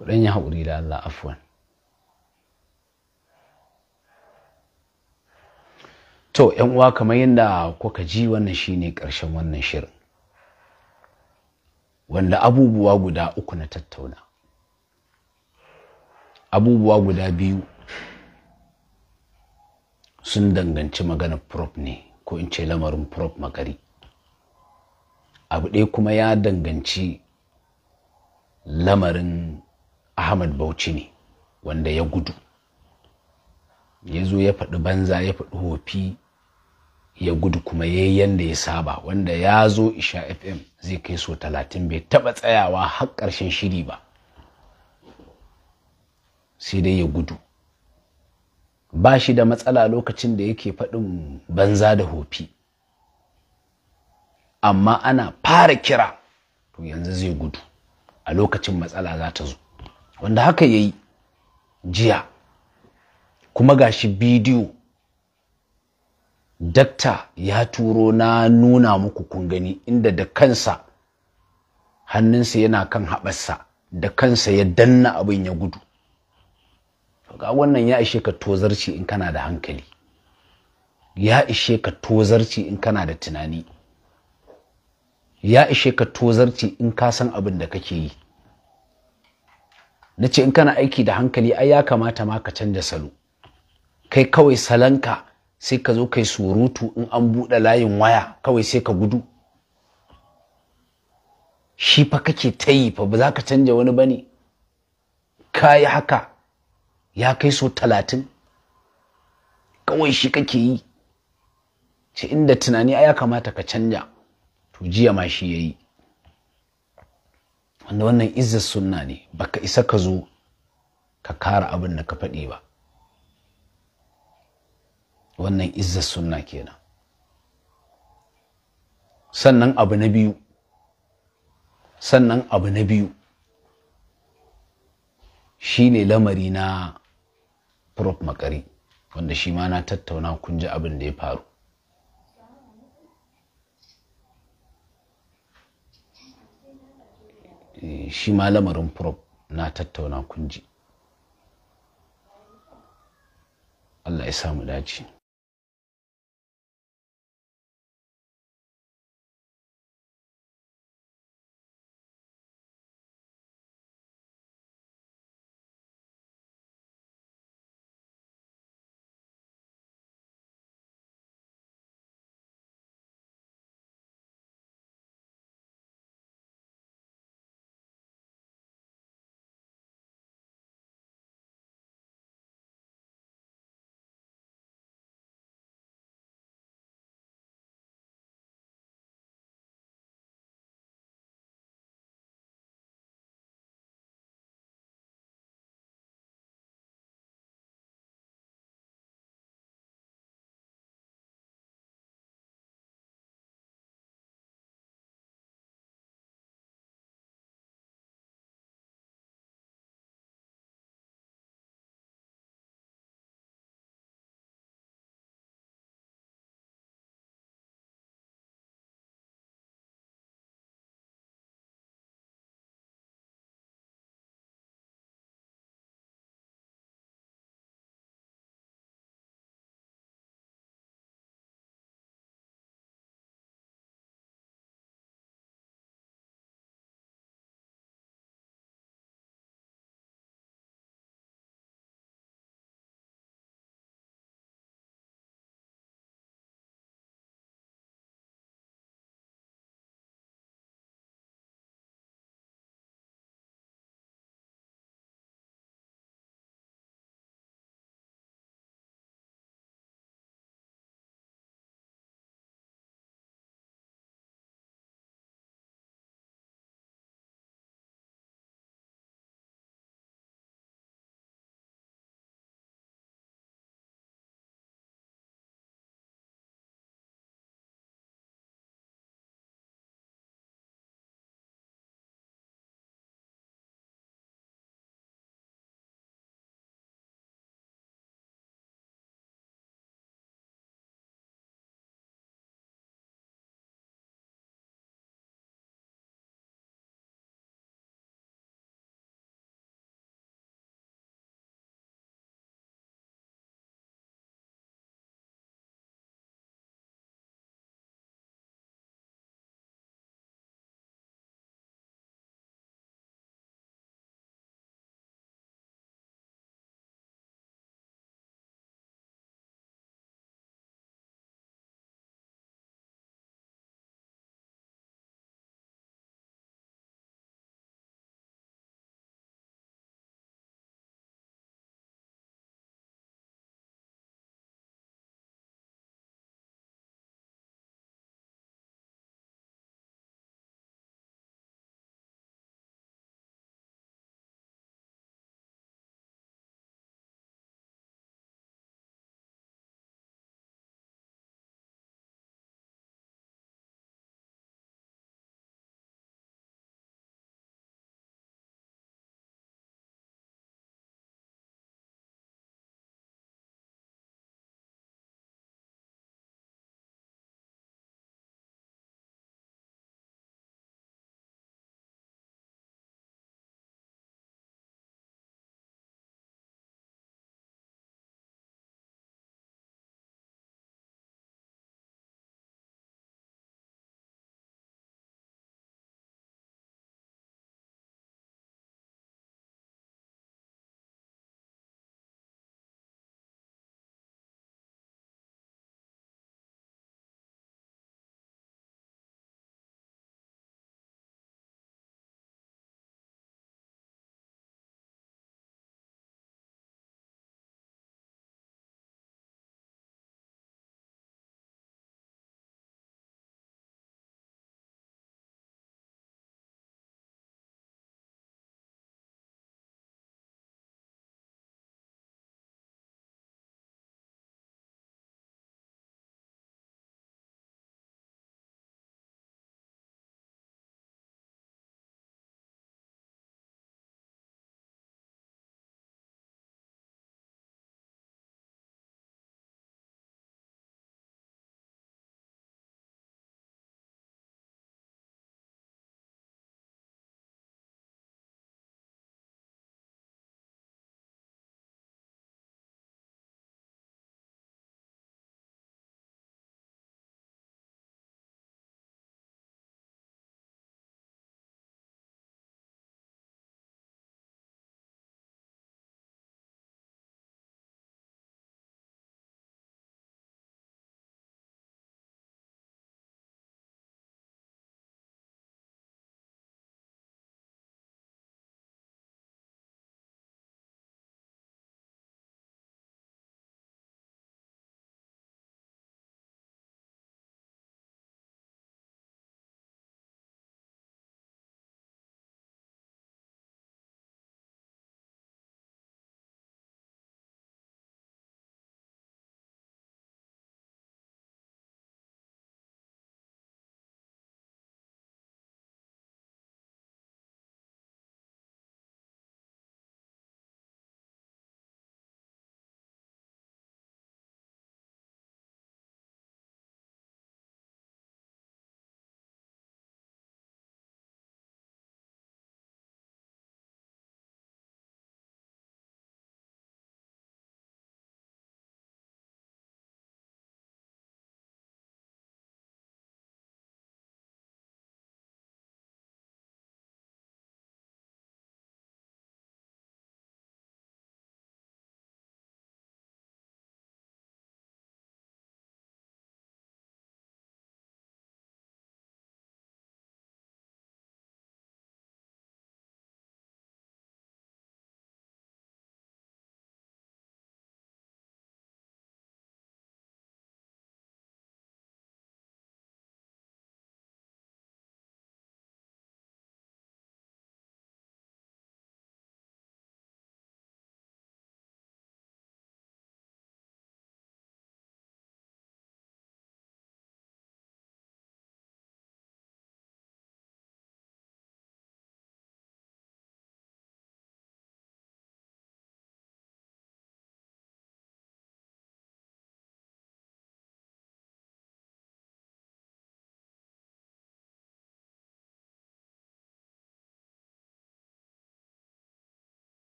ku ɗan yi haƙuri da Allah afuwan, to yan uwa kamar yadda kuka ji wannan shi ne ƙarshen wannan shirin wanda abubuwa guda uku na tattauna abubuwa guda biyu sun danganci magana prop ne ko in ce lamarin prop magari abu ɗaya kuma ya danganci lamarin ahmad bauchi ne wanda ya gudu ya zo ya faɗi banza ya faɗi hofi ya gudu kuma ya yi yanda ya saba wanda ya zo isha fm zai kai so talatin bai taɓa tsayawa har ƙarshen shiri ba sai dai ya gudu ba shi da matsala lokacin da yake faɗin banza da hofi amma ana fara kira to yanzu zai gudu a lokacin matsala za ta zo wanda haka ya yi jiya kuma gashi bidiyo dakta ya turo na nuna muku kun gani inda da kansa hannunsa yana kan haɓarsa da kansa ya danna abin ya gudu ga wannan ya ishe ka tozarci in kana da hankali ya ishe ka tozarci in kana da tunani ya ishe ka tozarci in ka san abin da kake yi na ce in kana aiki da hankali ai ya kamata ma ka canja salo kai kawai salanka sai ka zo kai surutu in an buɗe layin waya kawai sai ka gudu shi fa kake ta yi fa ba za ka canja wani bane ka yi haka ya kai so talatin kawai shi kake yi ce inda tunani ya kamata ka canja to jiya ma shi ya yi wanda wannan izzar sunna ne baka isa ka zo ka kara abin da ka faɗi ba wannan izzar sunna kenan sannan abu na biyu sannan abu na biyu shi ne lamari na prof makari wanda shi ma na tattauna kun ji abin da ya faru Eh, shi ma lamarin prop na tattauna kunji Allah ya samu dace